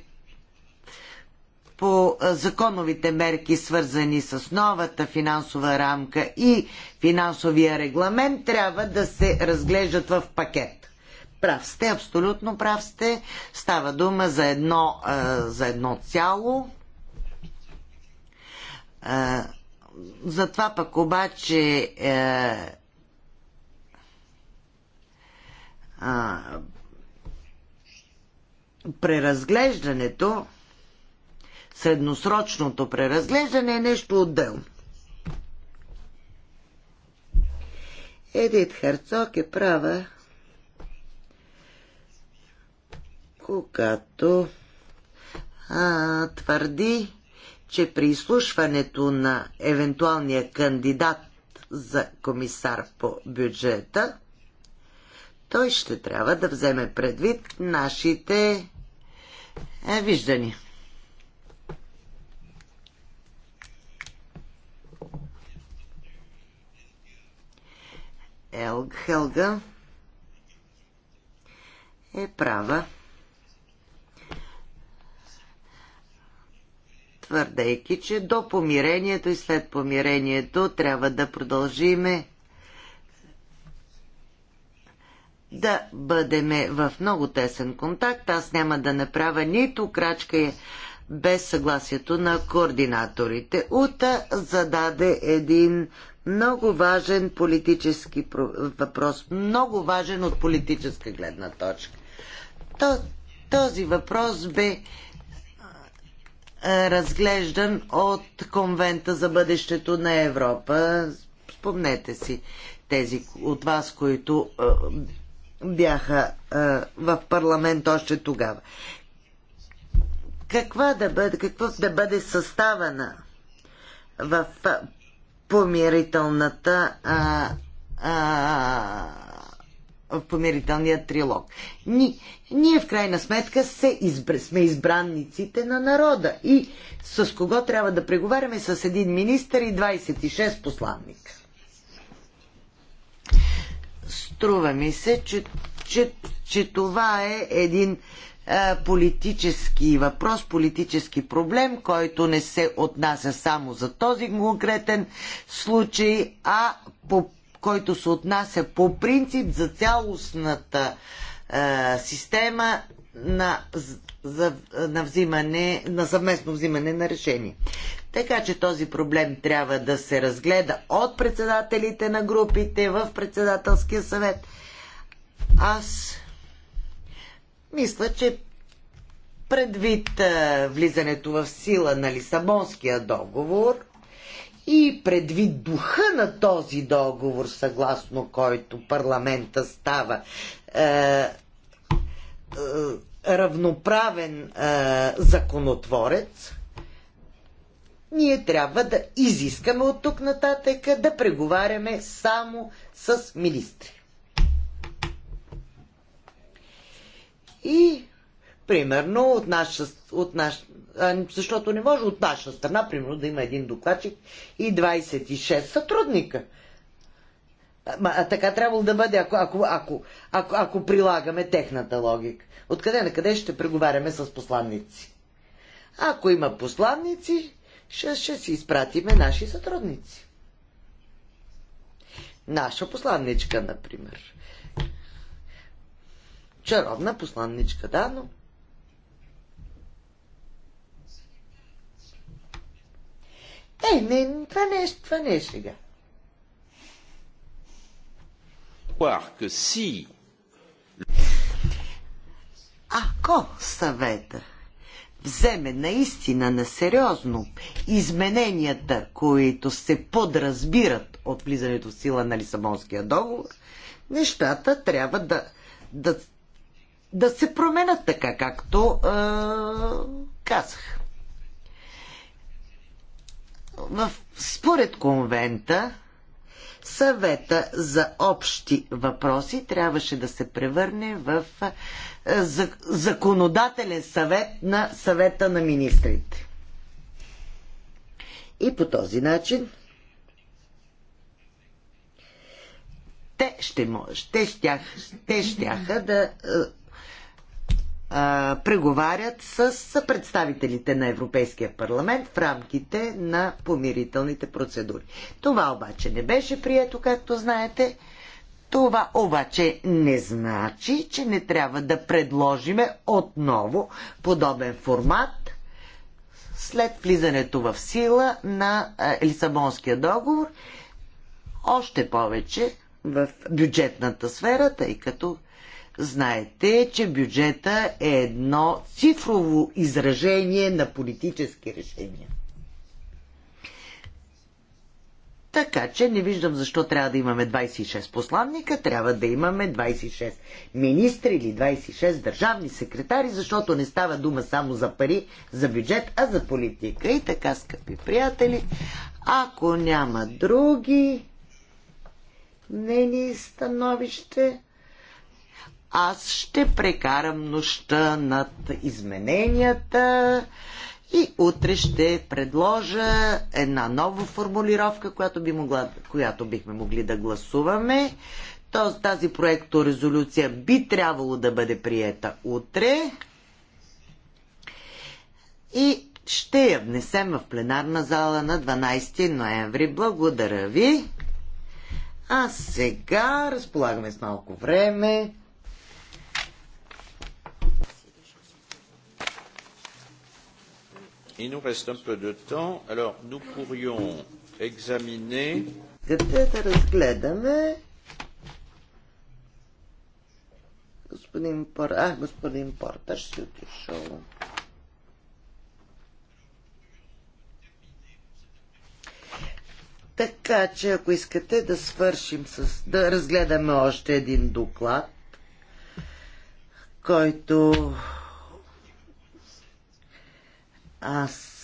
по законовите мерки, свързани с новата финансова рамка и финансовия регламент, трябва да се разглеждат в пакет. Прав сте, абсолютно прав сте. Става дума за едно, за едно цяло. затова пък обаче е, преразглеждането средносрочното преразглеждане е нещо отделно. Едит Херцог е права, когато а, твърди, че при изслушването на евентуалния кандидат за комисар по бюджета, той ще трябва да вземе предвид нашите виждания. Елг Хелга е права, твърдейки, че до помирението и след помирението трябва да продължиме да бъдеме в много тесен контакт. Аз няма да направя нито крачка без съгласието на координаторите. Ута зададе един много важен политически въпрос, много важен от политическа гледна точка. Този въпрос бе разглеждан от Конвента за бъдещето на Европа. Спомнете си тези от вас, които бяха в парламент още тогава. Каква да бъде, какво да бъде състава в помирителната а, а, в помирителния трилог. Ни, ние в крайна сметка се избр, сме избранниците на народа и с кого трябва да преговаряме с един министър и 26 посланника. Струва ми се, че, че, че това е един е, политически въпрос, политически проблем, който не се отнася само за този конкретен случай, а по, който се отнася по принцип за цялостната е, система на, за, на, взимане, на съвместно взимане на решение. Така че този проблем трябва да се разгледа от председателите на групите в председателския съвет. Аз мисля, че предвид влизането в сила на Лисабонския договор и предвид духа на този договор, съгласно който парламента става а, а, равноправен а, законотворец, ние трябва да изискаме от тук нататък да преговаряме само с министри. И примерно от наша, от наша, защото не може от наша страна, примерно, да има един докладчик и 26 сътрудника. А, а така трябва да бъде, ако, ако, ако, ако, ако прилагаме техната логика. Откъде на къде ще преговаряме с посланници? Ако има посланници, ще, ще си изпратиме наши сътрудници. Наша посланничка, например чаровна посланничка, да, но... Е, не, това не е, това не е шега. Ако съвета вземе наистина на сериозно измененията, които се подразбират от влизането в сила на Лисабонския договор, нещата трябва да, да, да се променят така, както е, казах. В, според конвента, съвета за общи въпроси трябваше да се превърне в е, законодателен съвет на съвета на министрите. И по този начин те ще, мож, те щях, те щяха да е, преговарят с представителите на Европейския парламент в рамките на помирителните процедури. Това обаче не беше прието, както знаете. Това обаче не значи, че не трябва да предложиме отново подобен формат след влизането в сила на Лисабонския договор, още повече в бюджетната сфера, тъй като Знаете, че бюджета е едно цифрово изражение на политически решения. Така че не виждам защо трябва да имаме 26 посланника, трябва да имаме 26 министри или 26 държавни секретари, защото не става дума само за пари, за бюджет, а за политика. И така, скъпи приятели, ако няма други мнения и становище, аз ще прекарам нощта над измененията и утре ще предложа една нова формулировка, която, би могла, която бихме могли да гласуваме. Тоест тази проекторезолюция би трябвало да бъде приета утре и ще я внесем в пленарна зала на 12 ноември. Благодаря ви! А сега разполагаме с малко време. Il nous reste un peu de temps. Alors, nous pourrions examiner. Така че, ако искате да свършим с... да разгледаме още един доклад, който аз,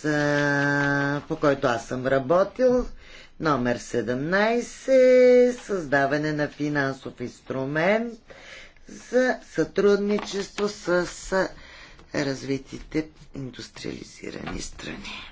по който аз съм работил. Номер 17. Създаване на финансов инструмент за сътрудничество с развитите индустриализирани страни.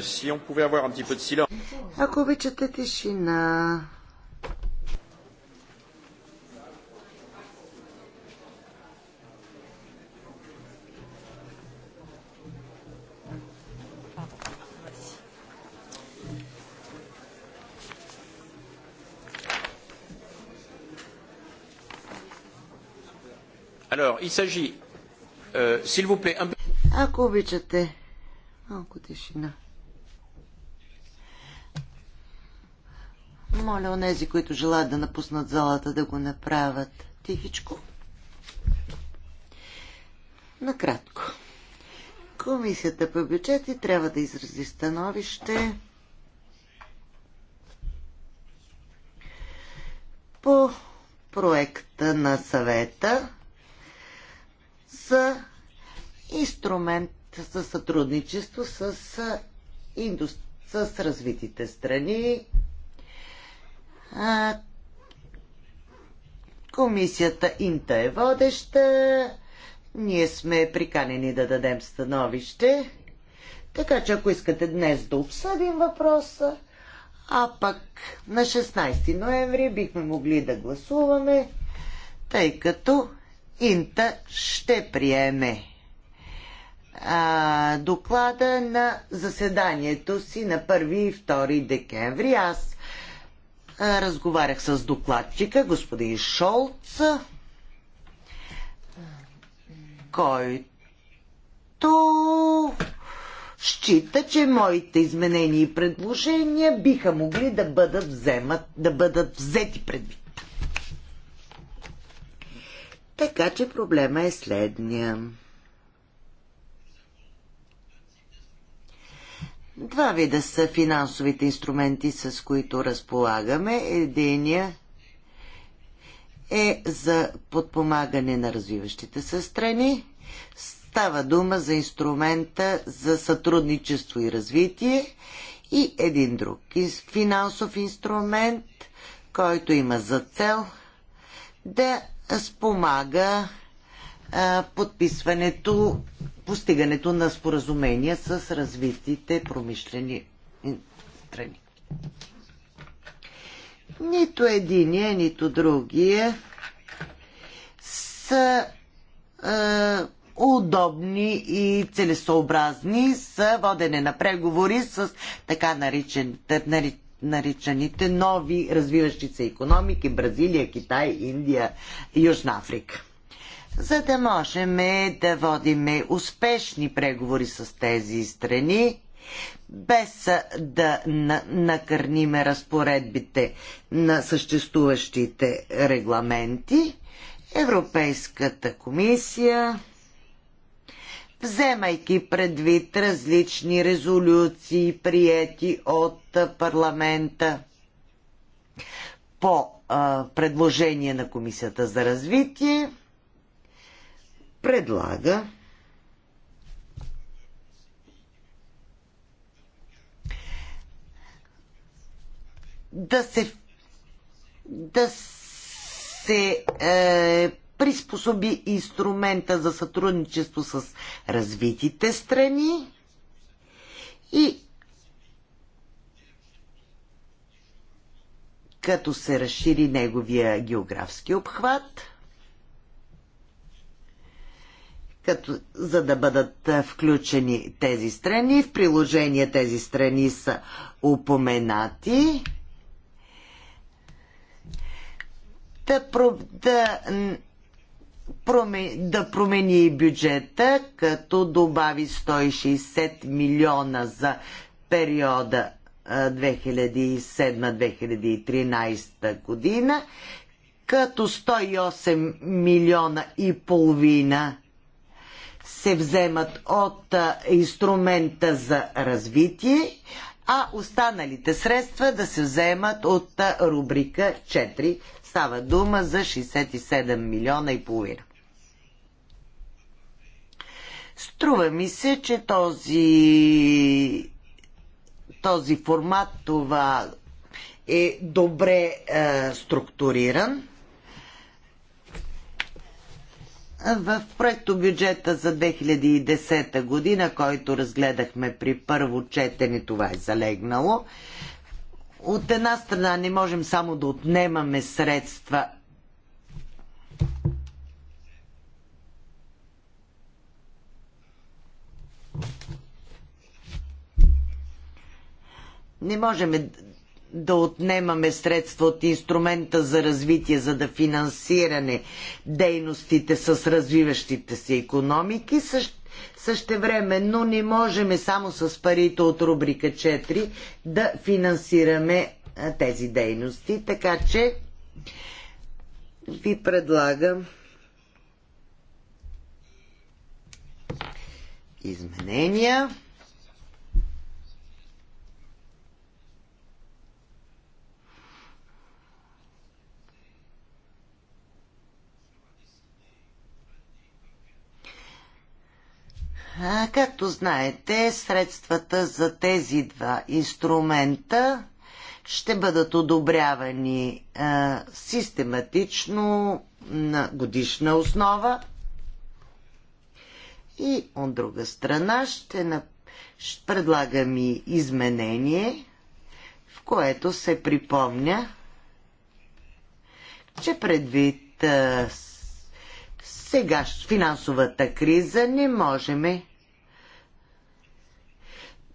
si on pouvait avoir un petit peu de silence. Ако обичате тишина. Alors, il s'agit, euh, s'il vous plaît, un peu... Ако обичате, Малко тишина. Моля онези, които желаят да напуснат залата, да го направят тихичко. Накратко. Комисията по бюджети трябва да изрази становище по проекта на съвета за инструмент със сътрудничество с, индустри... с развитите страни. А... Комисията Инта е водеща. Ние сме приканени да дадем становище. Така че ако искате днес да обсъдим въпроса, а пък на 16 ноември бихме могли да гласуваме, тъй като Инта ще приеме а, доклада на заседанието си на 1 и 2 декември. Аз а, разговарях с докладчика, господин Шолц, който счита, че моите изменения и предложения биха могли да бъдат, вземат, да бъдат взети предвид. Така че проблема е следния. Два вида са финансовите инструменти, с които разполагаме. Единия е за подпомагане на развиващите се страни. Става дума за инструмента за сътрудничество и развитие и един друг финансов инструмент, който има за цел да спомага подписването постигането на споразумения с развитите промишлени страни. Нито единия, нито другия са е, удобни и целесообразни са водене на преговори с така наричаните, наричаните нови развиващи се економики Бразилия, Китай, Индия, и Южна Африка за да можем да водиме успешни преговори с тези страни, без да накърниме разпоредбите на съществуващите регламенти. Европейската комисия вземайки предвид различни резолюции, приети от парламента по а, предложение на Комисията за развитие, предлага да се да се е, приспособи инструмента за сътрудничество с развитите страни и като се разшири неговия географски обхват – като, за да бъдат включени тези страни. В приложение тези страни са упоменати. Да, да, проме, да промени бюджета, като добави 160 милиона за периода 2007-2013 година, като 108 милиона и половина се вземат от инструмента за развитие, а останалите средства да се вземат от рубрика 4. Става дума за 67 милиона и половина. Струва ми се, че този, този формат, това е добре е, структуриран. В проекто бюджета за 2010 година, който разгледахме при първо четене, това е залегнало. От една страна не можем само да отнемаме средства не можем да отнемаме средства от инструмента за развитие, за да финансиране дейностите с развиващите се економики. Същевременно не можем само с парите от рубрика 4 да финансираме тези дейности. Така че ви предлагам изменения. А, както знаете, средствата за тези два инструмента ще бъдат одобрявани а, систематично на годишна основа и от друга страна ще, на... ще предлагам и изменение, в което се припомня, че предвид а, сега финансовата криза не можем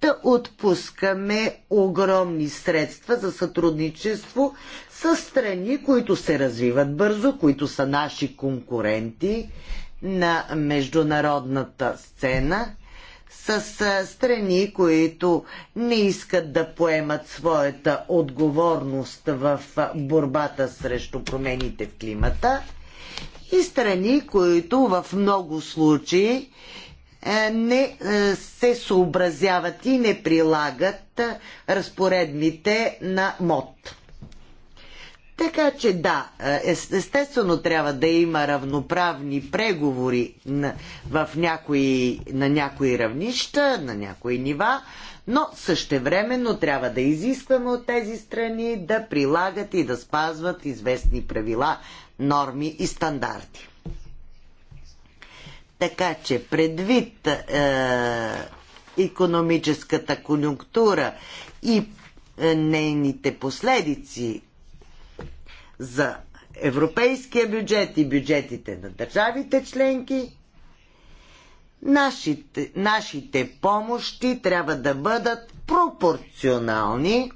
да отпускаме огромни средства за сътрудничество с страни, които се развиват бързо, които са наши конкуренти на международната сцена, с страни, които не искат да поемат своята отговорност в борбата срещу промените в климата и страни, които в много случаи е, не е, се съобразяват и не прилагат е, разпоредбите на МОД. Така че да, естествено трябва да има равноправни преговори на, в някои, на някои равнища, на някои нива, но същевременно трябва да изискваме от тези страни да прилагат и да спазват известни правила норми и стандарти. Така че предвид е, економическата конюнктура и е, нейните последици за европейския бюджет и бюджетите на държавите членки, нашите, нашите помощи трябва да бъдат пропорционални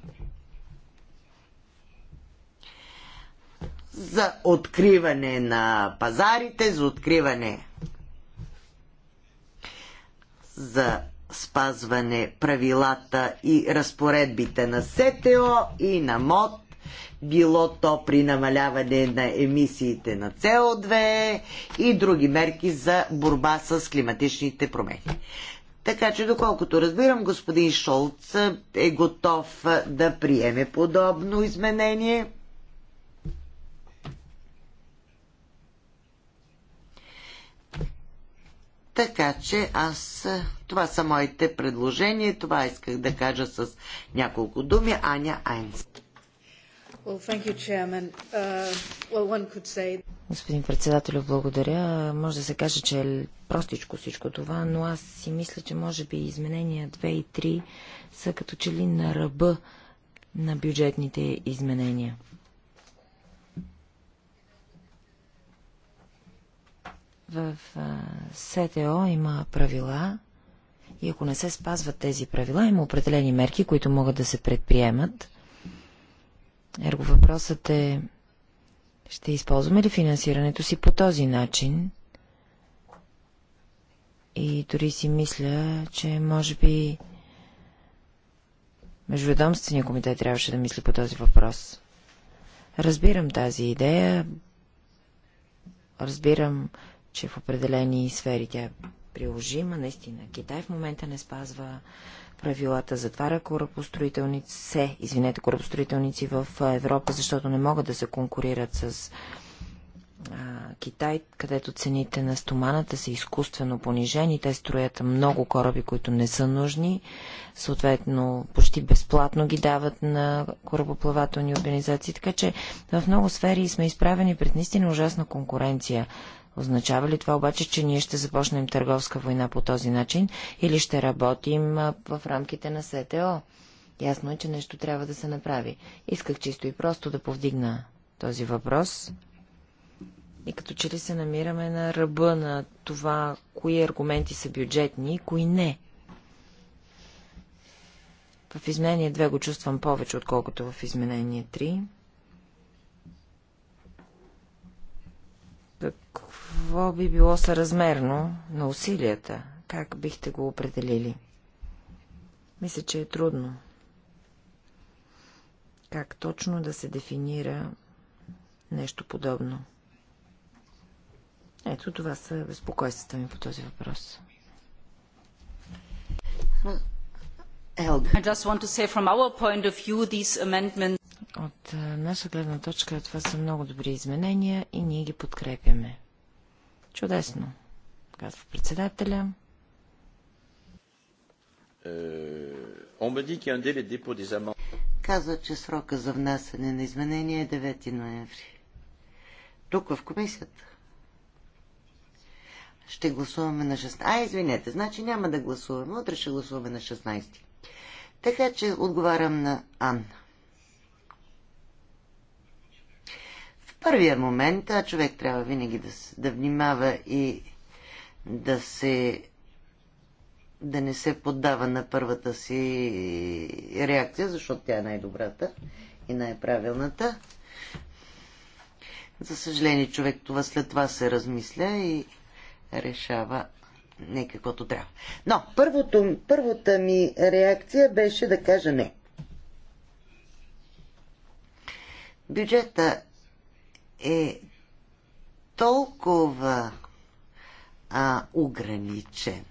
за откриване на пазарите, за откриване за спазване правилата и разпоредбите на СТО и на МОД, било то при намаляване на емисиите на СО2 и други мерки за борба с климатичните промени. Така че, доколкото разбирам, господин Шолц е готов да приеме подобно изменение – Така че аз, това са моите предложения, това исках да кажа с няколко думи. Аня Айнс. Well, you, uh, well, say... Господин председател, благодаря. Може да се каже, че е простичко всичко това, но аз си мисля, че може би изменения 2 и 3 са като че ли на ръба на бюджетните изменения. В СТО има правила и ако не се спазват тези правила, има определени мерки, които могат да се предприемат. Ерго въпросът е, ще използваме ли финансирането си по този начин? И дори си мисля, че може би Междуведомствения комитет трябваше да мисли по този въпрос. Разбирам тази идея. Разбирам че в определени сфери тя е приложима. Наистина, Китай в момента не спазва правилата, затваря корабостроителници, се, извинете, корабостроителници в Европа, защото не могат да се конкурират с а, Китай, където цените на стоманата са изкуствено понижени. Те строят много кораби, които не са нужни. Съответно, почти безплатно ги дават на корабоплавателни организации. Така че в много сфери сме изправени пред наистина ужасна конкуренция Означава ли това обаче, че ние ще започнем търговска война по този начин или ще работим в рамките на СТО? Ясно е, че нещо трябва да се направи. Исках чисто и просто да повдигна този въпрос. И като че ли се намираме на ръба на това, кои аргументи са бюджетни и кои не. В изменение 2 го чувствам повече, отколкото в изменение 3. Пък какво би било съразмерно на усилията? Как бихте го определили? Мисля, че е трудно. Как точно да се дефинира нещо подобно? Ето това са безпокойствата ми по този въпрос. От наша гледна точка това са много добри изменения и ние ги подкрепяме. Чудесно, казва председателя. Е, е казва, че срока за внасяне на изменения е 9 ноември. Тук в комисията. Ще гласуваме на 16. А, извинете, значи няма да гласуваме. Утре ще гласуваме на 16. Така че отговарям на Анна. първия момент а човек трябва винаги да, да внимава и да се да не се поддава на първата си реакция, защото тя е най-добрата и най-правилната. За съжаление, човек това след това се размисля и решава не каквото трябва. Но първото, първата ми реакция беше да кажа не. Бюджета е толкова а, ограничен,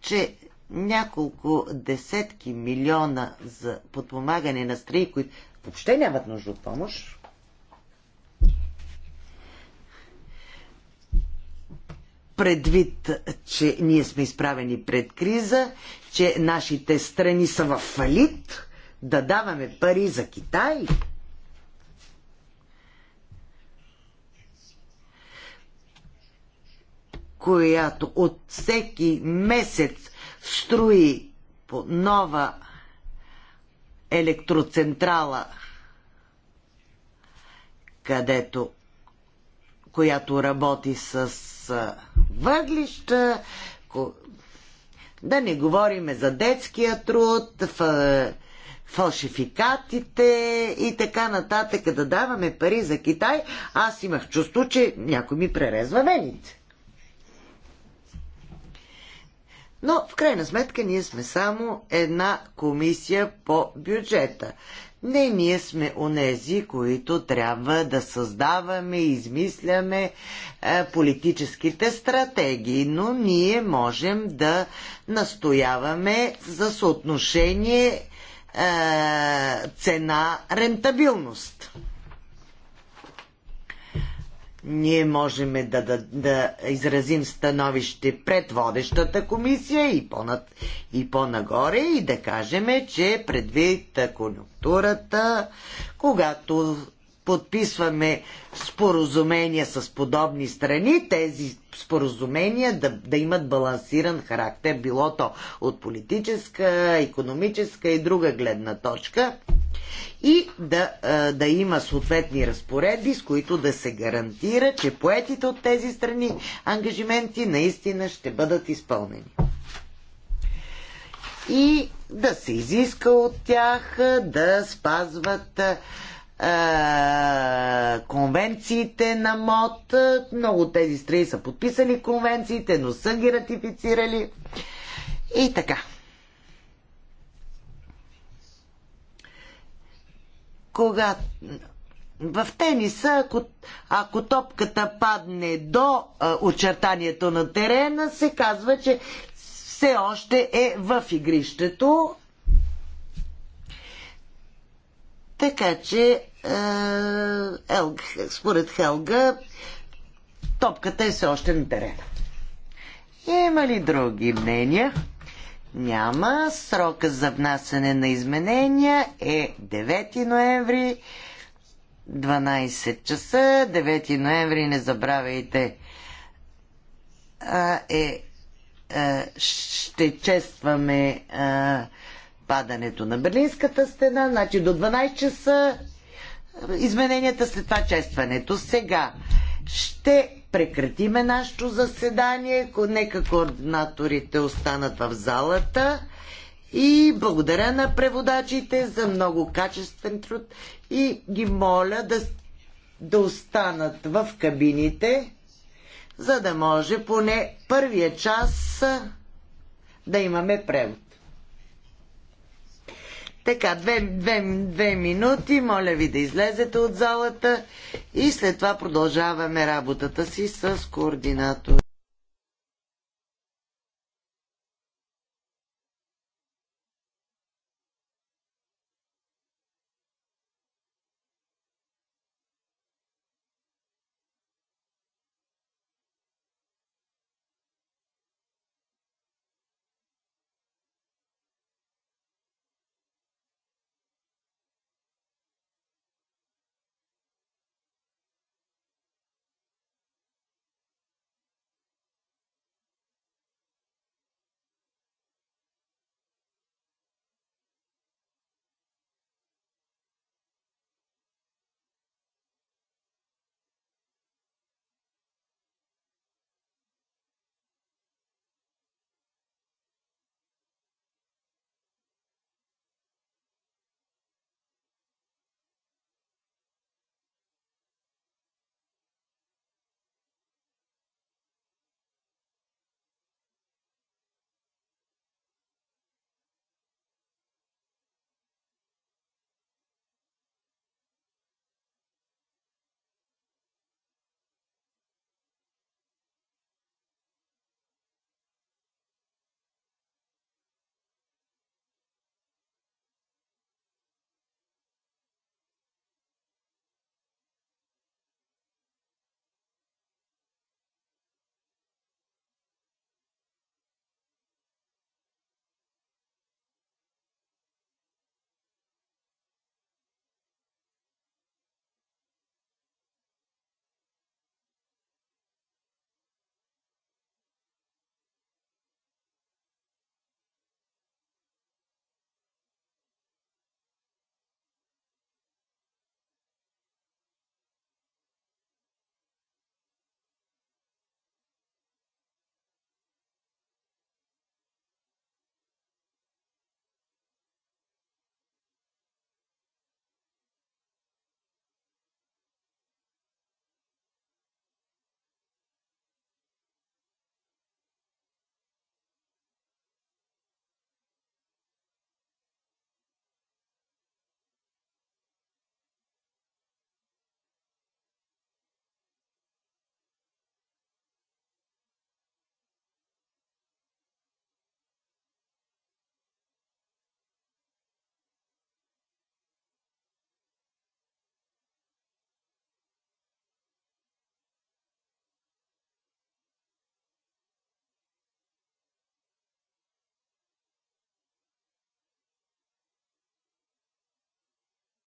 че няколко десетки милиона за подпомагане на страни, които въобще нямат нужда от помощ, предвид, че ние сме изправени пред криза, че нашите страни са в фалит, да даваме пари за Китай – която от всеки месец строи по нова електроцентрала, където която работи с въглища, да не говориме за детския труд, фалшификатите и така нататък, да даваме пари за Китай, аз имах чувство, че някой ми пререзва вените. Но в крайна сметка ние сме само една комисия по бюджета. Не ние сме онези, които трябва да създаваме, измисляме е, политическите стратегии, но ние можем да настояваме за съотношение е, цена-рентабилност ние можем да, да, да изразим становище пред водещата комисия и, по-над, и по-нагоре и да кажем, че предвид конюнктурата, когато подписваме споразумения с подобни страни, тези споразумения да, да имат балансиран характер, било то от политическа, економическа и друга гледна точка и да, да има съответни разпоредби, с които да се гарантира, че поетите от тези страни ангажименти наистина ще бъдат изпълнени. И да се изиска от тях да спазват е, конвенциите на МОД. Много тези страни са подписали конвенциите, но са ги ратифицирали. И така. Кога в тениса, ако, ако топката падне до а, е, очертанието на терена, се казва, че все още е в игрището. Така че е, Елг, според Хелга, топката е все още на терена. Има ли други мнения? Няма. Срока за внасене на изменения е 9 ноември, 12 часа. 9 ноември, не забравяйте, а, е, а, ще честваме а, падането на Берлинската стена. Значи до 12 часа измененията след това честването. Сега ще прекратиме нашето заседание. Нека координаторите останат в залата. И благодаря на преводачите за много качествен труд и ги моля да, да останат в кабините, за да може поне първия час да имаме превод. Така, две, две, две минути, моля ви да излезете от залата и след това продължаваме работата си с координатори.